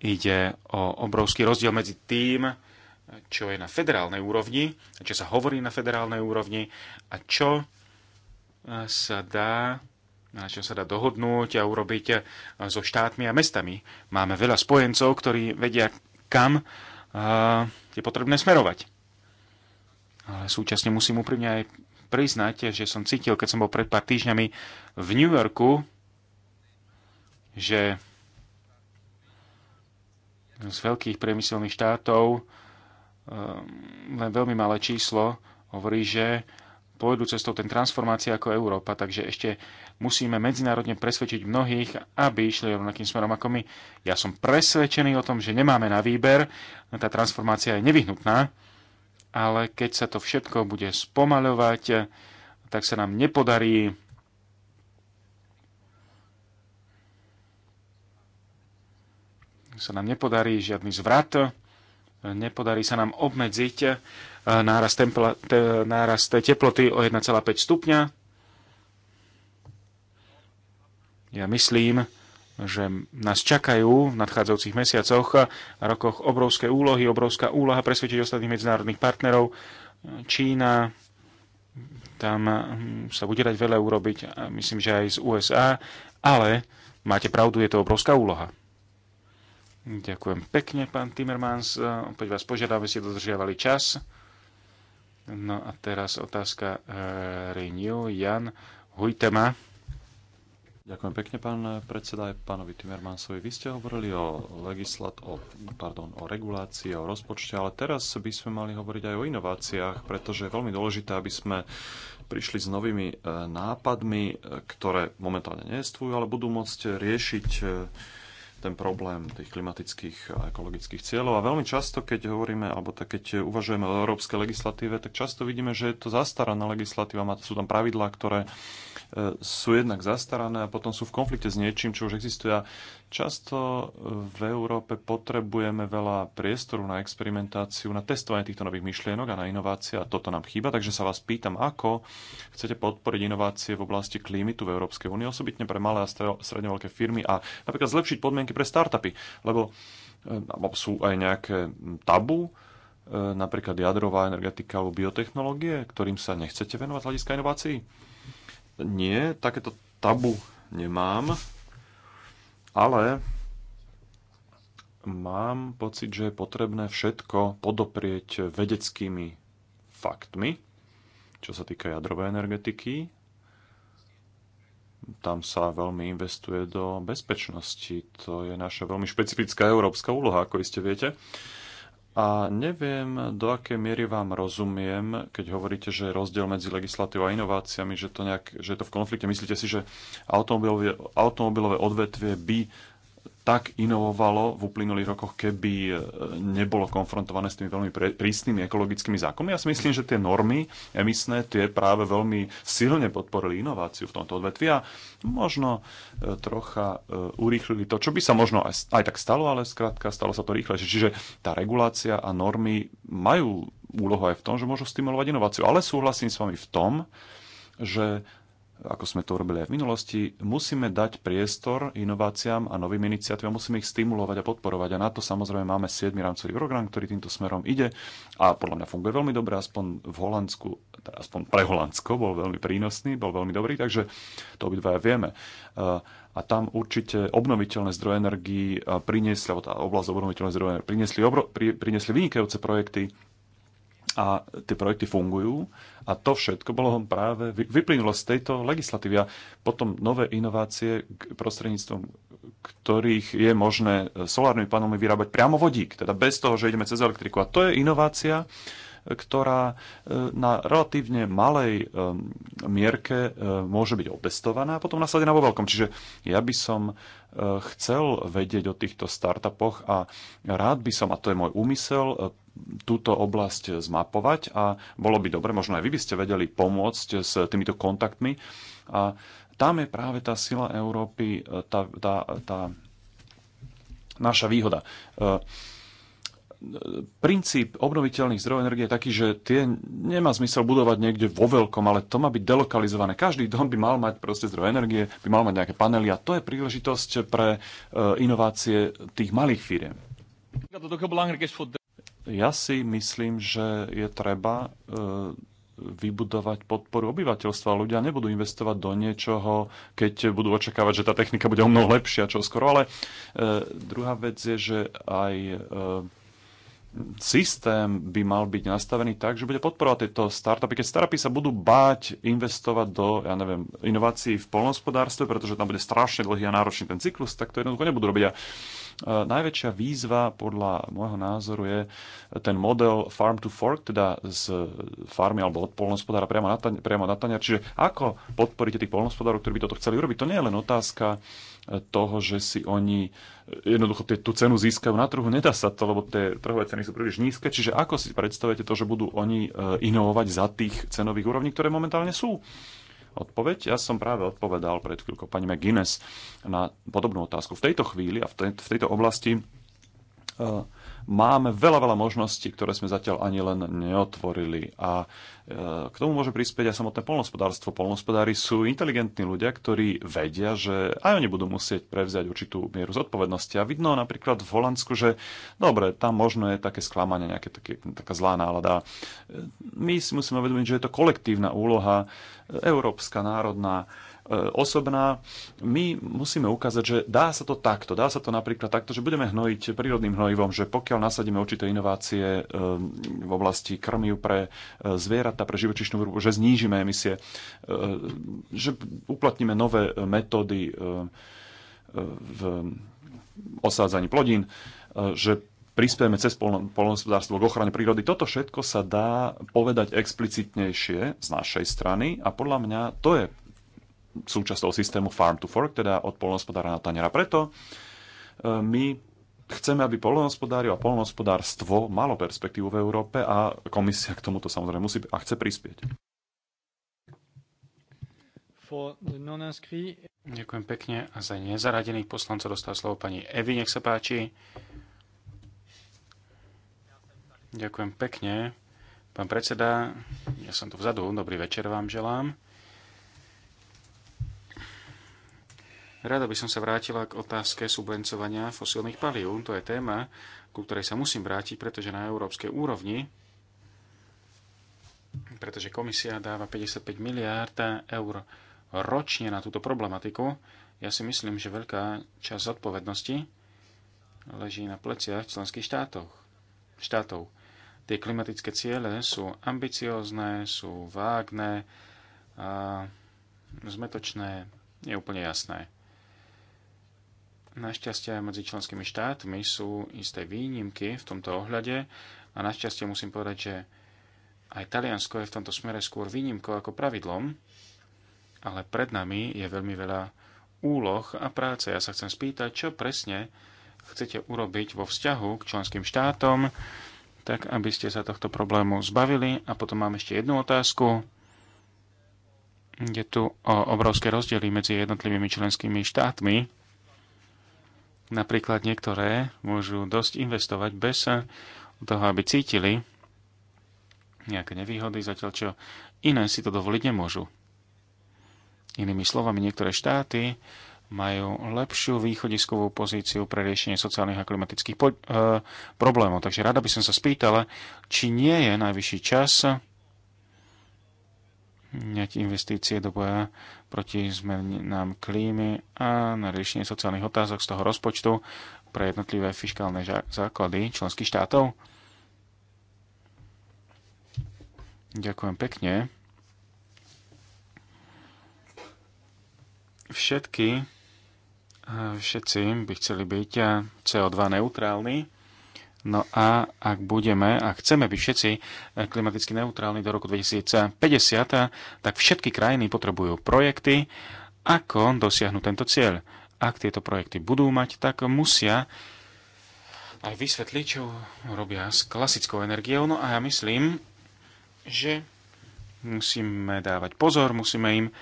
ide o obrovský rozdiel medzi tým, čo je na federálnej úrovni, čo sa hovorí na federálnej úrovni a čo sa dá na čo sa dá dohodnúť a urobiť e, so štátmi a mestami. Máme veľa spojencov, ktorí vedia, kam e, je potrebné smerovať. Ale súčasne musím úprimne aj priznať, že som cítil, keď som bol pred pár týždňami v New Yorku, že z veľkých priemyselných štátov e, len veľmi malé číslo hovorí, že pôjdu cestou ten transformácie ako Európa, takže ešte musíme medzinárodne presvedčiť mnohých, aby išli rovnakým smerom ako my. Ja som presvedčený o tom, že nemáme na výber, tá transformácia je nevyhnutná, ale keď sa to všetko bude spomaľovať, tak sa nám nepodarí sa nám nepodarí žiadny zvrat, nepodarí sa nám obmedziť nárast, templa, te, nárast teploty o 1,5 stupňa. Ja myslím, že nás čakajú v nadchádzajúcich mesiacoch a rokoch obrovské úlohy, obrovská úloha presvedčiť ostatných medzinárodných partnerov. Čína, tam hm, sa bude dať veľa urobiť, a myslím, že aj z USA, ale máte pravdu, je to obrovská úloha. Ďakujem pekne, pán Timmermans. Opäť vás požiadam, aby ste dodržiavali čas. No a teraz otázka e, Renew. Jan Hujtema. Ďakujem pekne, pán predseda, aj pánovi Timmermansovi. Vy ste hovorili o legislat, o, pardon, o regulácii, o rozpočte, ale teraz by sme mali hovoriť aj o inováciách, pretože je veľmi dôležité, aby sme prišli s novými e, nápadmi, e, ktoré momentálne nestvujú, ale budú môcť riešiť ten problém tých klimatických a ekologických cieľov. A veľmi často, keď hovoríme, alebo tak, keď uvažujeme o európskej legislatíve, tak často vidíme, že je to zastaraná legislatíva, sú tam pravidlá, ktoré sú jednak zastarané a potom sú v konflikte s niečím, čo už existuje. často v Európe potrebujeme veľa priestoru na experimentáciu, na testovanie týchto nových myšlienok a na inovácie a toto nám chýba. Takže sa vás pýtam, ako chcete podporiť inovácie v oblasti klímitu v Európskej únii, osobitne pre malé a stredne veľké firmy a napríklad zlepšiť podmienky pre startupy, lebo eh, sú aj nejaké tabu, eh, napríklad jadrová energetika alebo biotechnológie, ktorým sa nechcete venovať hľadiska inovácií? Nie, takéto tabu nemám, ale mám pocit, že je potrebné všetko podoprieť vedeckými faktmi, čo sa týka jadrovej energetiky. Tam sa veľmi investuje do bezpečnosti. To je naša veľmi špecifická európska úloha, ako iste viete. A neviem, do akej miery vám rozumiem, keď hovoríte, že je rozdiel medzi legislatívou a inováciami, že, to nejak, že je to v konflikte. Myslíte si, že automobilové, automobilové odvetvie by tak inovovalo v uplynulých rokoch, keby e, nebolo konfrontované s tými veľmi prísnymi ekologickými zákonmi. Ja si myslím, že tie normy emisné tie práve veľmi silne podporili inováciu v tomto odvetvi a možno e, trocha e, urýchlili to, čo by sa možno aj, aj tak stalo, ale skrátka stalo sa to rýchlejšie. Čiže tá regulácia a normy majú úlohu aj v tom, že môžu stimulovať inováciu. Ale súhlasím s vami v tom, že ako sme to urobili aj v minulosti, musíme dať priestor inováciám a novým iniciatívam, musíme ich stimulovať a podporovať. A na to samozrejme máme 7. rámcový program, ktorý týmto smerom ide a podľa mňa funguje veľmi dobre, aspoň v Holandsku, teda aspoň pre Holandsko bol veľmi prínosný, bol veľmi dobrý, takže to obidvaja vieme. A tam určite obnoviteľné zdroje energii priniesli, alebo tá oblasť obnoviteľných zdrojov priniesli, obro, pri, priniesli vynikajúce projekty, a tie projekty fungujú a to všetko bolo práve vyplynulo z tejto legislatívy a potom nové inovácie prostredníctvom ktorých je možné solárnymi panelmi vyrábať priamo vodík, teda bez toho, že ideme cez elektriku. A to je inovácia, ktorá e, na relatívne malej e, mierke e, môže byť otestovaná a potom nasadená vo veľkom. Čiže ja by som chcel vedieť o týchto startupoch a rád by som, a to je môj úmysel, túto oblasť zmapovať a bolo by dobre, možno aj vy by ste vedeli pomôcť s týmito kontaktmi. A tam je práve tá sila Európy, tá, tá, tá naša výhoda. E, princíp obnoviteľných zdrojov energie je taký, že tie nemá zmysel budovať niekde vo veľkom, ale to má byť delokalizované. Každý dom by mal mať proste zdroj energie, by mal mať nejaké panely a to je príležitosť pre e, inovácie tých malých firiem. Ja si myslím, že je treba e, vybudovať podporu obyvateľstva. Ľudia nebudú investovať do niečoho, keď budú očakávať, že tá technika bude o mnoho lepšia čo skoro. Ale e, druhá vec je, že aj e, systém by mal byť nastavený tak, že bude podporovať tieto startupy. Keď startupy sa budú báť investovať do, ja neviem, inovácií v polnohospodárstve, pretože tam bude strašne dlhý a náročný ten cyklus, tak to jednoducho nebudú robiť. A E, najväčšia výzva podľa môjho názoru je ten model farm to fork, teda z farmy alebo od polnospodára priamo na, tani, priamo na tanier. Čiže ako podporíte tých polnospodárov, ktorí by toto chceli urobiť? To nie je len otázka e, toho, že si oni e, jednoducho tú cenu získajú na trhu. Nedá sa to, lebo tie trhové ceny sú príliš nízke. Čiže ako si predstavíte to, že budú oni inovovať za tých cenových úrovní, ktoré momentálne sú? odpoveď? Ja som práve odpovedal pred chvíľkou pani McGuinness na podobnú otázku. V tejto chvíli a v, tejto oblasti uh, máme veľa, veľa možností, ktoré sme zatiaľ ani len neotvorili. A e, k tomu môže prispieť aj samotné polnospodárstvo. Polnospodári sú inteligentní ľudia, ktorí vedia, že aj oni budú musieť prevziať určitú mieru zodpovednosti. A vidno napríklad v Holandsku, že dobre, tam možno je také sklamanie, nejaké také, taká zlá nálada. E, my si musíme uvedomiť, že je to kolektívna úloha, e, európska, národná E, osobná. My musíme ukázať, že dá sa to takto. Dá sa to napríklad takto, že budeme hnojiť prírodným hnojivom, že pokiaľ nasadíme určité inovácie e, v oblasti krmiu pre e, zvieratá, pre živočišnú výrobu, že znížime emisie, že uplatníme nové metódy v osádzaní plodín, že prispieme cez polnohospodárstvo k ochrane prírody. Toto všetko sa dá povedať explicitnejšie z našej strany a podľa mňa to je súčasťou systému Farm to Fork, teda od polnohospodára na taniera. Preto e, my chceme, aby polnohospodári a polnohospodárstvo malo perspektívu v Európe a komisia k tomuto samozrejme musí a chce prispieť. Ďakujem pekne a za nezaradených poslancov dostal slovo pani Evi, nech sa páči. Ďakujem pekne. Pán predseda, ja som tu vzadu, dobrý večer vám želám. Rada by som sa vrátila k otázke subvencovania fosílnych palív. To je téma, ku ktorej sa musím vrátiť, pretože na európskej úrovni, pretože komisia dáva 55 miliárd eur ročne na túto problematiku, ja si myslím, že veľká časť zodpovednosti leží na pleciach členských štátoch, štátov. Tie klimatické ciele sú ambiciózne, sú vágne, a zmetočné, je úplne jasné. Našťastie aj medzi členskými štátmi sú isté výnimky v tomto ohľade a našťastie musím povedať, že aj Taliansko je v tomto smere skôr výnimkou ako pravidlom, ale pred nami je veľmi veľa úloh a práce. Ja sa chcem spýtať, čo presne chcete urobiť vo vzťahu k členským štátom, tak aby ste sa tohto problému zbavili. A potom mám ešte jednu otázku. Je tu o obrovské rozdiely medzi jednotlivými členskými štátmi Napríklad niektoré môžu dosť investovať bez toho, aby cítili nejaké nevýhody, zatiaľ čo iné si to dovoliť nemôžu. Inými slovami, niektoré štáty majú lepšiu východiskovú pozíciu pre riešenie sociálnych a klimatických po- e, problémov. Takže rada by som sa spýtala, či nie je najvyšší čas nejaké investície do boja proti zmenám klímy a na riešenie sociálnych otázok z toho rozpočtu pre jednotlivé fiskálne základy členských štátov? Ďakujem pekne. Všetky, všetci by chceli byť eh, CO2 neutrálni No a ak budeme a chceme byť všetci eh, klimaticky neutrálni do roku 2050, tak všetky krajiny potrebujú projekty, ako dosiahnuť tento cieľ. Ak tieto projekty budú mať, tak musia aj vysvetliť, čo robia s klasickou energiou. No a ja myslím, že musíme dávať pozor, musíme im eh,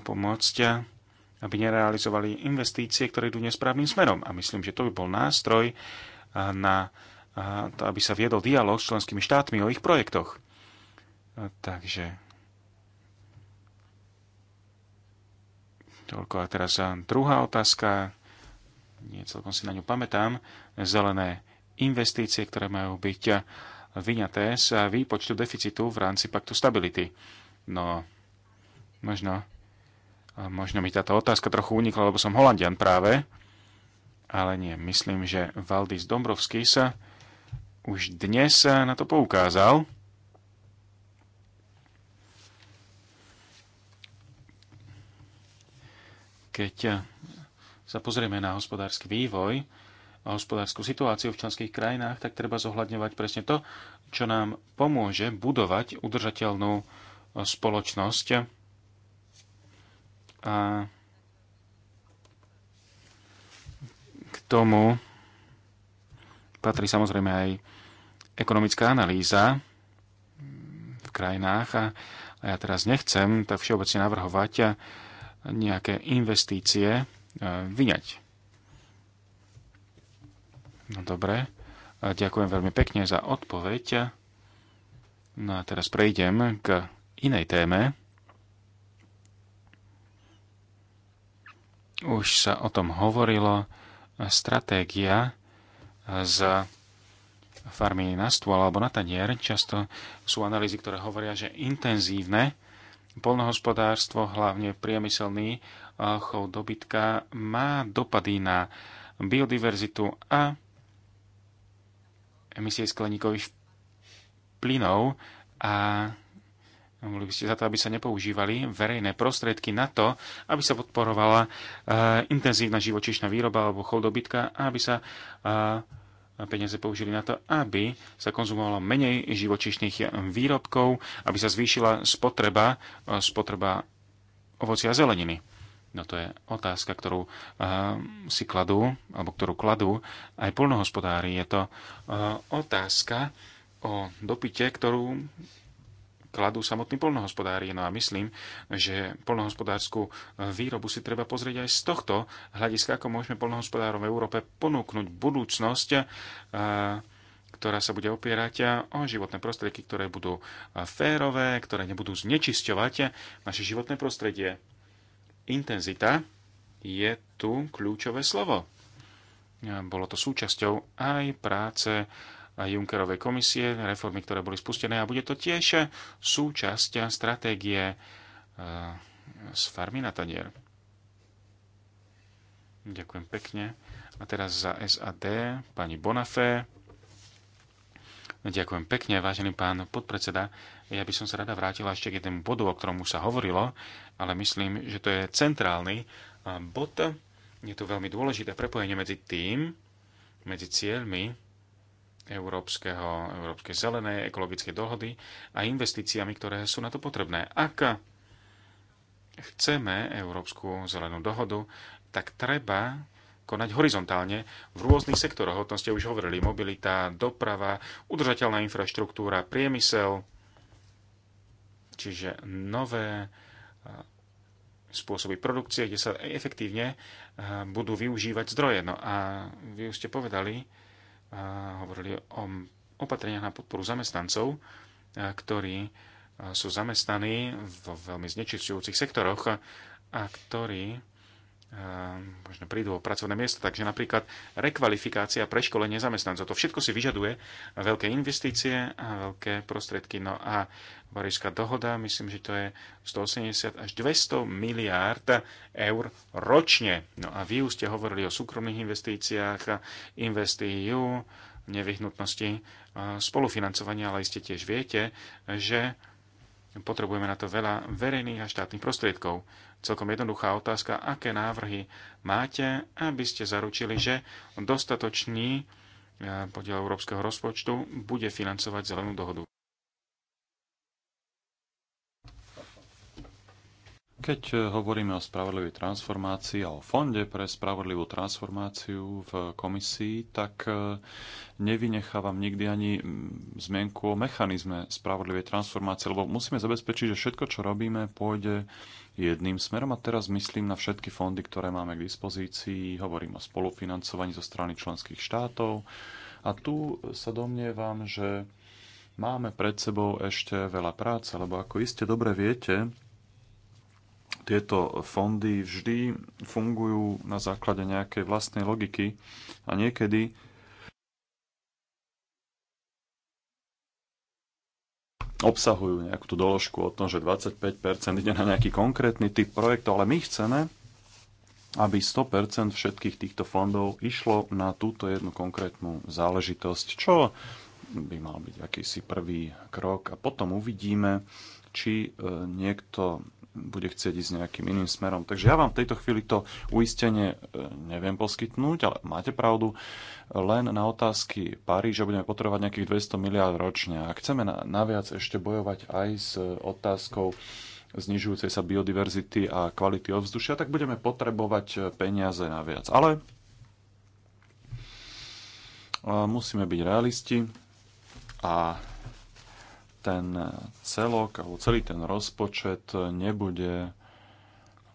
pomôcť, aby nerealizovali investície, ktoré idú nesprávnym smerom. A myslím, že to by bol nástroj, na to, aby sa viedol dialog s členskými štátmi o ich projektoch. Takže toľko. A teraz druhá otázka, nie celkom si na ňu pamätám, zelené investície, ktoré majú byť vyňaté z výpočtu deficitu v rámci paktu stability. No, možno, možno mi táto otázka trochu unikla, lebo som holandian práve ale nie. Myslím, že Valdis Dombrovský sa už dnes na to poukázal. Keď sa pozrieme na hospodársky vývoj a hospodárskú situáciu v členských krajinách, tak treba zohľadňovať presne to, čo nám pomôže budovať udržateľnú spoločnosť. A tomu patrí samozrejme aj ekonomická analýza v krajinách a, a ja teraz nechcem tak všeobecne navrhovať a nejaké investície e, vyňať. No dobre, a ďakujem veľmi pekne za odpoveď. No a teraz prejdem k inej téme. Už sa o tom hovorilo stratégia e, z farmy na stôl alebo na tanier. Často sú analýzy, ktoré hovoria, že intenzívne polnohospodárstvo, hlavne priemyselný e, chov dobytka, má dopady na biodiverzitu a emisie skleníkových plynov a Mohli by ste za to, aby sa nepoužívali verejné prostriedky na to, aby sa podporovala e, intenzívna živočíšna výroba alebo chov dobytka a aby sa e, peniaze použili na to, aby sa konzumovalo menej živočíšnych výrobkov, aby sa zvýšila spotreba, e, spotreba ovocia a zeleniny. No to je otázka, ktorú e, si kladú, alebo ktorú kladú aj polnohospodári. Je to e, otázka o dopite, ktorú kladú samotní polnohospodári. No a myslím, že polnohospodárskú e, výrobu si treba pozrieť aj z tohto hľadiska, ako môžeme polnohospodárom v Európe ponúknuť budúcnosť, e, ktorá sa bude opierať e, o životné prostredky, ktoré budú férové, ktoré nebudú znečisťovať naše životné prostredie. Intenzita je tu kľúčové slovo. Bolo to súčasťou aj práce Junckerovej komisie, reformy, ktoré boli spustené a bude to tiež súčasť stratégie eh, z farmy na tanier. Ďakujem pekne. A teraz za SAD pani Bonafé. Ďakujem pekne, vážený pán podpredseda. Ja by som sa rada vrátila ešte k jednému bodu, o ktorom už sa hovorilo, ale myslím, že to je centrálny eh, bod. Je to veľmi dôležité prepojenie medzi tým, medzi cieľmi európskeho, európskej zelenej ekologickej dohody a investíciami, ktoré sú na to potrebné. Ak chceme európsku zelenú dohodu, tak treba konať horizontálne v rôznych sektoroch. O tom ste už hovorili. Mobilita, doprava, udržateľná infraštruktúra, priemysel, čiže nové eh, spôsoby produkcie, kde sa efektívne eh, budú využívať zdroje. No a vy už ste povedali, hovorili o opatreniach na podporu zamestnancov, e, ktorí e, sú zamestnaní vo veľmi znečistujúcich sektoroch a ktorí Ehm, možno prídu o pracovné miesto. Takže napríklad rekvalifikácia, preškolenie zamestnancov. To všetko si vyžaduje veľké investície a veľké prostriedky. No a Parížská dohoda, myslím, že to je 180 až 200 miliárd eur ročne. No a vy už ste hovorili o súkromných investíciách, investíjú, nevyhnutnosti e, spolufinancovania, ale iste tiež viete, že potrebujeme na to veľa verejných a štátnych prostriedkov celkom jednoduchá otázka, aké návrhy máte, aby ste zaručili, že dostatočný eh, podiel európskeho rozpočtu bude financovať zelenú dohodu. Keď e, hovoríme o spravodlivej transformácii a o fonde pre spravodlivú transformáciu v komisii, tak e, nevynechávam nikdy ani zmienku o mechanizme spravodlivej transformácie, lebo musíme zabezpečiť, že všetko, čo robíme, pôjde jedným smerom. A teraz myslím na všetky fondy, ktoré máme k dispozícii. Hovorím o spolufinancovaní zo strany členských štátov. A tu sa domnievam, že máme pred sebou ešte veľa práce, lebo ako iste dobre viete, tieto fondy vždy fungujú na základe nejakej vlastnej logiky a niekedy obsahujú nejakú tú doložku o tom, že 25% ide na nejaký konkrétny typ projektov, ale my chceme, aby 100% všetkých týchto fondov išlo na túto jednu konkrétnu záležitosť, čo by mal byť akýsi prvý krok a potom uvidíme, či e, niekto bude chcieť ísť nejakým iným smerom. Takže ja vám v tejto chvíli to uistenie e, neviem poskytnúť, ale máte pravdu. Len na otázky Paríža budeme potrebovať nejakých 200 miliárd ročne. A chceme naviac ešte bojovať aj s otázkou znižujúcej sa biodiverzity a kvality ovzdušia, tak budeme potrebovať peniaze naviac. Ale e, musíme byť realisti a ten celok alebo celý ten rozpočet nebude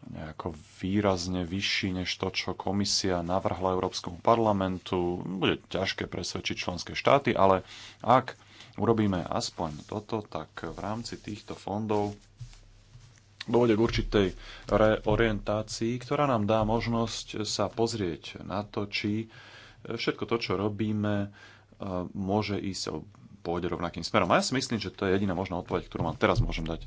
nejako výrazne vyšší než to, čo komisia navrhla Európskemu parlamentu. Bude ťažké presvedčiť členské štáty, ale ak urobíme aspoň toto, tak v rámci týchto fondov dôjde k určitej reorientácii, ktorá nám dá možnosť sa pozrieť na to, či všetko to, čo robíme, môže ísť, pôjde rovnakým smerom. A ja si myslím, že to je jediná možná odpoveď, ktorú vám teraz môžem dať.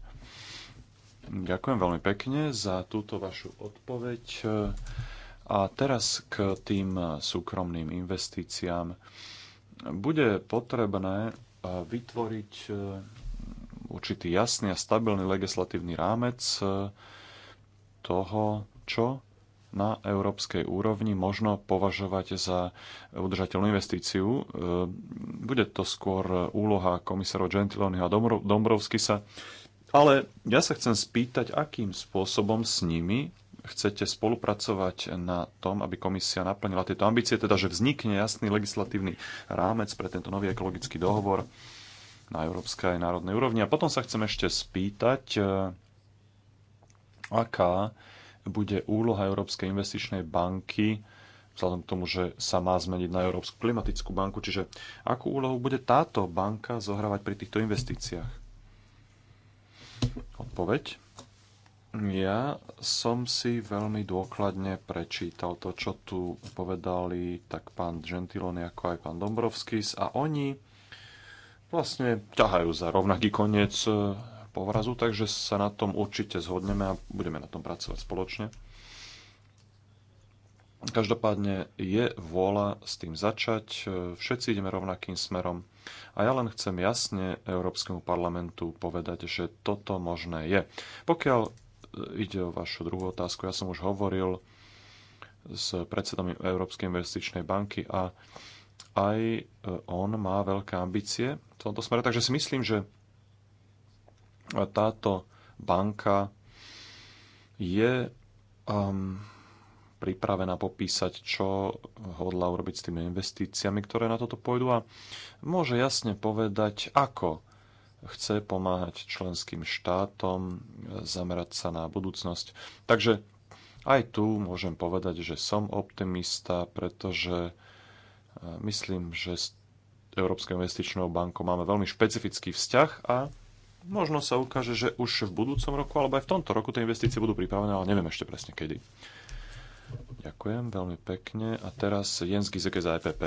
Ďakujem veľmi pekne za túto vašu odpoveď. A teraz k tým súkromným investíciám. Bude potrebné eh, vytvoriť eh, určitý jasný a stabilný legislatívny rámec eh, toho, čo na európskej úrovni možno považovať za udržateľnú investíciu. E, bude to skôr úloha komisárov Gentiloniho a sa. Ale ja sa chcem spýtať, akým spôsobom s nimi chcete spolupracovať na tom, aby komisia naplnila tieto ambície, teda že vznikne jasný legislatívny rámec pre tento nový ekologický dohovor na európskej aj národnej úrovni. A potom sa chcem ešte spýtať, e, aká bude úloha Európskej investičnej banky vzhľadom k tomu, že sa má zmeniť na Európsku klimatickú banku. Čiže akú úlohu bude táto banka zohrávať pri týchto investíciách? Odpoveď. Ja som si veľmi dôkladne prečítal to, čo tu povedali tak pán Gentiloni, ako aj pán Dombrovskis a oni vlastne ťahajú za rovnaký koniec povrazu, takže sa na tom určite zhodneme a budeme na tom pracovať spoločne. Každopádne je vôľa s tým začať, všetci ideme rovnakým smerom a ja len chcem jasne Európskemu parlamentu povedať, že toto možné je. Pokiaľ ide o vašu druhú otázku, ja som už hovoril s predsedom Európskej investičnej banky a aj on má veľké ambície v tomto smere, takže si myslím, že táto banka je um, pripravená popísať, čo hodla urobiť s tými investíciami, ktoré na toto pôjdu a môže jasne povedať, ako chce pomáhať členským štátom zamerať sa na budúcnosť. Takže aj tu môžem povedať, že som optimista, pretože e, myslím, že s Európskou investičnou bankou máme veľmi špecifický vzťah a možno sa ukáže, že už v budúcom roku alebo aj v tomto roku tie investície budú pripravené, ale neviem ešte presne kedy. Ďakujem veľmi pekne. A teraz Jens Gizeke za EPP.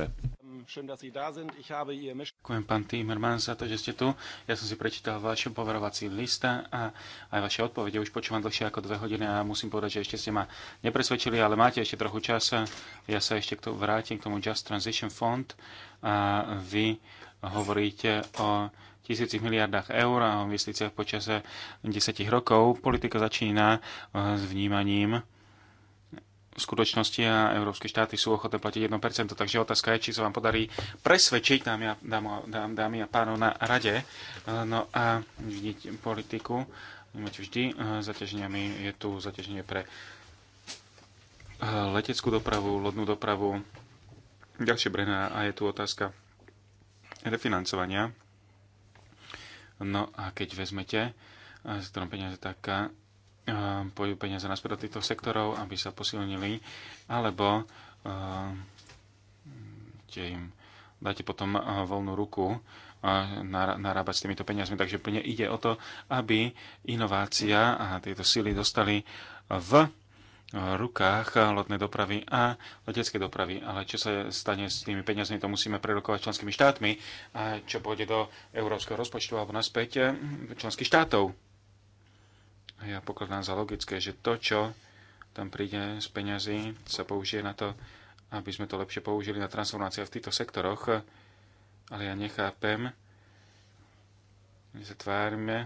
Ďakujem pán Timmerman za to, že ste tu. Ja som si prečítal vaše poverovací lista a aj vaše odpovede. Už počúvam dlhšie ako dve hodiny a musím povedať, že ešte ste ma nepresvedčili, ale máte ešte trochu časa. Ja sa ešte k tomu vrátim, k tomu Just Transition Fund. A vy hovoríte o tisícich miliardách eur a o investíciách počase 10 rokov. Politika začína eh, s vnímaním skutočnosti a európske štáty sú ochotné platiť 1%. Takže otázka je, či sa vám podarí presvedčiť, dámy a, dám, dám, dámy a pánov, na rade. Eh, no a vidieť politiku, máte vždy eh, zaťaženiami, je tu zaťaženie pre leteckú dopravu, lodnú dopravu, ďalšie brená a je tu otázka refinancovania No a keď vezmete eh, z ktorom peniaze taká, eh, pôjdu peniaze naspäť do týchto sektorov, aby sa posilnili, alebo eh, tie im dáte potom voľnú ruku narábať s týmito peniazmi. Takže plne ide o to, aby inovácia a tieto síly dostali v rukách lodnej dopravy a leteckej dopravy. Ale čo sa stane s tými peniazmi, to musíme prerokovať členskými štátmi, a čo pôjde do európskeho rozpočtu alebo naspäť eh, členských štátov. A ja pokladám za logické, že to, čo tam príde z peňazí, sa použije na to, aby sme to lepšie použili na transformáciu v týchto sektoroch. Ale ja nechápem, zatvárme,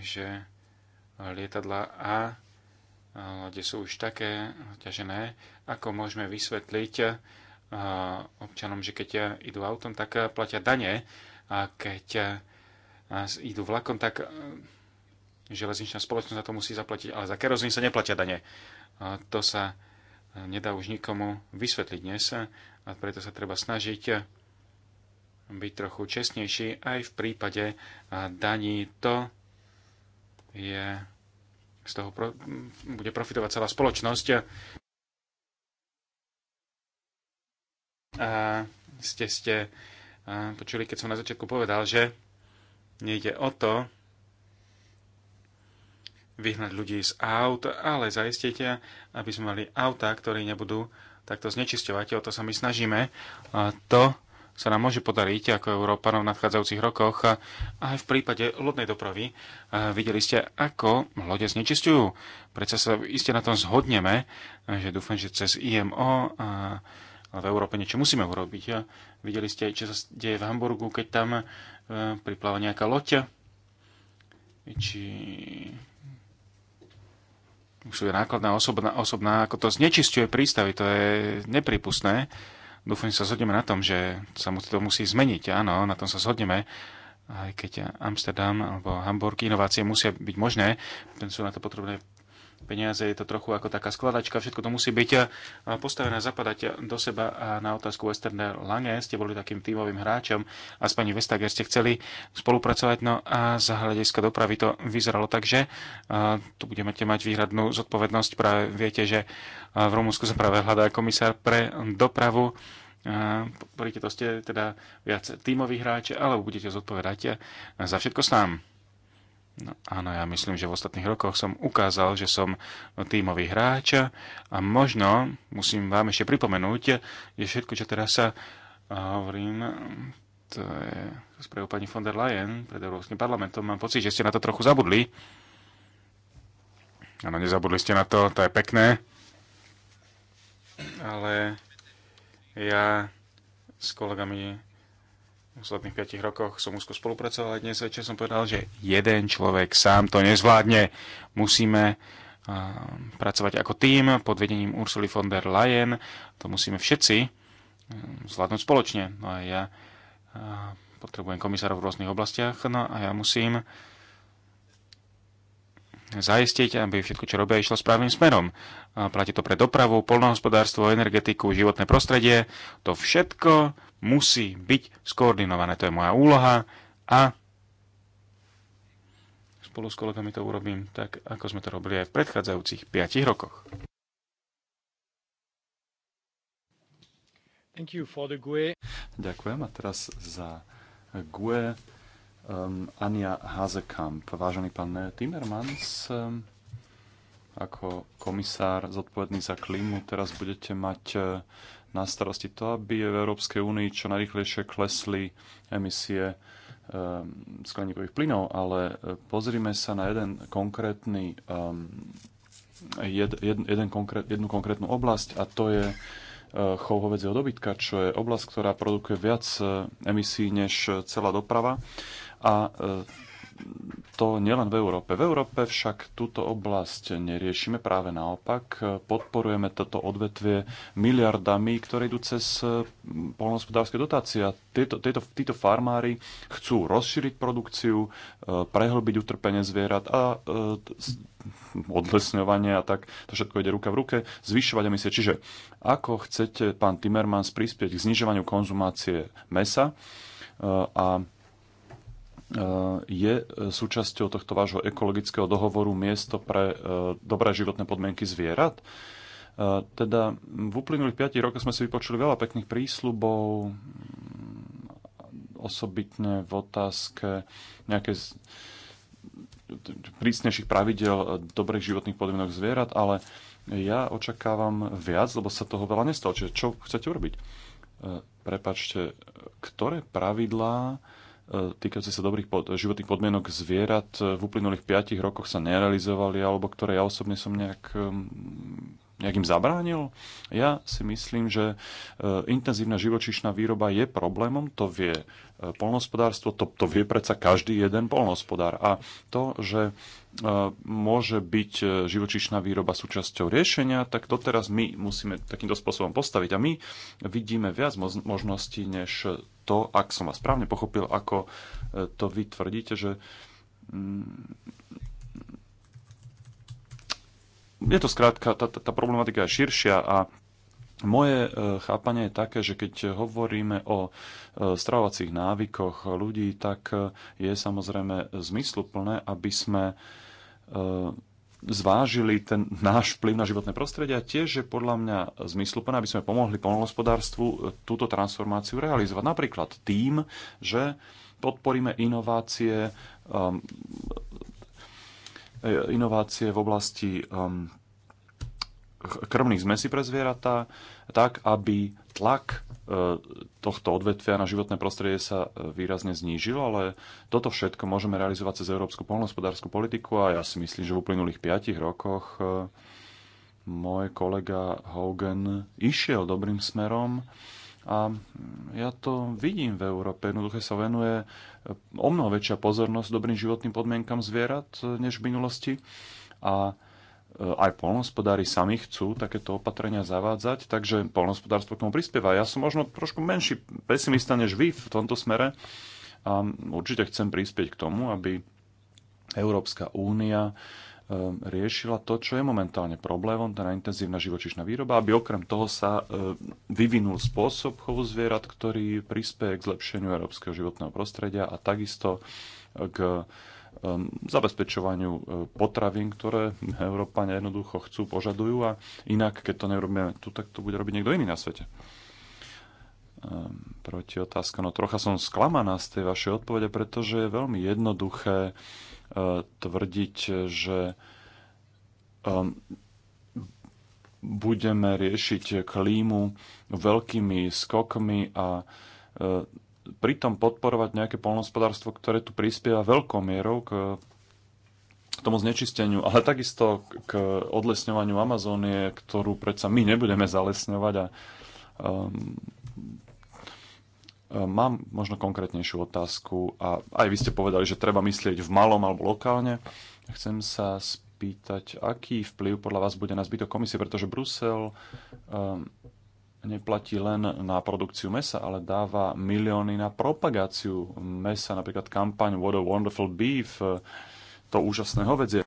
že lietadla a lode sú už také ťažené, ako môžeme vysvetliť občanom, že keď idú autom, tak platia dane a keď idú vlakom, tak železničná spoločnosť za to musí zaplatiť, ale za kerozín sa neplatia dane. To sa nedá už nikomu vysvetliť dnes a preto sa treba snažiť byť trochu čestnejší aj v prípade daní to, je, z toho pro, bude profitovať celá spoločnosť. A ste, ste počuli, keď som na začiatku povedal, že nejde o to vyhnať ľudí z aut, ale zaistite, aby sme mali auta, ktoré nebudú takto znečisťovať. O to sa my snažíme. A to sa nám môže podariť ako Európanom v nadchádzajúcich rokoch a aj v prípade lodnej dopravy. Videli ste, ako lode znečistujú. Prečo sa iste na tom zhodneme, že dúfam, že cez IMO a v Európe niečo musíme urobiť. A videli ste, čo sa deje v Hamburgu, keď tam pripláva nejaká loď. Či už je nákladná osobná, osobná, ako to znečistuje prístavy, to je nepripustné dúfam, že sa zhodneme na tom, že sa mu to musí zmeniť. Áno, na tom sa zhodneme. Aj keď Amsterdam alebo Hamburg, inovácie musia byť možné, sú na to potrebné peniaze, je to trochu ako taká skladačka, všetko to musí byť eh, postavené, zapadať do seba a na otázku Western Lange ste boli takým tímovým hráčom a s pani Vestager ste chceli spolupracovať, no a z hľadiska dopravy to vyzeralo tak, že eh, tu budeme mať výhradnú zodpovednosť, práve viete, že eh, v Rumunsku sa práve hľadá komisár pre dopravu, Budete to ste teda viac tímový hráč, alebo budete zodpovedať za všetko s nám. No, áno, ja myslím, že v ostatných rokoch som ukázal, že som tímový hráč a možno musím vám ešte pripomenúť, že všetko, čo teraz sa hovorím, to je správu pani von der Leyen pred Európskym parlamentom. Mám pocit, že ste na to trochu zabudli. Áno, nezabudli ste na to, to je pekné. Ale ja s kolegami v posledných 5 rokoch som úzko spolupracoval a dnes večer som povedal, že jeden človek sám to nezvládne. Musíme pracovať ako tým pod vedením Ursuly von der Leyen. To musíme všetci zvládnuť spoločne. No a ja potrebujem komisárov v rôznych oblastiach, no a ja musím zaistiť, aby všetko, čo robia, išlo správnym smerom. A platí to pre dopravu, polnohospodárstvo, energetiku, životné prostredie. To všetko musí byť skoordinované. To je moja úloha a spolu s kolegami to urobím tak, ako sme to robili aj v predchádzajúcich 5 rokoch. E. Ďakujem a teraz za GUE um, Ania Hazekamp. Vážený pán Timmermans, um, ako komisár zodpovedný za klímu, teraz budete mať uh, na starosti to, aby v Európskej únii čo najrychlejšie klesli emisie ehm, skleníkových plynov, ale e, pozrime sa na jeden konkrétny, ehm, jed, jed, jeden konkrét, jednu konkrétnu oblasť a to je e, chov hovedzieho dobytka, čo je oblasť, ktorá produkuje viac e, emisí než celá doprava. A to nielen v Európe. V Európe však túto oblasť neriešime, práve naopak. Podporujeme toto odvetvie miliardami, ktoré idú cez eh, polnohospodárske dotácie. A tieto, tieto, títo farmári chcú rozšíriť produkciu, eh, prehlbiť utrpenie zvierat a eh, odlesňovanie a tak. To všetko ide ruka v ruke. Zvyšovať emisie. Čiže ako chcete, pán Timmermans, prispieť k znižovaniu konzumácie mesa a E, je e, súčasťou tohto vášho ekologického dohovoru miesto pre e, dobré životné podmienky zvierat. Teda v uplynulých 5 rokoch sme si vypočuli veľa pekných prísľubov, mm, osobitne v otázke nejaké prísnejších pravidel dobrých životných podmienok zvierat, ale ja očakávam viac, lebo sa toho veľa nestalo. Čiže čo chcete urobiť? Prepačte, ktoré pravidlá E, týkajúce sa dobrých pod, životných podmienok zvierat e, v uplynulých 5 rokoch sa nerealizovali, alebo ktoré ja osobne som nejak e, nejak im zabránil? Ja si myslím, že e, intenzívna živočišná výroba je problémom, to vie e, polnospodárstvo, to, to vie predsa každý jeden polnospodár. A to, že e, môže byť živočišná výroba súčasťou riešenia, tak doteraz my musíme takýmto spôsobom postaviť. A my vidíme viac možností, než to, ak som vás správne pochopil, ako to vy tvrdíte, že mm, je to skrátka, tá, tá problematika je širšia a moje e, chápanie je také, že keď hovoríme o e, stravovacích návykoch ľudí, tak e, je samozrejme zmysluplné, aby sme zvážili ten náš vplyv na životné prostredie a tiež je podľa mňa zmysluplné, aby sme pomohli polnohospodárstvu túto transformáciu realizovať. Napríklad tým, že podporíme inovácie, inovácie v oblasti um, krmných zmesí pre zvieratá, tak aby tlak uh, tohto odvetvia na životné prostredie sa uh, výrazne znížil, ale toto všetko môžeme realizovať cez európsku poľnohospodárskú politiku a ja si myslím, že v uplynulých 5 rokoch uh, môj kolega Hogan išiel dobrým smerom a ja to vidím v Európe. Jednoduché sa venuje o mnoho väčšia pozornosť dobrým životným podmienkam zvierat e, než v minulosti. A e, aj polnospodári sami chcú takéto opatrenia zavádzať, takže polnospodárstvo k tomu prispieva. Ja som možno trošku menší pesimista než vy v tomto smere a určite chcem prispieť k tomu, aby Európska únia Ehm, riešila to, čo je momentálne problémom, teda intenzívna živočišná výroba, aby okrem toho sa ehm, vyvinul spôsob chovu zvierat, ktorý prispieje k zlepšeniu európskeho životného prostredia a takisto ehm, k zabezpečovaniu potravín, ktoré Európania jednoducho chcú, požadujú a inak, keď to neurobíme tu, tak to bude robiť niekto iný na svete proti otázka. No trocha som sklamaná z tej vašej odpovede, pretože je veľmi jednoduché tvrdiť, že um, budeme riešiť klímu veľkými skokmi a uh, pritom podporovať nejaké polnospodárstvo, ktoré tu prispieva veľkou mierou k tomu znečisteniu, ale takisto k odlesňovaniu Amazónie, ktorú predsa my nebudeme zalesňovať a um, Ehm, mám možno konkrétnejšiu otázku a aj vy ste povedali, že treba myslieť v malom alebo lokálne. Chcem sa spýtať, aký vplyv podľa vás bude na zbytok komisie, pretože Brusel um, neplatí len na produkciu mesa, ale dáva milióny na propagáciu mesa, napríklad kampaň What a Wonderful Beef, e, to úžasné hovedzie,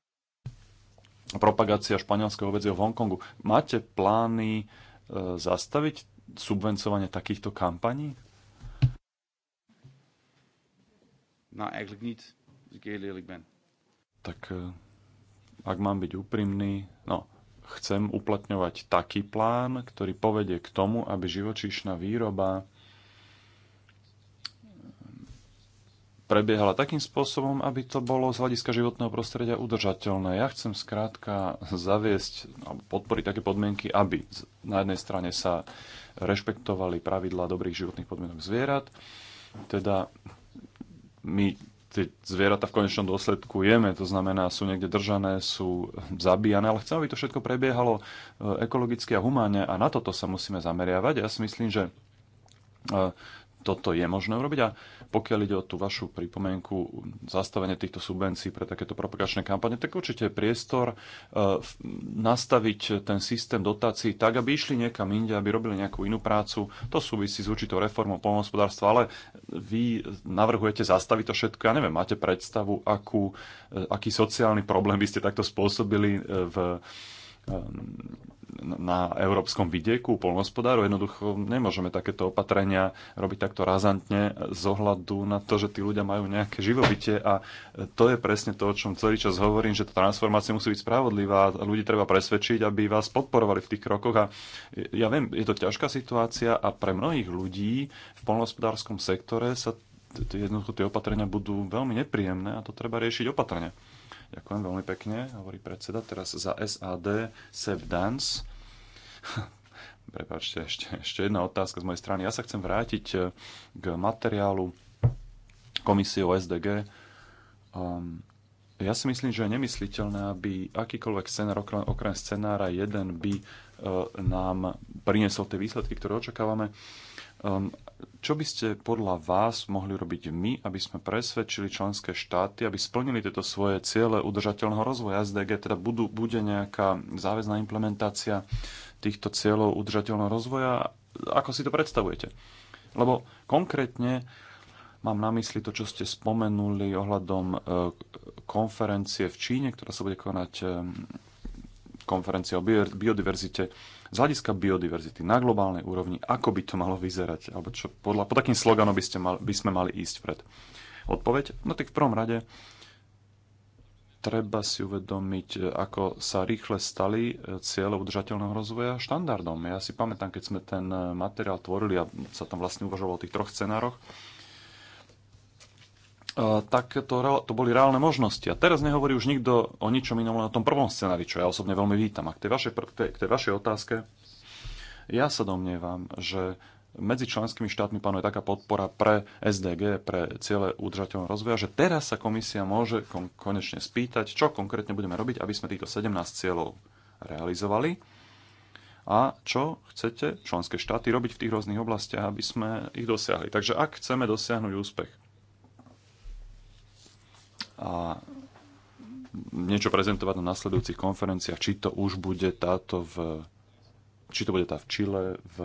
propagácia španielského hovedzieho v Hongkongu. Máte plány e, zastaviť subvencovanie takýchto kampaní? Nou, eigenlijk niet, als ik heel eerlijk ben. Tak eh, ak mám byť úprimný, no, chcem uplatňovať taký plán, ktorý povedie k tomu, aby živočíšna výroba eh, prebiehala takým spôsobom, aby to bolo z hľadiska životného prostredia udržateľné. Ja chcem skrátka zaviesť alebo podporiť také podmienky, aby na jednej strane sa rešpektovali pravidla dobrých životných podmienok zvierat, teda my tie zvieratá v konečnom dôsledku jeme, to znamená, sú niekde držané, sú zabíjane, ale chceme, aby to všetko prebiehalo e, ekologicky a humánne a na toto sa musíme zameriavať. Ja si myslím, že e, toto je možné urobiť. A pokiaľ ide o tú vašu pripomienku, zastavenie týchto subvencií pre takéto propagačné kampane, tak určite je priestor e, nastaviť ten systém dotácií tak, aby išli niekam inde, aby robili nejakú inú prácu. To súvisí s určitou reformou poľnohospodárstva, ale vy navrhujete zastaviť to všetko. Ja neviem, máte predstavu, akú, e, aký sociálny problém by ste takto spôsobili e, v na európskom vidieku polnospodárov. Jednoducho nemôžeme takéto opatrenia robiť takto razantne z ohľadu na to, že tí ľudia majú nejaké živobytie a to je presne to, o čom celý čas hovorím, že tá transformácia musí byť spravodlivá. a Ľudí treba presvedčiť, aby vás podporovali v tých krokoch a ja viem, je to ťažká situácia a pre mnohých ľudí v polnospodárskom sektore sa jednoducho tie opatrenia budú veľmi nepríjemné a to treba riešiť opatrenia. Ďakujem veľmi pekne, hovorí predseda. Teraz za SAD Sev Dance. Prepačte, ešte, ešte jedna otázka z mojej strany. Ja sa chcem vrátiť eh, k materiálu komisie o SDG. Um, ehm, ja si myslím, že je nemysliteľné, aby akýkoľvek scenár, okrem scenára 1 by eh, nám priniesol tie výsledky, ktoré očakávame. Um, čo by ste podľa vás mohli robiť my, aby sme presvedčili členské štáty, aby splnili tieto svoje ciele udržateľného rozvoja SDG, teda budú, bude nejaká záväzná implementácia týchto cieľov udržateľného rozvoja? Ako si to predstavujete? Lebo konkrétne mám na mysli to, čo ste spomenuli ohľadom e, konferencie v Číne, ktorá sa bude konať e, konferencia o biodiverzite z hľadiska biodiverzity na globálnej úrovni, ako by to malo vyzerať, alebo čo podľa, po takým sloganom by, ste mal, by sme mali ísť pred Odpoveď? No tak v prvom rade treba si uvedomiť, ako sa rýchle stali e, cieľe udržateľného rozvoja štandardom. Ja si pamätám, keď sme ten e, materiál tvorili a sa tam vlastne uvažovalo o tých troch scenároch, tak to, to boli reálne možnosti. A teraz nehovorí už nikto o ničom inom, len o tom prvom scenári, čo ja osobne veľmi vítam. A k tej vašej, k tej, k tej vašej otázke, ja sa domnievam, že medzi členskými štátmi panuje taká podpora pre SDG, pre ciele udržateľného rozvoja, že teraz sa komisia môže kon- konečne spýtať, čo konkrétne budeme robiť, aby sme týchto 17 cieľov realizovali a čo chcete členské štáty robiť v tých rôznych oblastiach, aby sme ich dosiahli. Takže ak chceme dosiahnuť úspech a niečo prezentovať na nasledujúcich konferenciách, či to už bude táto v, či to bude tá v Čile, v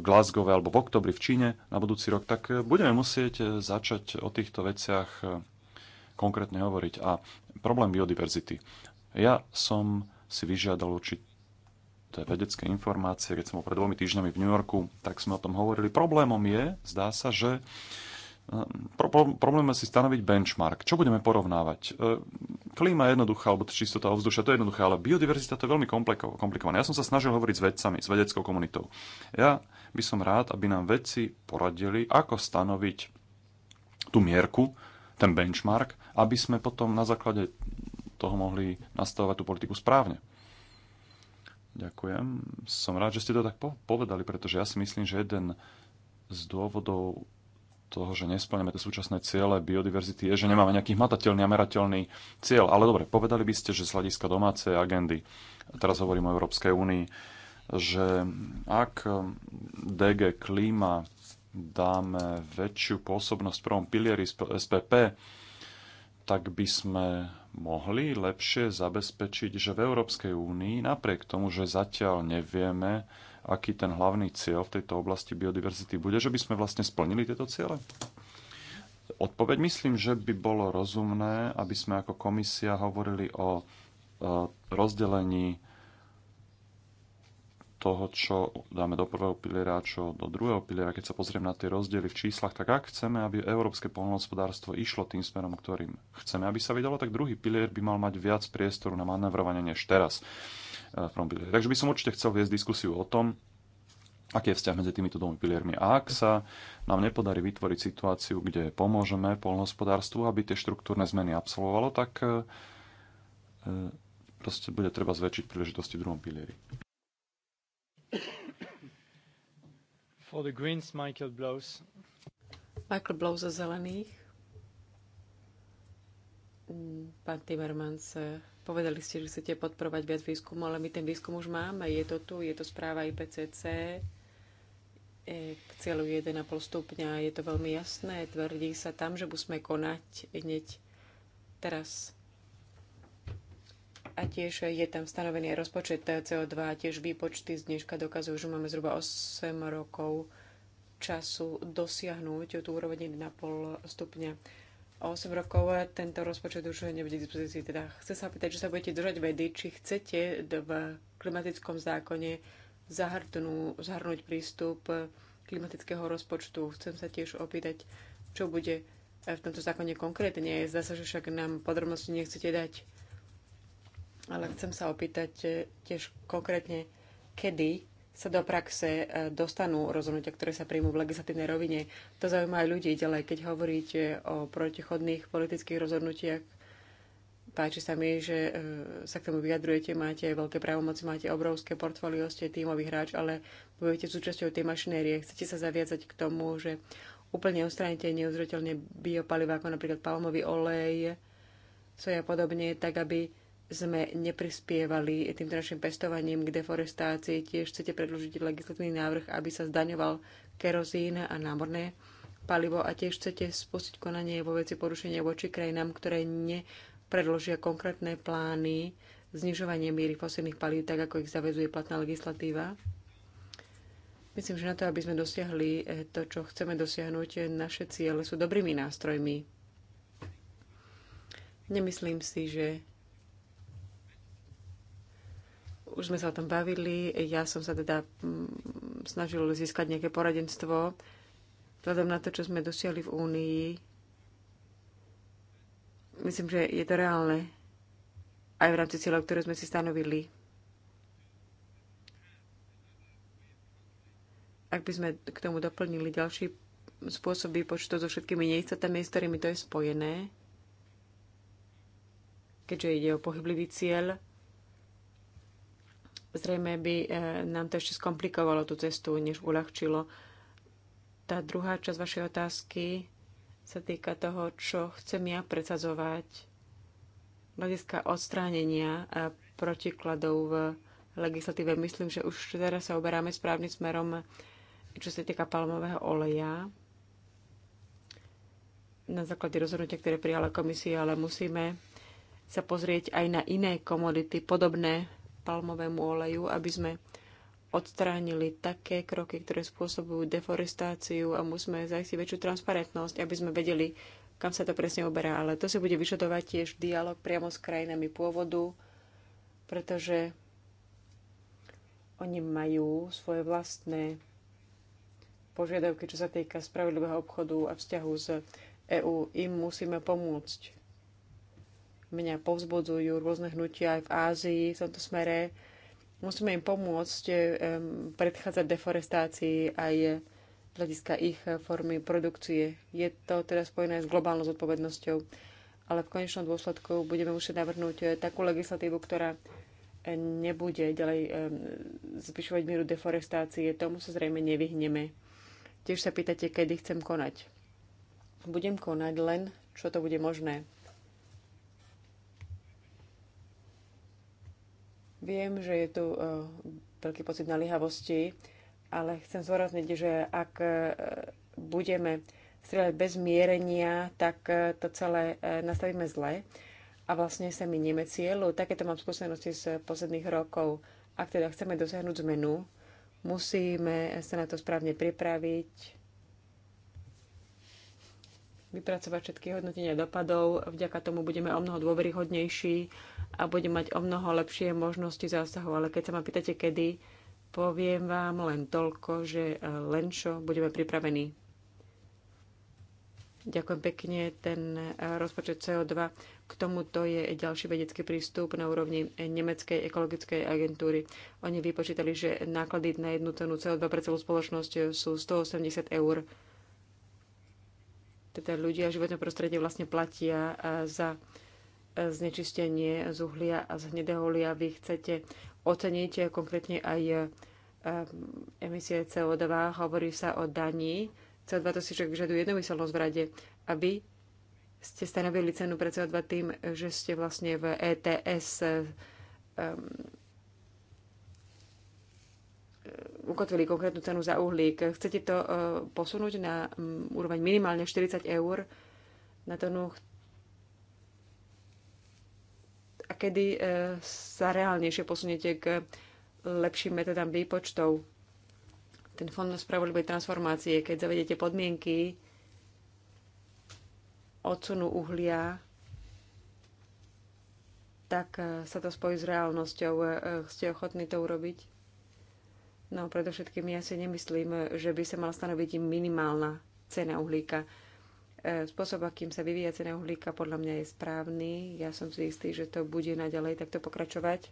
Glasgow alebo v oktobri v Číne na budúci rok, tak budeme musieť začať o týchto veciach konkrétne hovoriť. A problém biodiverzity. Ja som si vyžiadal určité vedecké informácie, keď som bol pred dvomi týždňami v New Yorku, tak sme o tom hovorili. Problémom je, zdá sa, že problém je si stanoviť benchmark. Čo budeme porovnávať? E, klíma je jednoduchá, alebo čistota ovzdušia, to je jednoduché, ale biodiverzita to je veľmi komplikované. Ja som sa snažil hovoriť s vedcami, s vedeckou komunitou. Ja by som rád, aby nám vedci poradili, ako stanoviť tú mierku, ten benchmark, aby sme potom na základe toho mohli nastavovať tú politiku správne. Ďakujem. Som rád, že ste to tak povedali, pretože ja si myslím, že jeden z dôvodov toho, že nesplňame tie súčasné ciele biodiverzity, je, že nemáme nejaký hmatateľný a merateľný cieľ. Ale dobre, povedali by ste, že z hľadiska domácej agendy, teraz hovorím o Európskej únii, že ak DG klíma dáme väčšiu pôsobnosť v prvom pilieri SPP, tak by sme mohli lepšie zabezpečiť, že v Európskej únii, napriek tomu, že zatiaľ nevieme, aký ten hlavný cieľ v tejto oblasti biodiverzity bude, že by sme vlastne splnili tieto ciele? Odpoveď myslím, že by bolo rozumné, aby sme ako komisia hovorili o e, rozdelení toho, čo dáme do prvého piliera čo do druhého piliera, keď sa pozriem na tie rozdiely v číslach, tak ak chceme, aby európske poľnohospodárstvo išlo tým smerom, ktorým chceme, aby sa vydalo, tak druhý pilier by mal mať viac priestoru na manevrovanie než teraz. E, prvom pilieri. Takže by som určite chcel viesť diskusiu o tom, aký je vzťah medzi týmito dvomi piliermi. A ak sa nám nepodarí vytvoriť situáciu, kde pomôžeme polnohospodárstvu, aby tie štruktúrne zmeny absolvovalo, tak e, proste bude treba zväčšiť príležitosti v druhom pilieri. For the Greens, Michael Blows. Michael Blows zo Zelených. Mm, pán Timmermans e, Povedali ste, že chcete podporovať viac výskumu, ale my ten výskum už máme. Je to tu, je to správa IPCC e, k cieľu 1,5 stupňa. Je to veľmi jasné. Tvrdí sa tam, že musíme konať hneď teraz. A tiež je tam stanovený rozpočet CO2, tiež výpočty z dneška dokazujú, že máme zhruba 8 rokov času dosiahnuť tú úroveň 1,5 stupňa o 8 rokov tento rozpočet už nebude k dispozícii. Teda chcem sa pýtať, či sa budete držať vedy, či chcete v klimatickom zákone zahrnú, zahrnúť prístup klimatického rozpočtu. Chcem sa tiež opýtať, čo bude v tomto zákone konkrétne. Zdá sa, že však nám podrobnosti nechcete dať. Ale chcem sa opýtať eh, tiež konkrétne, kedy sa do praxe e, dostanú rozhodnutia, ktoré sa príjmú v legislatívnej rovine. To zaujíma aj ľudí ďalej, keď hovoríte o protichodných politických rozhodnutiach. Páči sa mi, že e, sa k tomu vyjadrujete, máte veľké právomoci, máte obrovské portfólio, ste tímový hráč, ale budete súčasťou tej mašinérie. Chcete sa zaviazať k tomu, že úplne ostranite neuzriteľne biopaliva ako napríklad palmový olej, soja a podobne, tak aby sme neprispievali týmto našim pestovaním k deforestácii. Tiež chcete predložiť legislatívny návrh, aby sa zdaňoval kerozín a námorné palivo a tiež chcete spustiť konanie vo veci porušenia voči krajinám, ktoré nepredložia konkrétne plány znižovanie miery fosilných palív, tak ako ich zavezuje platná legislatíva. Myslím, že na to, aby sme dosiahli eh, to, čo chceme dosiahnuť, eh, naše ciele sú dobrými nástrojmi. Nemyslím si, že už sme sa o tom bavili, ja som sa teda mm, snažil získať nejaké poradenstvo vzhľadom na to, čo sme dosiahli v Únii. Myslím, že je to reálne aj v rámci cieľov, ktoré sme si stanovili. Ak by sme k tomu doplnili ďalší spôsoby počtu so všetkými neistotami, s ktorými to je spojené, keďže ide o pohyblivý cieľ, Zrejme by e, nám to ešte skomplikovalo tú cestu, než uľahčilo. Tá druhá časť vašej otázky sa týka toho, čo chcem ja predsazovať hľadiska odstránenia a e, protikladov v legislatíve. Myslím, že už teraz sa oberáme správnym smerom, čo sa týka palmového oleja na základe rozhodnutia, ktoré prijala komisia, ale musíme sa pozrieť aj na iné komodity podobné palmovému oleju, aby sme odstránili také kroky, ktoré spôsobujú deforestáciu a musíme zajistiť väčšiu transparentnosť, aby sme vedeli, kam sa to presne uberá. Ale to si bude vyšadovať tiež dialog priamo s krajinami pôvodu, pretože oni majú svoje vlastné požiadavky, čo sa týka spravodlivého obchodu a vzťahu s EÚ. Im musíme pomôcť mňa povzbudzujú rôzne hnutia aj v Ázii v tomto smere. Musíme im pomôcť predchádzať deforestácii aj z hľadiska ich formy produkcie. Je to teda spojené s globálnou zodpovednosťou, ale v konečnom dôsledku budeme musieť navrhnúť eh, takú legislatívu, ktorá eh, nebude ďalej zvyšovať mieru deforestácie. Tomu sa zrejme nevyhneme. Tiež sa pýtate, kedy chcem konať. Budem konať len, čo to bude možné. Viem, že je tu eh, veľký pocit naliehavosti, ale chcem zvorazniť, že ak eh, budeme strieľať bez mierenia, tak eh, to celé nastavíme zle a vlastne sa minieme cieľu. Takéto mám skúsenosti z posledných rokov. Ak teda chceme dosiahnuť zmenu, musíme sa na to správne pripraviť, vypracovať všetky hodnotenia dopadov. Vďaka tomu budeme o mnoho dôveryhodnejší a budeme mať o mnoho lepšie možnosti zásahu. Ale keď sa ma pýtate, kedy, poviem vám len toľko, že e, len čo budeme pripravení. Ďakujem pekne. Ten e, rozpočet CO2 k tomuto je ďalší vedecký prístup na úrovni Nemeckej ekologickej agentúry. Oni vypočítali, že náklady na jednu cenu CO2 pre celú spoločnosť sú 180 eur teda ľudia v životnom prostredí vlastne platia e, za e, znečistenie z uhlia a z hnedého uhlia. Vy chcete oceniť e, konkrétne aj emisie CO2. Hovorí sa o daní. CO2 to si však vyžaduje jednomyselnosť v rade. A vy ste stanovili cenu pre CO2 tým, že ste vlastne v ETS um, E, ukotvili konkrétnu cenu za uhlík. Chcete to e, posunúť na úroveň minimálne 40 eur na tonu? A kedy e, sa reálnejšie posuniete k lepším metodám výpočtov? Ten fond spravodlivej transformácie, keď zavedete podmienky odsunu uhlia, tak sa to spojí s reálnosťou. Ste ochotní to urobiť? No predovšetkým ja si nemyslím, že by sa mala stanoviť minimálna cena uhlíka. E, spôsob, akým sa vyvíja cena uhlíka, podľa mňa je správny. Ja som si istý, že to bude naďalej takto pokračovať.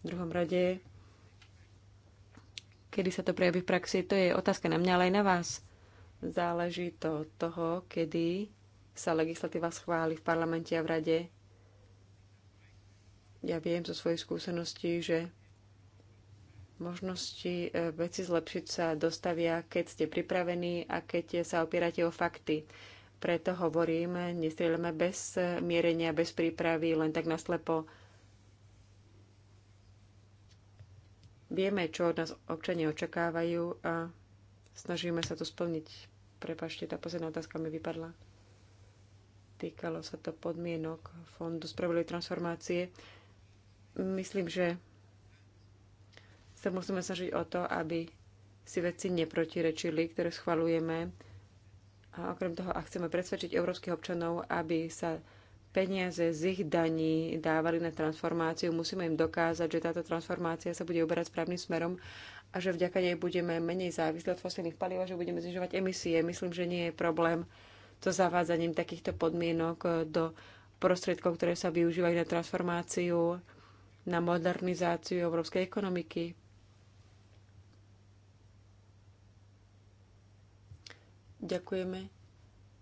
V druhom rade, kedy sa to prejaví v praxi, to je otázka na mňa, ale aj na vás. Záleží to od toho, kedy sa legislatíva schváli v parlamente a v rade. Ja viem zo svojej skúsenosti, že možnosti e, veci zlepšiť sa dostavia, keď ste pripravení a keď e, sa opierate o fakty. Preto hovorím, nestrieľame bez e, mierenia, bez prípravy, len tak naslepo. Vieme, čo od nás občania očakávajú a snažíme sa to splniť. Prepašte, tá posledná otázka mi vypadla. Týkalo sa to podmienok Fondu spravodlivej transformácie. Myslím, že sa musíme snažiť o to, aby si veci neprotirečili, ktoré schvalujeme. A okrem toho, ak chceme presvedčiť európskych občanov, aby sa peniaze z ich daní dávali na transformáciu, musíme im dokázať, že táto transformácia sa bude uberať správnym smerom a že vďaka nej budeme menej závislí od fosilných palív a že budeme znižovať emisie. Myslím, že nie je problém so zavádzaním takýchto podmienok do prostriedkov, ktoré sa využívajú na transformáciu, na modernizáciu európskej ekonomiky. Ďakujeme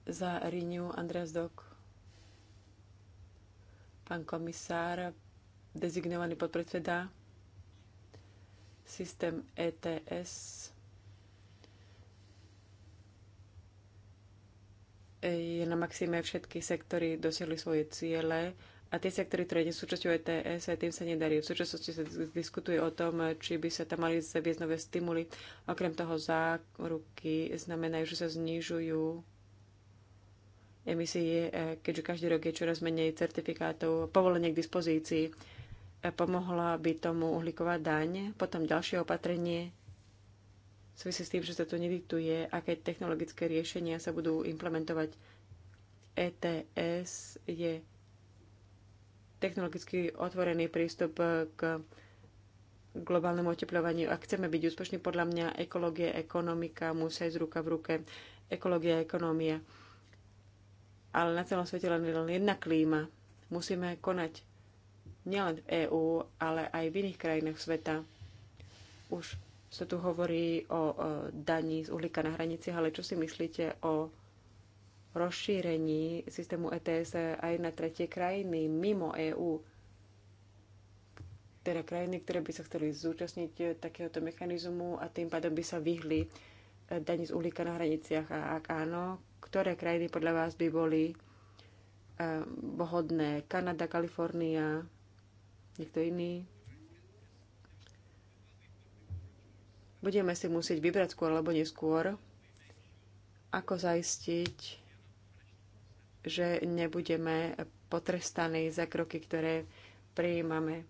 za Riniu Andreas Dok. Pán komisár, dezignovaný podpredseda, systém ETS je na maxime všetky sektory dosiahli svoje ciele a tie sektory, ktoré nie sú súčasťou ETS, tým sa nedarí. V súčasnosti sa diskutuje o tom, či by sa tam mali zaviesť nové stimuly. Okrem toho záruky znamenajú, že sa znižujú emisie, e, keďže každý rok je čoraz menej certifikátov povolenie k dispozícii. E, pomohla by tomu uhlíková daň. Potom ďalšie opatrenie súvisí s tým, že sa to nedituje, aké technologické riešenia sa budú implementovať. ETS je technologicky otvorený prístup k globálnemu oteplovaniu. Ak chceme byť úspešní, podľa mňa ekológia ekonomika musia ísť ruka v ruke. Ekológia ekonomia. Ale na celom svete len, len jedna klíma. Musíme konať nielen v EÚ, ale aj v iných krajinách sveta. Už sa tu hovorí o, o daní z uhlíka na hranici, ale čo si myslíte o rozšírení systému ETS aj na tretie krajiny mimo EÚ, teda krajiny, ktoré by sa chceli zúčastniť eh, takéhoto mechanizmu a tým pádom by sa vyhli eh, daní z uhlíka na hraniciach. A ak áno, ktoré krajiny podľa vás by boli eh, vhodné? Kanada, Kalifornia, niekto iný? Budeme si musieť vybrať skôr alebo neskôr, ako zaistiť že nebudeme potrestaní za kroky, ktoré prijímame.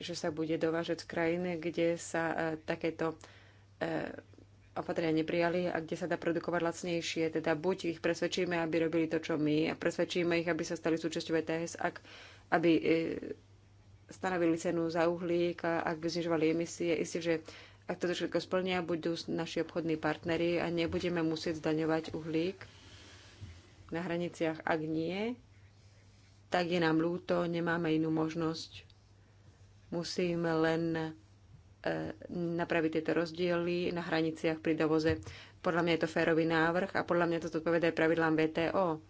Že sa bude dovážať z krajiny, kde sa e, takéto e, opatrenia neprijali a kde sa dá produkovať lacnejšie. Teda buď ich presvedčíme, aby robili to, čo my, a presvedčíme ich, aby sa stali súčasťou ETS, ak, aby e, stanovili cenu za uhlík a ak by znižovali emisie. Isté, že ak toto všetko splnia, budú naši obchodní partnery a nebudeme musieť zdaňovať uhlík na hraniciach. Ak nie, tak je nám ľúto, nemáme inú možnosť. Musíme len e, napraviť tieto rozdiely na hraniciach pri dovoze. Podľa mňa je to férový návrh a podľa mňa to zodpovedá aj pravidlám VTO.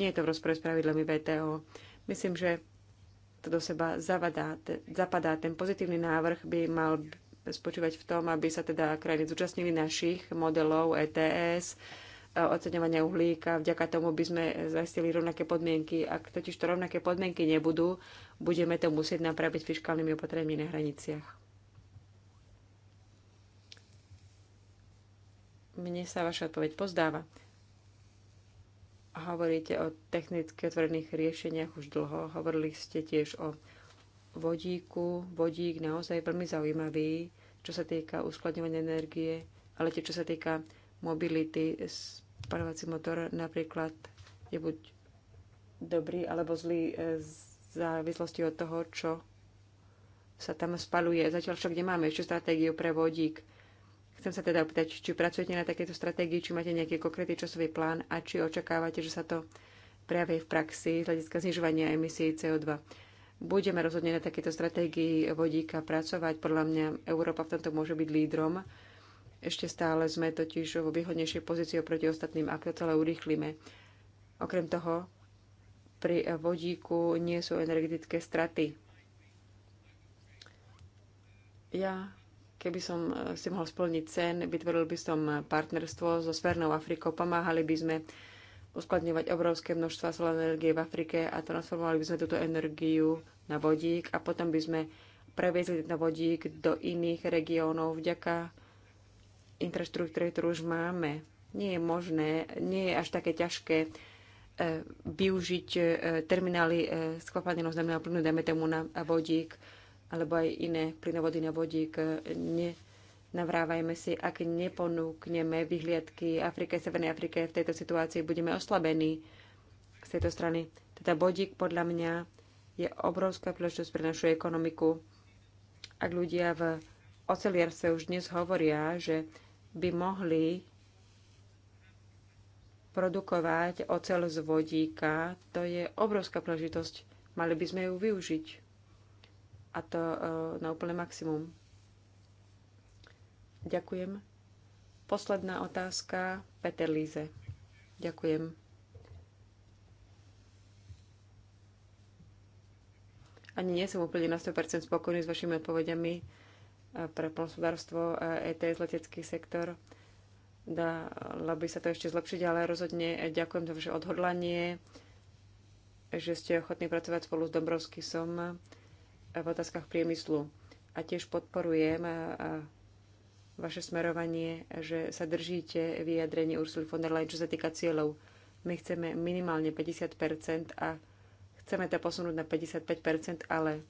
Nie je to v rozpore s pravidlami VTO. Myslím, že to do seba zavadá, zapadá. Ten pozitívny návrh by mal spočívať v tom, aby sa teda krajiny zúčastnili našich modelov ETS, oceňovania uhlíka. Vďaka tomu by sme zaistili rovnaké podmienky. Ak totiž to rovnaké podmienky nebudú, budeme to musieť napraviť fiskálnymi opatreniami na hraniciach. Mne sa vaša odpoveď pozdáva. Hovoríte o technicky otvorených riešeniach už dlho. Hovorili ste tiež o vodíku. Vodík naozaj veľmi zaujímavý, čo sa týka uskladňovania energie, ale tiež čo sa týka mobility. Spalovací motor napríklad je buď dobrý alebo zlý e, v závislosti od toho, čo sa tam spaluje. Zatiaľ však nemáme ešte stratégiu pre vodík. Chcem sa teda opýtať, či pracujete na takéto stratégii, či máte nejaký konkrétny časový plán a či očakávate, že sa to prejaví v praxi z hľadiska znižovania emisí CO2. Budeme rozhodne na takéto stratégii vodíka pracovať. Podľa mňa Európa v tomto môže byť lídrom ešte stále sme totiž vo výhodnejšej pozícii oproti ostatným, ak to celé urýchlime. Okrem toho, pri vodíku nie sú energetické straty. Ja, keby som si mohol splniť cen, vytvoril by som partnerstvo so Svernou Afrikou, pomáhali by sme uskladňovať obrovské množstva solárnej energie v Afrike a transformovali by sme túto energiu na vodík a potom by sme previezli tento vodík do iných regiónov vďaka infraštruktúre, ktorú už máme. Nie je možné, nie je až také ťažké e, využiť e, terminály e, skvapalneného zemného plynu, dajme tomu na vodík, alebo aj iné plynovody na vodík. nenavrávajme navrávajme si, ak neponúkneme vyhliadky Afrike, Severnej Afrike, v tejto situácii budeme oslabení z tejto strany. Teda vodík podľa mňa je obrovská príležitosť pre našu ekonomiku. Ak ľudia v oceliarstve už dnes hovoria, že by mohli produkovať oceľ z vodíka, to je obrovská príležitosť. Mali by sme ju využiť. A to e, na úplne maximum. Ďakujem. Posledná otázka, Peter Líze. Ďakujem. Ani nie som úplne na 100% spokojný s vašimi odpovediami pre plnospodárstvo ETS e letecký sektor. Dalo by sa to ešte zlepšiť, ale rozhodne ďakujem za vaše odhodlanie, že ste ochotní pracovať spolu s som v otázkach priemyslu. A tiež podporujem e, vaše smerovanie, že sa držíte vyjadrenie Ursula von der Leyen, čo sa týka cieľov. My chceme minimálne 50% a chceme to posunúť na 55%, ale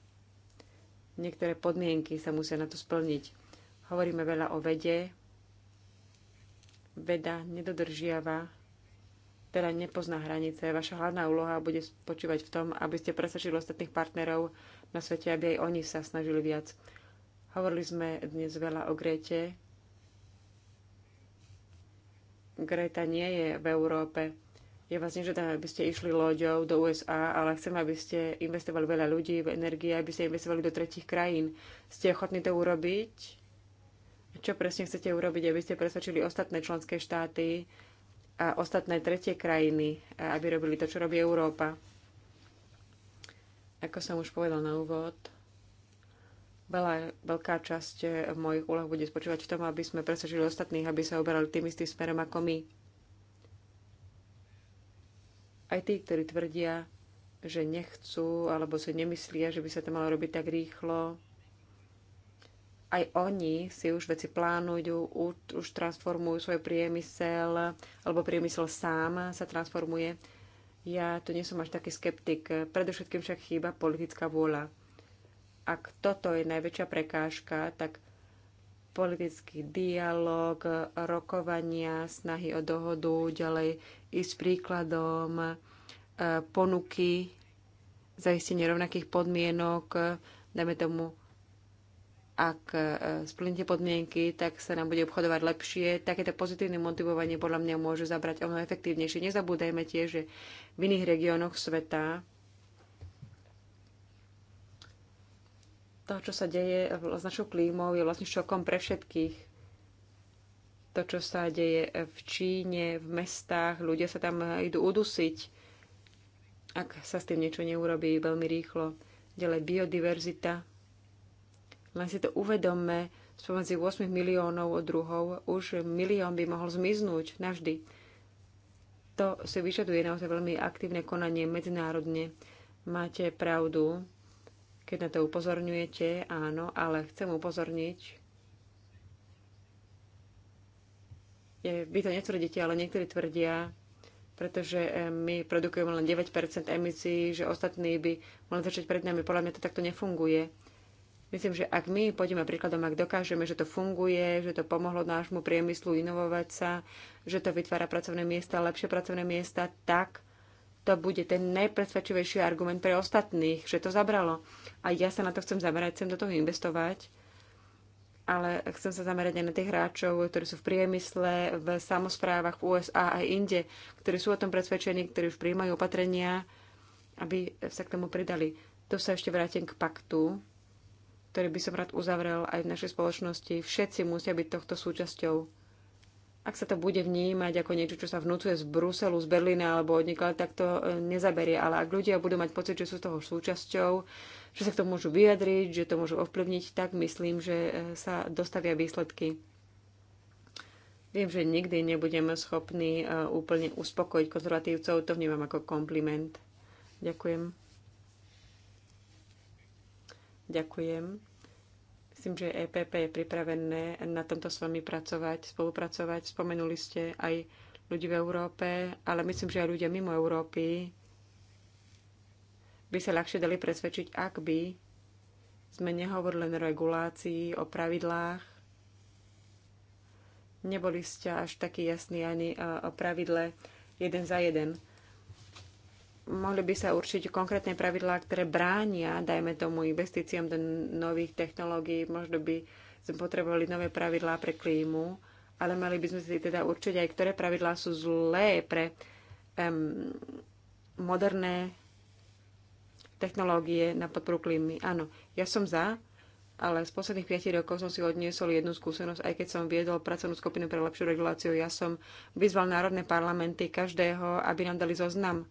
Niektoré podmienky sa musia na to splniť. Hovoríme veľa o vede. Veda nedodržiava, teda nepozná hranice. Vaša hlavná úloha bude spočívať v tom, aby ste presvedčili ostatných partnerov na svete, aby aj oni sa snažili viac. Hovorili sme dnes veľa o Grete. Greta nie je v Európe ja vás nežiadam, aby ste išli loďou do USA, ale chcem, aby ste investovali veľa ľudí v energii, aby ste investovali do tretich krajín. Ste ochotní to urobiť? Čo presne chcete urobiť, aby ste presvedčili ostatné členské štáty a ostatné tretie krajiny, aby robili to, čo robí Európa? Ako som už povedal na úvod, veľa, veľká časť mojich úloh bude spočívať v tom, aby sme presvedčili ostatných, aby sa oberali tým istým smerom ako my aj tí, ktorí tvrdia, že nechcú alebo si nemyslia, že by sa to malo robiť tak rýchlo, aj oni si už veci plánujú, už transformujú svoj priemysel, alebo priemysel sám sa transformuje. Ja tu nie som až taký skeptik. Predovšetkým však chýba politická vôľa. Ak toto je najväčšia prekážka, tak politický dialog, rokovania, snahy o dohodu, ďalej ísť príkladom e, ponuky, zaistenie rovnakých podmienok, e, dajme tomu, ak e, splníte podmienky, tak sa nám bude obchodovať lepšie. Takéto pozitívne motivovanie podľa mňa môže zabrať o mnoho efektívnejšie. Nezabúdajme tiež, že v iných regiónoch sveta to, čo sa deje s našou klímou, je vlastne šokom pre všetkých to, čo sa deje v Číne, v mestách. Ľudia sa tam idú udusiť, ak sa s tým niečo neurobí veľmi rýchlo. Ďalej biodiverzita. Len si to uvedomme, spomedzi 8 miliónov druhov už milión by mohol zmiznúť navždy. To si vyžaduje naozaj veľmi aktívne konanie medzinárodne. Máte pravdu, keď na to upozorňujete, áno, ale chcem upozorniť, Vy to netvrdíte, ale niektorí tvrdia, pretože eh, my produkujeme len 9 emisí, že ostatní by mali začať pred nami. Podľa mňa to takto nefunguje. Myslím, že ak my pôjdeme príkladom, ak dokážeme, že to funguje, že to pomohlo nášmu priemyslu inovovať sa, že to vytvára pracovné miesta, lepšie pracovné miesta, tak to bude ten najpresvedčivejší argument pre ostatných, že to zabralo. A ja sa na to chcem zamerať, chcem do toho investovať ale chcem sa zamerať aj na tých hráčov, ktorí sú v priemysle, v samozprávach v USA aj inde, ktorí sú o tom presvedčení, ktorí už príjmajú opatrenia, aby sa k tomu pridali. To sa ešte vrátim k paktu, ktorý by som rád uzavrel aj v našej spoločnosti. Všetci musia byť tohto súčasťou. Ak sa to bude vnímať ako niečo, čo sa vnúcuje z Bruselu, z Berlína alebo od tak to e, nezaberie. Ale ak ľudia budú mať pocit, že sú toho súčasťou, že sa k tomu môžu vyjadriť, že to môžu ovplyvniť, tak myslím, že e, sa dostavia výsledky. Viem, že nikdy nebudeme schopní e, úplne uspokojiť konzervatívcov, to vnímam ako kompliment. Ďakujem. Ďakujem. Myslím, že EPP je pripravené na tomto s vami pracovať, spolupracovať. Spomenuli ste aj ľudí v Európe, ale myslím, že aj ľudia mimo Európy by sa ľahšie dali presvedčiť, ak by sme nehovorili len o regulácii, o pravidlách. Neboli ste až takí jasní ani e, o pravidle jeden za jeden. Mohli by sa určiť konkrétne pravidlá, ktoré bránia, dajme tomu, investíciám do nových technológií. Možno by sme potrebovali nové pravidlá pre klímu, ale mali by sme si teda určiť aj, ktoré pravidlá sú zlé pre um, moderné technológie na podporu klímy. Áno, ja som za, ale z posledných 5 rokov som si odniesol jednu skúsenosť, aj keď som viedol pracovnú skupinu pre lepšiu reguláciu. Ja som vyzval národné parlamenty každého, aby nám dali zoznam,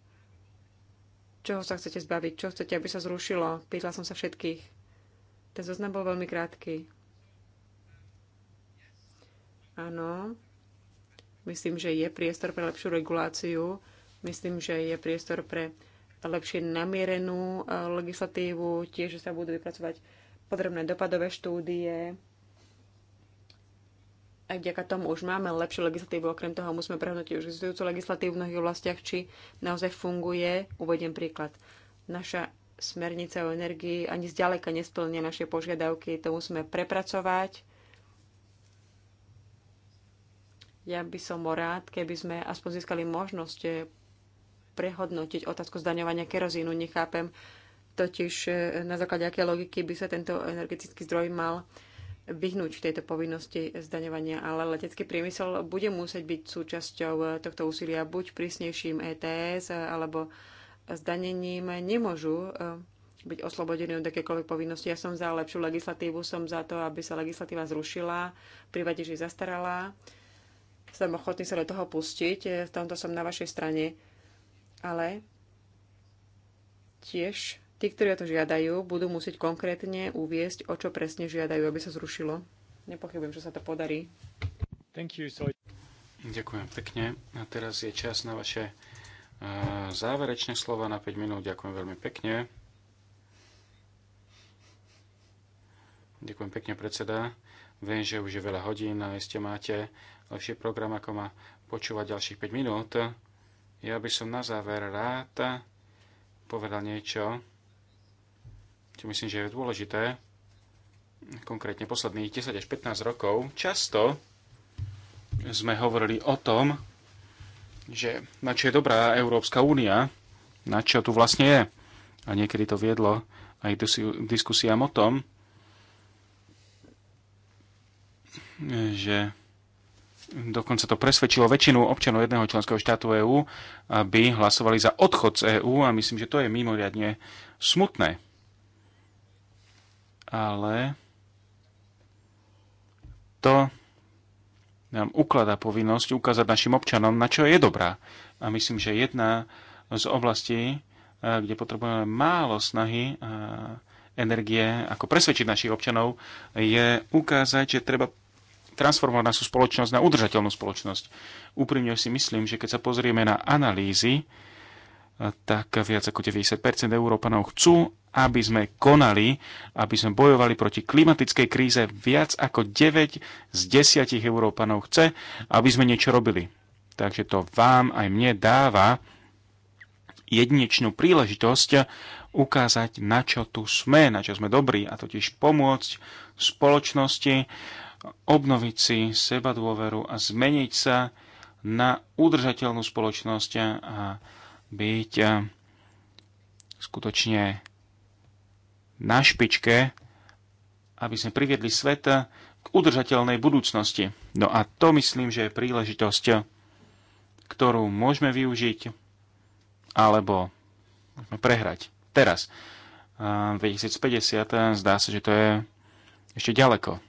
čoho sa chcete zbaviť, čo chcete, aby sa zrušilo. Pýtala som sa všetkých. Ten zoznam bol veľmi krátky. Áno, myslím, že je priestor pre lepšiu reguláciu. Myslím, že je priestor pre lepšie namierenú e, legislatívu, tiež sa budú vypracovať podrobné dopadové štúdie. A vďaka tomu už máme lepšiu legislatívu, okrem toho musíme prehodnotiť už existujúcu legislatívu v mnohých oblastiach, či naozaj funguje. Uvediem príklad. Naša smernica o energii ani zďaleka nesplňa naše požiadavky, to musíme prepracovať. Ja by som rád, keby sme aspoň získali možnosť prehodnotiť otázku zdaňovania kerozínu. Nechápem totiž, e, na základe aké logiky by sa tento energetický zdroj mal vyhnúť v tejto povinnosti zdaňovania, ale letecký priemysel bude musieť byť súčasťou e, tohto úsilia buď prísnejším ETS e, alebo zdanením nemôžu byť oslobodení od akékoľvek povinnosti. Ja som za lepšiu legislatívu, som za to, aby sa legislatíva zrušila, privatiži zastarala. Som ochotný sa do toho pustiť, v tomto som na vašej strane ale tiež tí, ktorí o to žiadajú, budú musieť konkrétne uviesť, o čo presne žiadajú, aby sa zrušilo. Nepochybujem, že sa to podarí. Thank you, so... Ďakujem pekne. A teraz je čas na vaše uh, záverečné slova na 5 minút. Ďakujem veľmi pekne. Ďakujem pekne, predseda. Viem, že už je veľa hodín a ste máte lepší program, ako ma počúvať ďalších 5 minút. Ja by som na záver rád povedal niečo, čo myslím, že je dôležité. Konkrétne posledných 10 až 15 rokov často sme hovorili o tom, že na čo je dobrá Európska únia, na čo tu vlastne je. A niekedy to viedlo aj diskusiám o tom, že dokonca to presvedčilo väčšinu občanov jedného členského štátu EÚ, aby hlasovali za odchod z EÚ a myslím, že to je mimoriadne smutné. Ale to nám ukladá povinnosť ukázať našim občanom, na čo je dobrá. A myslím, že jedna z oblastí, e, kde potrebujeme málo snahy a energie, ako presvedčiť našich občanov, je ukázať, že treba transformovať našu spoločnosť na udržateľnú spoločnosť. Úprimne si myslím, že keď sa pozrieme na analýzy, e, tak viac ako 90% Európanov chcú, aby sme konali, aby sme bojovali proti klimatickej kríze. Viac ako 9 z 10 Európanov chce, aby sme niečo robili. Takže to vám aj mne dáva jedinečnú príležitosť ukázať, na čo tu sme, na čo sme dobrí, a totiž pomôcť spoločnosti obnoviť si seba dôveru a zmeniť sa na udržateľnú spoločnosť a byť skutočne na špičke, aby sme priviedli svet k udržateľnej budúcnosti. No a to myslím, že je príležitosť, ktorú môžeme využiť alebo môžeme prehrať. Teraz, 2050, zdá sa, že to je ešte ďaleko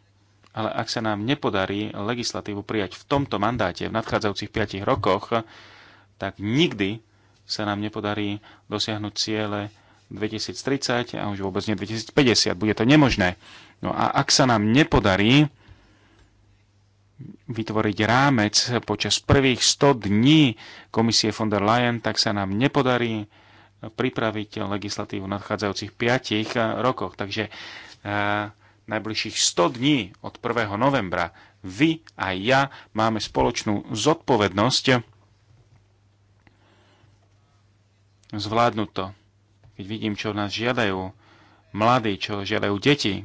ale ak sa nám nepodarí legislatívu prijať v tomto mandáte v nadchádzajúcich 5 rokoch, tak nikdy sa nám nepodarí dosiahnuť ciele 2030 a už vôbec nie 2050. Bude to nemožné. No a ak sa nám nepodarí vytvoriť rámec počas prvých 100 dní komisie von der Leyen, tak sa nám nepodarí pripraviť legislatívu v nadchádzajúcich 5 rokoch. Takže eh, najbližších 100 dní od 1. novembra vy a ja máme spoločnú zodpovednosť zvládnuť to. Keď vidím, čo nás žiadajú mladí, čo žiadajú deti,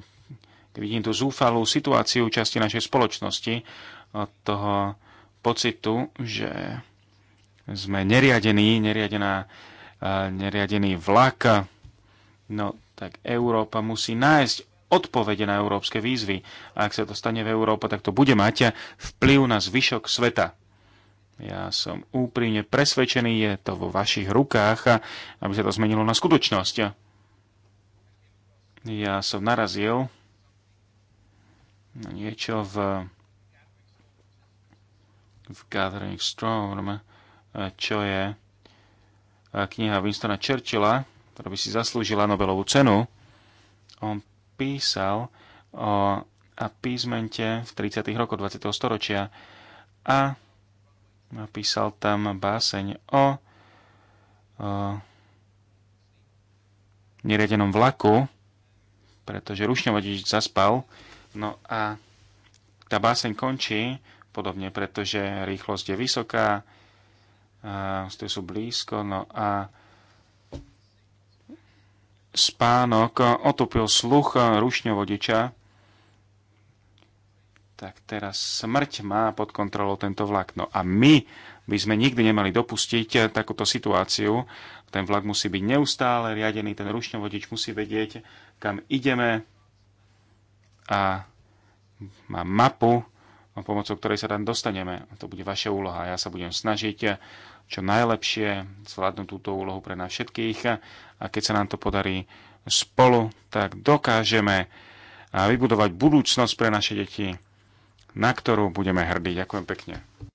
keď vidím tú zúfalú situáciu časti našej spoločnosti, od toho pocitu, že sme neriadení, neriadená, eh, neriadený vlak, no tak Európa musí nájsť odpovede na európske výzvy. A ak sa to stane v Európe, tak to bude mať vplyv na zvyšok sveta. Ja som úprimne presvedčený, je to vo vašich rukách, aby sa to zmenilo na skutočnosť. Ja som narazil na niečo v, v Gathering Storm, čo je kniha Winstona Churchilla, ktorá by si zaslúžila Nobelovú cenu. On písal o písmente v 30. rokoch 20. storočia a napísal tam báseň o, o neriadenom vlaku, pretože vodič zaspal. No a tá báseň končí podobne, pretože rýchlosť je vysoká, tu sú blízko, no a spánok otopil sluch rušňovodiča, tak teraz smrť má pod kontrolou tento vlak. No a my by sme nikdy nemali dopustiť takúto situáciu. Ten vlak musí byť neustále riadený, ten rušňovodič musí vedieť, kam ideme a má mapu, pomocou ktorej sa tam dostaneme. A to bude vaša úloha. Ja sa budem snažiť čo najlepšie zvládnuť túto úlohu pre nás všetkých a keď sa nám to podarí spolu, tak dokážeme vybudovať budúcnosť pre naše deti, na ktorú budeme hrdí. Ďakujem pekne.